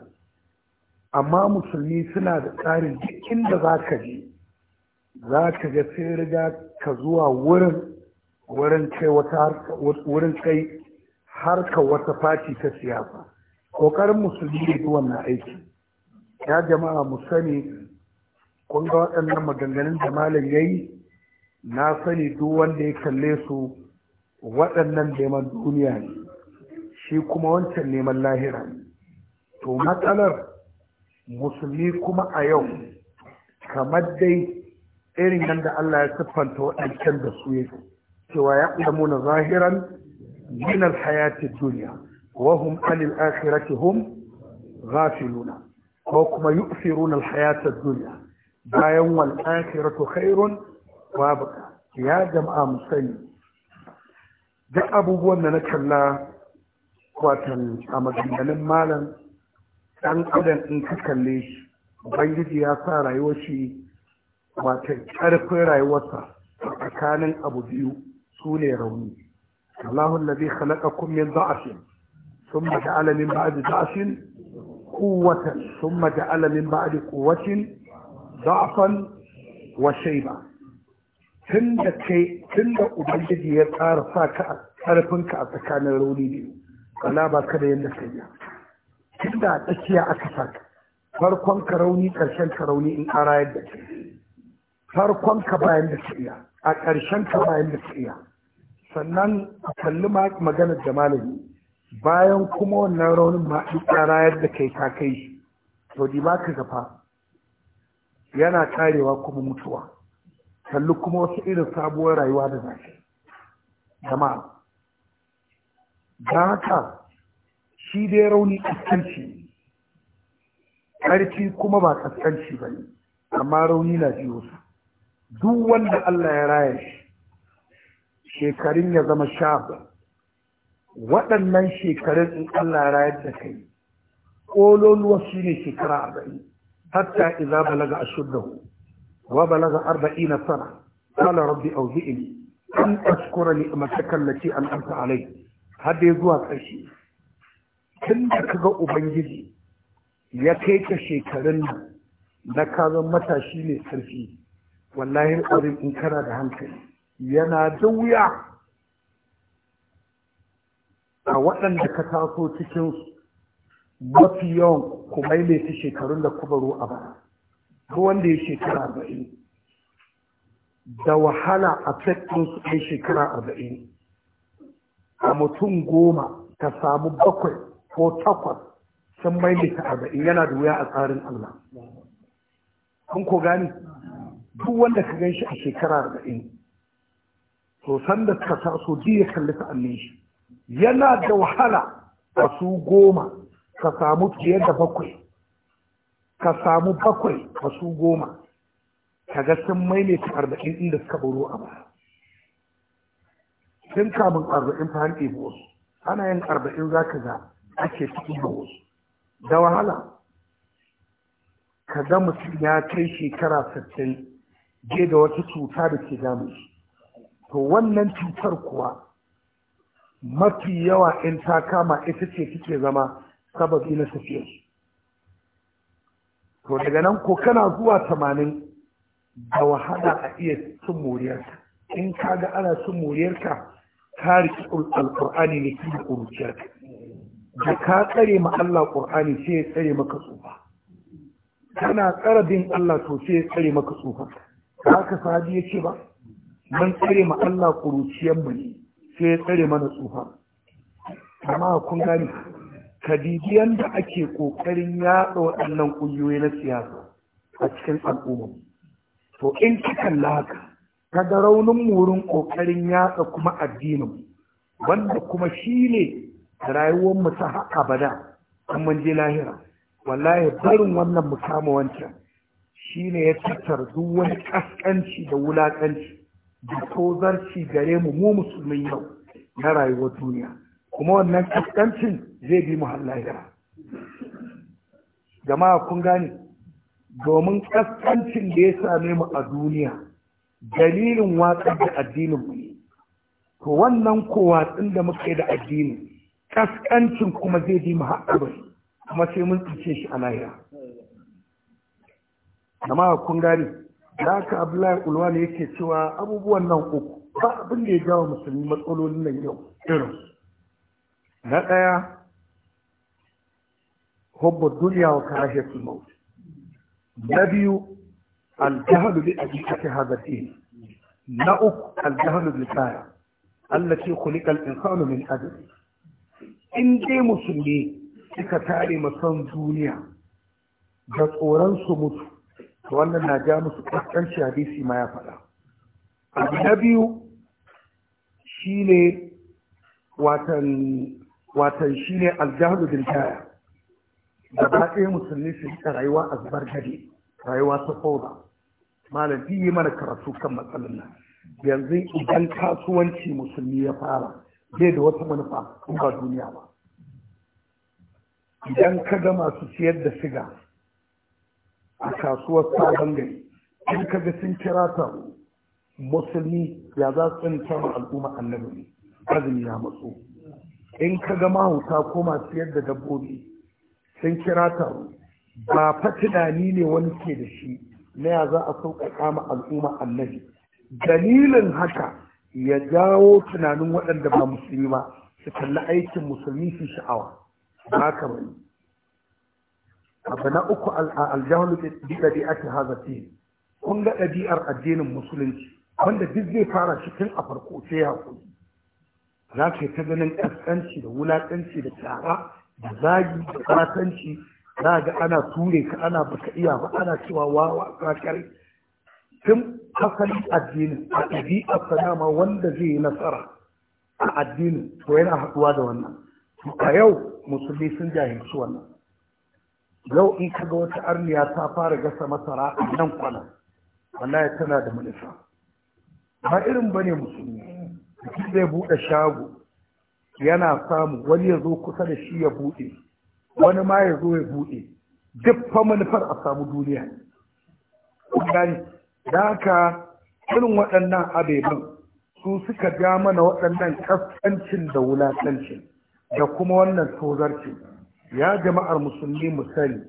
amma musulmi suna da tsarin jikin da za ka je za ka ga sai riga ka zuwa wurin wurin kai wata wurin kai harka wata fati ta siyasa kokarin musulmi ne wannan aiki ya jama'a mu sani kun ga waɗannan maganganun da malam ya yi na sani duk wanda ya kalle su waɗannan neman duniya ne shi kuma wancan neman lahira ne to matsalar musulmi kuma a yau kamar dai irin yadda Allah ya siffanta waɗancan da su yake cewa ya muna zahiran min hayati duniya wa hum anil akhirati hum ghafiluna ko kuma yu'thiruna alhayata duniya bayan wal akhiratu khairun wa abqa ya jama'a musani duk abubuwan da na kalla watan a maganganun malam ɗan adam in ka kalle shi ubangiji ya sa rayuwar shi watan ƙarfin rayuwarsa tsakanin abu biyu su ne rauni Allahu allazi khalaqakum min da'afin thumma ja'ala min ba'di da'afin quwwatan thumma ja'ala min ba'di quwwatin da'afan wa shayba tunda kai tunda ubangiji ya tsara saka a ƙarfinka a tsakanin rauni biyu kana ba ka da yadda ka yi ya tunda a tsakiya aka saka farkon ka rauni ƙarshen ka rauni in ƙara yadda kai farkon ka bayan da ka a ƙarshen ka bayan da ka iya sannan a kalli maganar da malami bayan kuma wannan raunin ma a tsara yadda kai ka kai to di ba ka gafa yana karewa kuma mutuwa kalli kuma wasu irin sabuwar rayuwa da zafi jama'a don haka shi dai rauni kaskanci ƙarfi kuma ba kaskanci ba ne amma rauni na biyo su duk wanda Allah ya raya shi shekarun ya zama sha waɗannan shekarun in Allah ya raya da kai ƙololuwa shi ne shekara arba'in hatta iza balaga a shuddahu wa balaga arba'in na sana kala rabbi auzi'in an na ce an amsa alai har zuwa ƙarshe tun da ga ubangiji ya kai ka shekarun nan na ka matashi ne ƙarfi. wallahi azim in kana da hankali yana da wuya a waɗanda ka taso cikin mafi yawan ku maimaita shekarun da kubaru a ba ruwan wanda ya shekara arba'in da wahala a fekin su ɗai shekara arba'in a mutum goma ka samu bakwai ko takwas sun maimaita arba'in yana da wuya a tsarin allah kun ko gani duk wanda ka gan shi a shekara arba'in to suka ka taso ji ya kalli sa'annin shi yana da wahala a su goma ka samu fiye da bakwai ka samu bakwai a su goma ka ga sun maimaita arba'in inda suka buru a baya sun kamun arba'in ta hanke wasu ana yin arba'in za ka ga ake cikin da wasu da wahala ka ga mutum ya kai shekara sittin je da wata cuta da ke damu shi to wannan cutar kuwa mafi yawa in ta kama ita ce take zama sababi na tafiyar to daga nan ko kana zuwa tamanin da wahala a iya cin moriyarka in ka ga ana cin moriyarka ka riƙi alƙur'ani ne ki da ƙuruciyarka da ka tsare ma Allah ƙur'ani sai ya tsare maka tsufa kana tsara bin Allah to sai ya tsare maka tsufa haka sadi ya ce ba mun tsare ma Allah kuruciyar ne sai ya tsare mana tsufa amma kun gani kadidiyan da ake kokarin yaɗa waɗannan ƙungiyoyi na siyasa a cikin al'umma to in ka laka haka ka raunin wurin kokarin yaɗa kuma addinin wanda kuma shi ne rayuwar mu ta haka bada mun je lahira wallahi barin wannan mu kama wancan shine ya tattara duk wani ƙasƙanci da wulaƙanci da tozarci gare mu mu musulmin yau na rayuwar duniya kuma wannan kaskancin zai bi mu lahira jama'a kun gane domin ƙasƙancin da ya same mu a duniya dalilin watsar da addinin mu ne to wannan ko watsin da muka yi da addini ƙasƙancin kuma zai bi mu haɗa kuma sai mun tsince shi a lahira amma kun gani da aka abdullahi ulwani yake cewa abubuwan nan uku ba abin da ya jawo musulmi matsalolin nan yau irin na ɗaya hubbu duniya wa karahiyatul maut na biyu al-jahlu bi aqiqati hadha din na uku bi tsaya Allah ce ku khuliqa in insanu min adadi in dai musulmi suka tare masan duniya da tsoron su mutu to wannan na ja musu kaskanci hadisi ma ya faɗa abu na biyu shi watan watan shine aljahlu bil jaya ba ɗaya musulmi su yi rayuwa a zubar gade rayuwa ta fauna malabi yi mana karatu kan matsalar nan yanzu idan kasuwanci musulmi ya fara bai da wata manufa kuma ba duniya ba idan ka ga masu siyar da siga a kasuwar sabon gari in kaga sun kira ta musulmi ya za su tsinta al'umma annabi azumi ya matso in ka ga mahauta ko masu yadda dabbobi sun kira ta ba fa tunani ne wani ke da shi na ya za a sauƙaƙa ma al'umma annabi dalilin haka ya jawo tunanin waɗanda ba musulmi ba su kalli aikin musulmi su sha'awa ba ka bari abu na uku aljahulu bi ɗabi'ati hadha din kun ga ɗabi'ar addinin musulunci wanda duk zai fara shi tun a farko sai hakuri za ka yi ta ganin ƙasƙanci da wulaƙanci da tara, da zagi da ƙasanci za ga ana ture ka ana baka iya ba ana cewa wawa kakar tun asalin addinin a ɗabi'ar sanama wanda zai yi nasara a addinin to yana haɗuwa da wannan a yau musulmi sun jahilci wannan yau in ka ga wata arniya ta fara gasa masara a nan kwana wallahi tana da manufa ba irin ba bane musulmi mutum zai buɗe shago yana samu wani ya zo kusa da shi ya buɗe wani ma ya zo ya buɗe duk fa manufar a samu duniya ne. da haka irin waɗannan abeban su suka ja mana waɗannan kaskancin da wulaƙancin da kuma wannan tozarcin ya jama'ar musulmi mu sani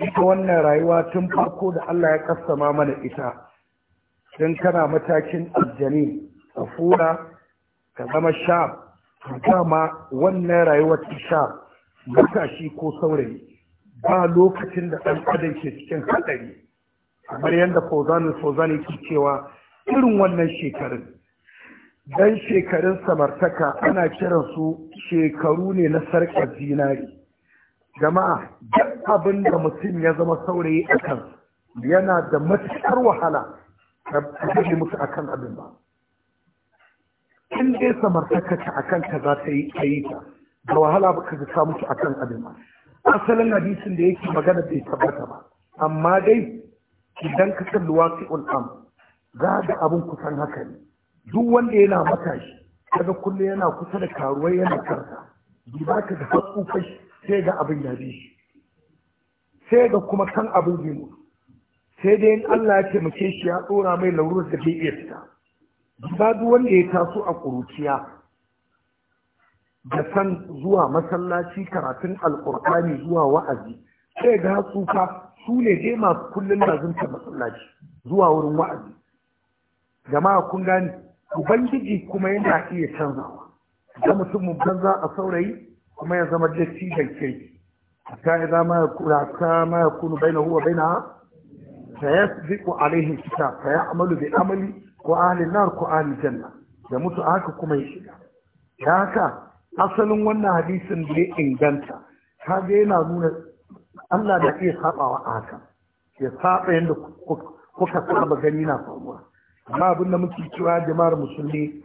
ita wannan rayuwa tun farko da Allah ya kassama mana ita tun kana matakin aljani tsafura ka zama sha dama wannan rayuwar ta sha matashi ko saurayi ba lokacin da ɗan adam ke cikin haɗari kamar yadda fauzanin fauzani ke cewa irin wannan shekarun dan shekarun samartaka ana kiran su shekaru ne na sarƙar zinari jama'a duk abin da mutum ya zama saurayi a kan yana da matuƙar wahala ka kashe musu a kan abin ba in dai samartaka ta a kan ka za ta yi kayi ta da wahala ba ka ga musu a kan abin ba asalin hadisin da yake magana bai tabbata ba amma dai idan ka kalli wasi'ul ul'am za ga abin kusan haka ne duk wanda yana matashi kaga kullum yana kusa da karuwai yana karta ba ka ga haƙufashi sai ga abin da bi sai ga kuma kan abin zai mutu sai dai in Allah ya taimake shi ya tsora mai larurar da bai iya fita ba wanda ya taso a ƙuruciya da san zuwa masallaci karatun alƙur'ani zuwa wa'azi sai ga tsufa su ne dai masu kullum lazimta masallaci zuwa wurin wa'azi jama'a kun gani ubangiji kuma yana iya canzawa da mutum mutumin za a saurayi kuma ya zama dattijan kirki hatta idza ma yakuna bai na yakunu bainahu wa bainaha kita alaihi ya amalu bi amali ko ahalin nar ko ahalin janna da mutu haka kuma ya shiga Ya haka asalin wannan hadisin da ya inganta zai yana nuna Allah da iya a haka ya saba yadda kuka saba gani na faruwa amma abin da muke cewa jama'ar musulmi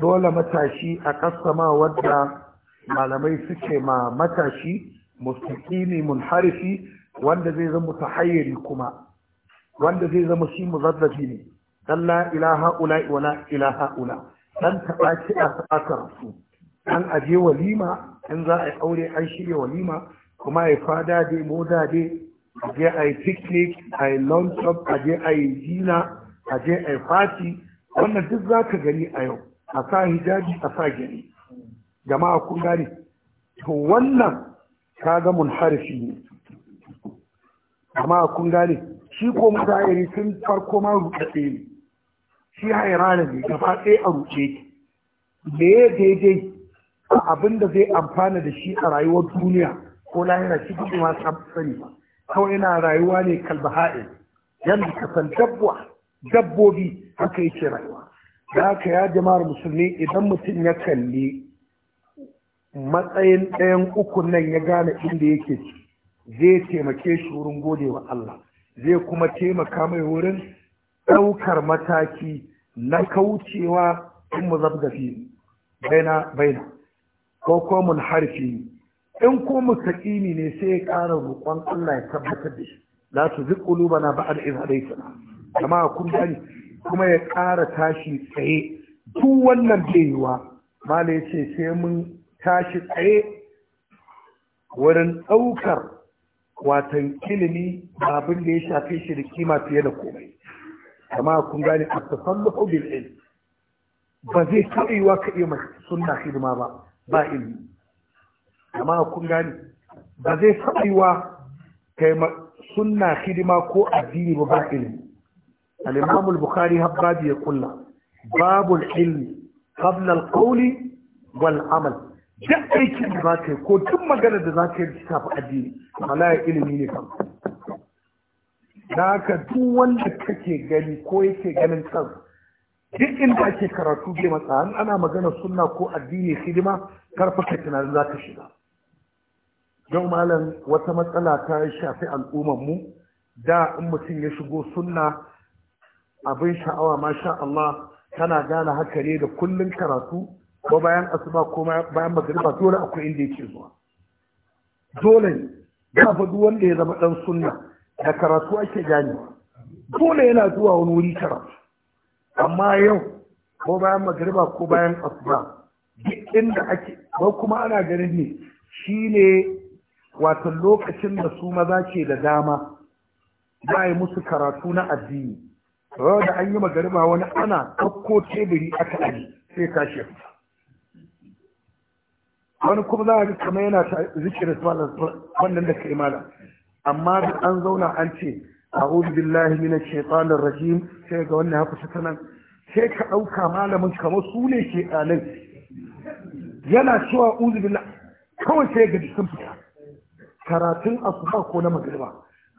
dole matashi a kasama wadda malamai suke ma matashi mustaqimi munharifi wanda zai zama tahayyari kuma wanda zai zama shi muzazzabi ne dan la ilaha ula wa la ilaha ula dan taba a sakar su an aje walima in za a yi aure an shirya walima kuma ya fada dai moda dai a je a yi picnic a yi lunch up a a yi jina a a yi fati wannan duk za ka gani a yau a sa hijabi a sa gani jama'a kun gane to wannan kaga munharifi ne jama'a kun gane shi ko mutayiri sun farko ma rutsatse ne shi hairana ne gaba ɗaya a ruce ki da ya daidai a abin da zai amfana da shi a rayuwar duniya ko lahira shi duk ma sani ba kawai yana rayuwa ne kalbaha'il yadda kasan dabba dabbobi haka yake rayuwa da haka ya jama'ar musulmi idan mutum ya kalli matsayin ɗayan uku nan ya gane inda yake ci, zai taimake shi wurin gode wa Allah zai kuma taimaka mai wurin ɗaukar mataki na kaucewa in mu zabgafi baina baina ko ko mun harfi in ko mustaqimi ne sai ya ƙara roƙon Allah ya tabbatar da shi la tuzigh qulubana ba'da idh hadaytana kama kun kuma ya ƙara tashi tsaye duk wannan bai yiwa mala ce sai mun tashi tsaye wurin ɗaukar watan ilimi abin da ya shafe shi da kima fiye da komai kama kun gane a tasalluhu bil ilm ba zai taɓa yiwa ka iya sunna hidima ba ba ilimi kama kun gane ba zai taɓa yiwa ka yi sunna hidima ko addini ba ba ilimi al-imam al-bukhari habbabi ya kulla babul ilmi qabla al-qawli wal amal duk aikin da za ka yi ko tun magana da za ka yi ta fi addini malaya ilimi ne kan da haka duk wanda kake gani ko yake ganin kan duk inda ake karatu bai matsa an ana magana sunna ko addini hidima karfa ka tunanin za ka shiga don malam wata matsala ta shafi al'ummar mu, da in mutum ya shigo sunna abin sha'awa masha Allah tana gane haka ne da kullun karatu ko bayan asuba ko bayan magariba dole akwai inda yake zuwa dole ne fa duk wanda ya zama dan sunna da karatu ake gani dole yana zuwa wani wuri tara. amma yau ko bayan magariba ko bayan asuba duk inda ake ko kuma ana ganin ne shine wato lokacin da su maza ke da dama za a yi musu karatu na addini da an yi magariba wani ana ɗauko teburi aka aji sai tashi ya fita wani kuma za a ji kamar yana ta zikirin wannan da ka imana amma da an zauna an ce a'udhu billahi minash shaitanir rajim sai ga wannan haka ta tanan sai ka ɗauka malamin kamar su ne ke ɗalin yana cewa uzu billahi kawai sai ga sun fita karatun asuba ko na magriba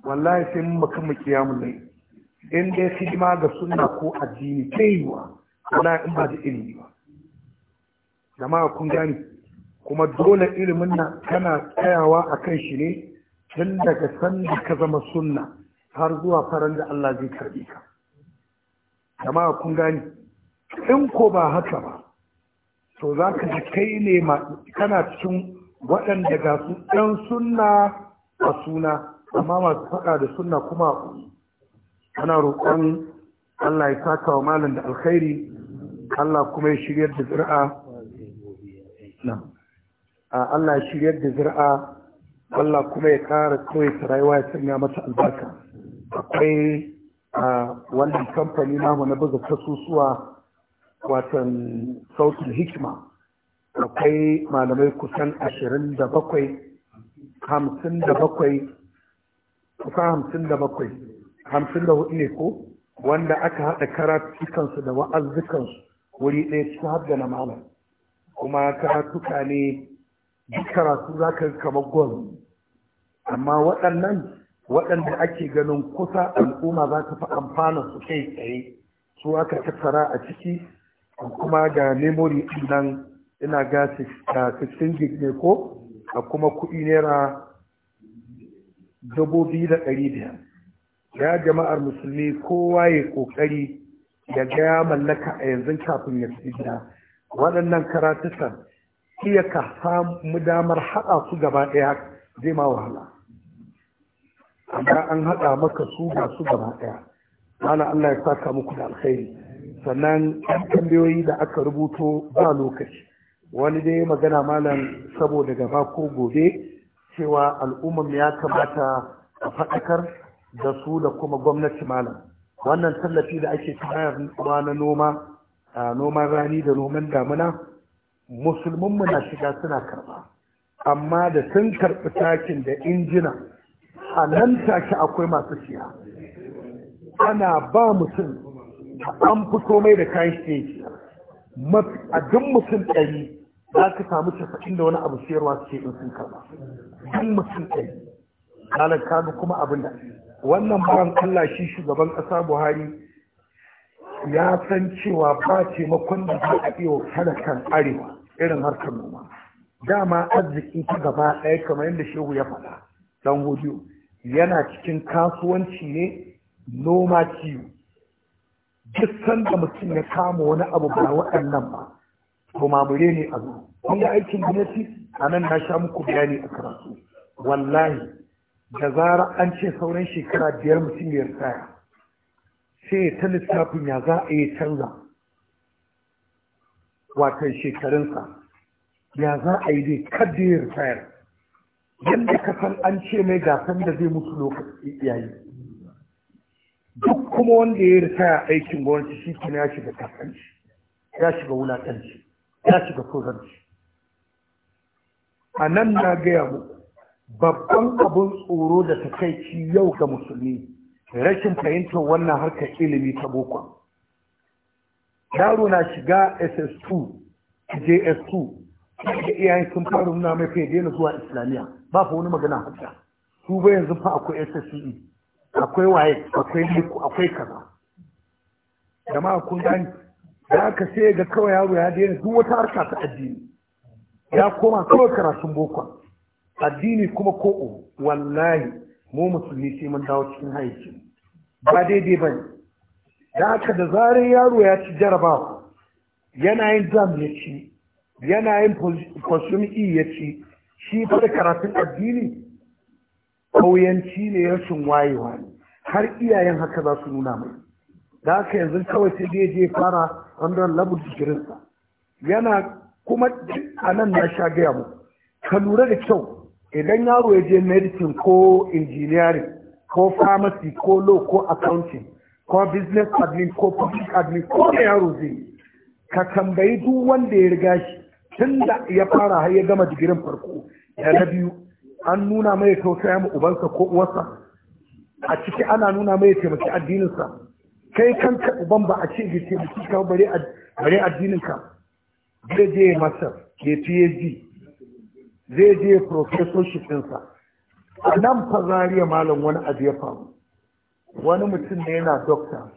wallahi sai mun makan makiyamun ne in dai hidima ga sunna ko addini kaiwa wala in ba da ilimi ba jama'a kun gani kuma dole ilimin nan kana tsayawa a kan shi ne tun daga sanda ka zama sunna har zuwa faran da Allah zai karbi ka jama'a kun gani in ko ba haka ba to za ka ji kai ne kana cikin waɗanda ga su ɗan sunna a suna amma masu faɗa da sunna kuma a kana roƙon Allah ya saka wa malam da alkhairi Allah kuma ya shiryar da zira'a. Na'am. Allah shiryar da zira Allah kuma ya ƙara kawai ta rayuwa ya sanya mata albarka akwai wannan kamfani namu na buga kasusuwa watan sautin hikima akwai malamai kusan ashirin da bakwai hamsin da bakwai kusan hamsin da bakwai hamsin da hudu ne ko wanda aka haɗa karatukansu da wa'azzukansu wuri ɗaya cikin har da na malam kuma karatuka ne duk karatu za ka kamar gwal amma waɗannan waɗanda ake ganin kusa al'umma za ka fi amfana su kai tsaye su aka tattara a ciki kuma ga memori ɗin nan ina ga 16 gig ne ko a kuma kuɗi naira dubu biyu da ɗari biyar ya jama'ar musulmi kowa ya ƙoƙari ya gaya mallaka a yanzu kafin ya fi gida waɗannan karatukan iya ka samu damar haɗa su gaba ɗaya zai ma wahala amma an haɗa maka su ga su gaba ɗaya mana Allah ya saka muku da alkhairi sannan ɗan tambayoyi da aka rubuto ba lokaci wani dai magana malam saboda gaba ko gobe cewa al'ummar ya kamata a faɗakar da su da kuma gwamnati malam wannan tallafi da ake tayar na noma noman rani da noman damuna musulmanmu na shiga suna karɓa amma da sun karɓi takin da injina a nan take akwai masu siya ana ba mutum an fito mai da kayan shi a duk mutum ɗari za ka samu tafi da wani abu siyarwa su ce in sun karɓa duk mutum ɗari ka kaga kuma abin da wannan bayan Allah shi shugaban ƙasa Buhari ya san cewa ba taimakon da za a iya talakan arewa irin harkar noma dama arziki ta gaba ɗaya kamar yadda shehu ya faɗa dan hudu yana cikin kasuwanci ne noma kiwo duk sanda mutum ya kama wani abu ba waɗannan ba to mamure ne a zo kun ga aikin gwamnati a nan na sha muku bayani a karatu wallahi da zarar an ce sauran shekara biyar mutum ya ritaya sai ta lissafin ya za a yi canza watan shekarunsa ya za a yi dai kadda ya ritayar yadda ka san an ce mai gasar da zai mutu lokaci yayi duk kuma wanda ya ritaya aikin gwamnati shi kuma ya shiga kasanci ya shiga wulaƙanci ya shiga sojanci. a nan na gaya muku babban abin tsoro da ta takaici yau ga musulmi rashin fahimtar wannan harkar ilimi ta boko yaro na shiga ss2 js2 da iyayen sun fara nuna mai fiye daina zuwa islamiyya ba fa wani magana haka su ba yanzu fa akwai sse akwai waye akwai liku e akwai kaza jama'a kun gani da aka sai ga kawai yaro ya daina duk wata harka ta addini ya koma kawai karatun boko addini kuma ko wallahi mu musulmi sai mun dawo cikin haifi. ba daidai ba ne. da aka da zarar yaro ya ci jarabawa yana yin jam ya ci yana yin kwasumi e ya ci shi fa karatun addini kauyanci ne rashin wayewa ne har iyayen haka za su nuna mai da aka yanzu kawai sai dai je fara wannan labu jikirinsa, yana kuma a nan na sha gaya mu ka lura da kyau idan yaro ya je medicine ko engineering ko pharmacy ko law ko accounting ko business admin ko public admin ko da yaro zai ka tambayi duk wanda ya riga shi tun da ya fara har ya gama digirin farko ya na biyu an nuna mai tausaya ma ubansa ko uwarsa a ciki ana nuna mai taimaki addininsa kai kanka uban ba a ce ga taimaki ka bare addininka zai je masar ke phd zai je professorship ɗinsa a nan fa zariya malam wani abu ya faru wani mutum ne yana dokta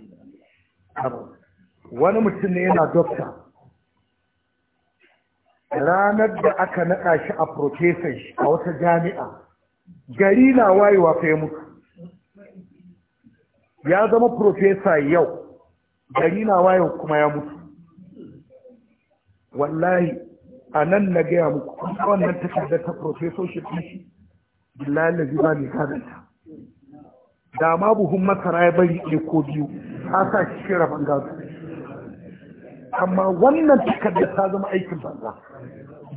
wani mutum ne yana dokta ranar da aka naɗa shi a profesan shi a wata jami'a gari na wayewa fa ya mutu ya zama profesa yau gari na wayewa kuma ya mutu wallahi a nan na gaya muku kuma wannan takardar ta profesorship shi billahi lazi ba mai karanta da ma buhun masara ya bari ɗaya ko biyu ta sa shi shira bangazo amma wannan takardar ta zama aikin banza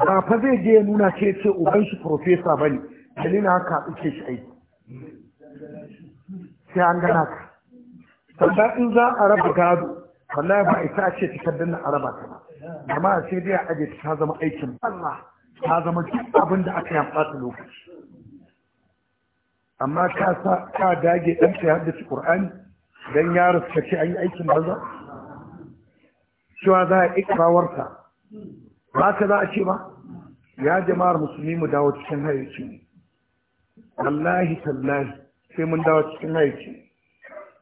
ba fa zai je ya nuna ce ce uban shi profesa bane dalilin haka ake shi aiki sai an gana ka sannan in za a raba gado wallahi ba ita ce takardar a araba ta ba amma sai dai a aje ta zama aikin banza ta zama duk abin da aka yi a lokaci amma ka sa ka dage dan ka haddace qur'ani dan ya ruskace an yi aikin banza cewa za a ikrawarsa ba ka za a ce ba ya jama'ar musulmi mu dawo cikin hayyaci wallahi tallahi sai mun dawo cikin hayyaci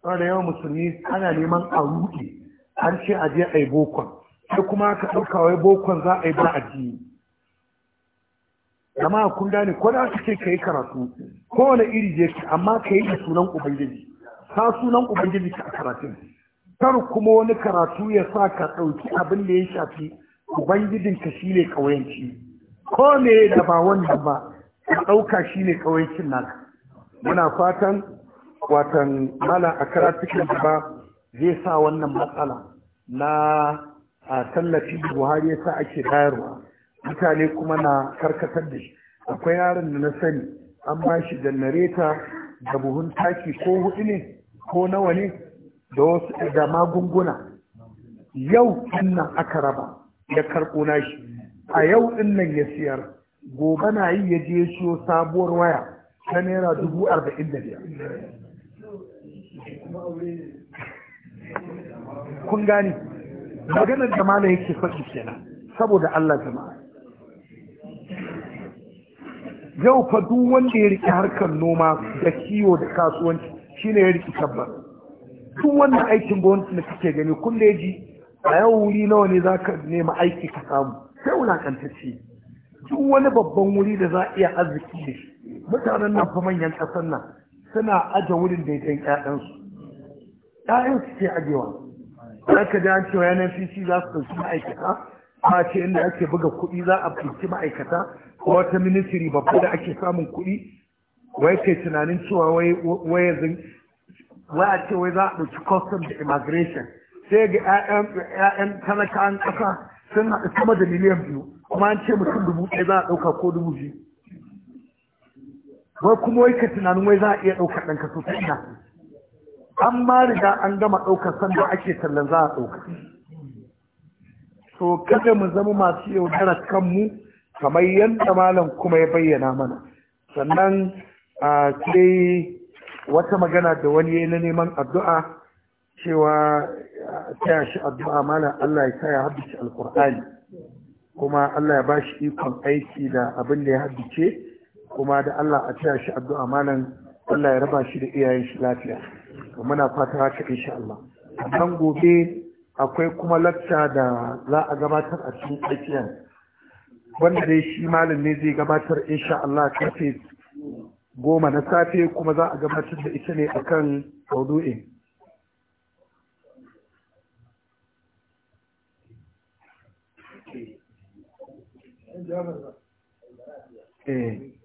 da yawan musulmi ana neman a ruɗe an ce a je a yi bokon sai kuma aka ɗauka wai bokon za a yi ba addini jama'a kun gane ko da kake ce ka yi karatu kowane iri je ki amma ka da sunan ubangiji Ka sunan ubangiji ka a kar kuma wani karatu ya sa ka ɗauki abin da ya shafi ubangijin ka shi ne ƙauyenci ko ne da ba wannan ba ka ɗauka shi ne naka muna fatan watan mala a karatukan ba zai sa wannan matsala na a tallafi buhari ya sa ake bayarwa mutane kuma na karkatar da shi akwai yaron da na sani an ba shi janareta da buhun taki ko hudu ne ko nawa ne da wasu da magunguna yau inna aka raba ya karɓo nashi a yau din ya siyar gobe na yi ya je siyo sabuwar waya ta naira dubu arba'in da biyar kun gane maganar jama'a malam yake faɗi kenan saboda Allah jama'a yau fa duk wanda ya riƙe harkar noma da kiwo da kasuwanci shine ya riki tabba Tun wannan aikin gwamnati da kake gani kun da ya ji a yau wuri nawa ne za ka nema aiki ka samu sai wulakantacce duk wani babban wuri da za a iya arziki da shi mutanen nan fa manyan ƙasar nan suna aje wurin da ya ƴaƴansu ƴaƴan ke ajewa za ka ji an cewa yanar fifi za su ɗauki ma'aikata a ce inda ake buga kuɗi za a ɗauki ma'aikata ko wata ministry babba da ake samun kuɗi wai ke tunanin cewa wai yanzu wai a ce wai za a ɗauki custom da immigration sai ga 'ya'yan talakawan ƙasa sun haɗu sama da miliyan biyu kuma an ce mutum dubu ɗaya za a ɗauka ko dubu biyu wai kuma wai ka tunanin wai za a iya ɗaukar ɗan kaso ta ina an ma riga an gama ɗaukar sanda ake tallan za a ɗauka To kada mu zama masu yaudarar kanmu kamar yadda malam kuma ya bayyana mana sannan a sai wata magana da wani ya yi na neman addu'a cewa taya shi addu'a malam Allah ya taya haddace alkur'ani kuma Allah ya ba shi ikon aiki da abin da ya haddace kuma da Allah a taya shi addu'a malam Allah ya raba shi da iyayen shi lafiya muna fata haka insha Allah sannan gobe akwai kuma lacca da za a gabatar a cikin tsakiyar wanda dai shi malam ne zai gabatar insha Allah kafe goma na safe kuma za a gabatar da ita ne kan maudu'in eh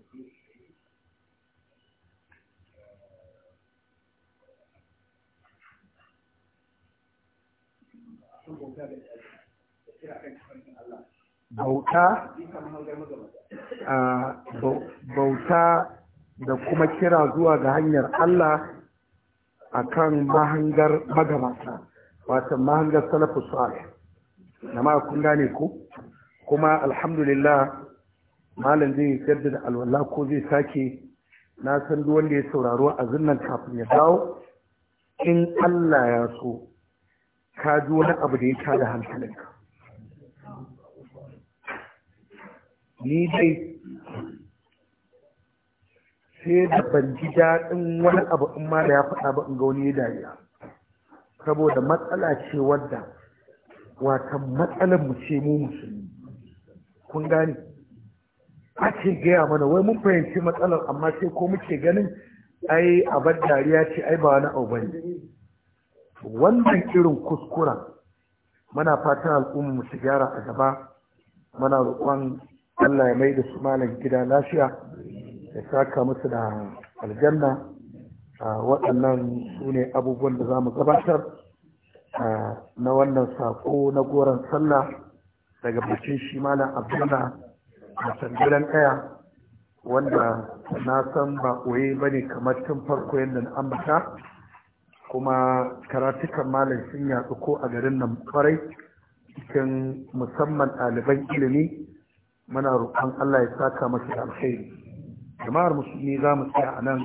bauta ah, bauta da kuma kira zuwa ga hanyar Allah a kan mahangar magabata wata mahangar salafu salih na kun gane ku kuma alhamdulillah malam zai da alwala ko zai sake na san duk wanda ya sauraro a zinnan kafin ya dawo in Allah ya so ka ji wani abu da ya da hankalinka ni dai sai da ban ji daɗin wani abu in ma da ya faɗa ba in ga wani dariya saboda matsala ce wadda wata matsalar mu ce mu musulmi kun gane ake gaya mana wai mun fahimci matsalar amma sai ko muke ganin ai abar dariya ce ai ba wani abu bane wannan irin kuskura muna fatan al'umma su gyara a gaba muna roƙon Allah ya mai da su malam gida lafiya ya saka musu da aljanna waɗannan su ne abubuwan da za mu gabatar na wannan saƙo na goron sallah daga bikin shi malin abdullah a sandiran ɗaya wanda na san ba ɓoye ba ne kamar tun farko yadda na ambata kuma karatukan malam sun yatsu ko a garin nan kwarai cikin musamman ɗaliban ilimi muna roƙon Allah ya saka masa alkhairi jama'ar musulmi za mu tsaya a nan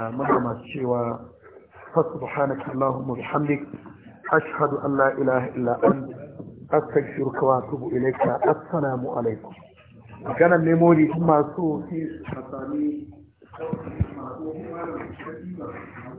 a muna masu cewa fasubhanaka allahumma bihamdik ashhadu an la ilaha illa ant astaghfiruka wa atubu ilayka assalamu alaikum magana ne mori kuma so sai a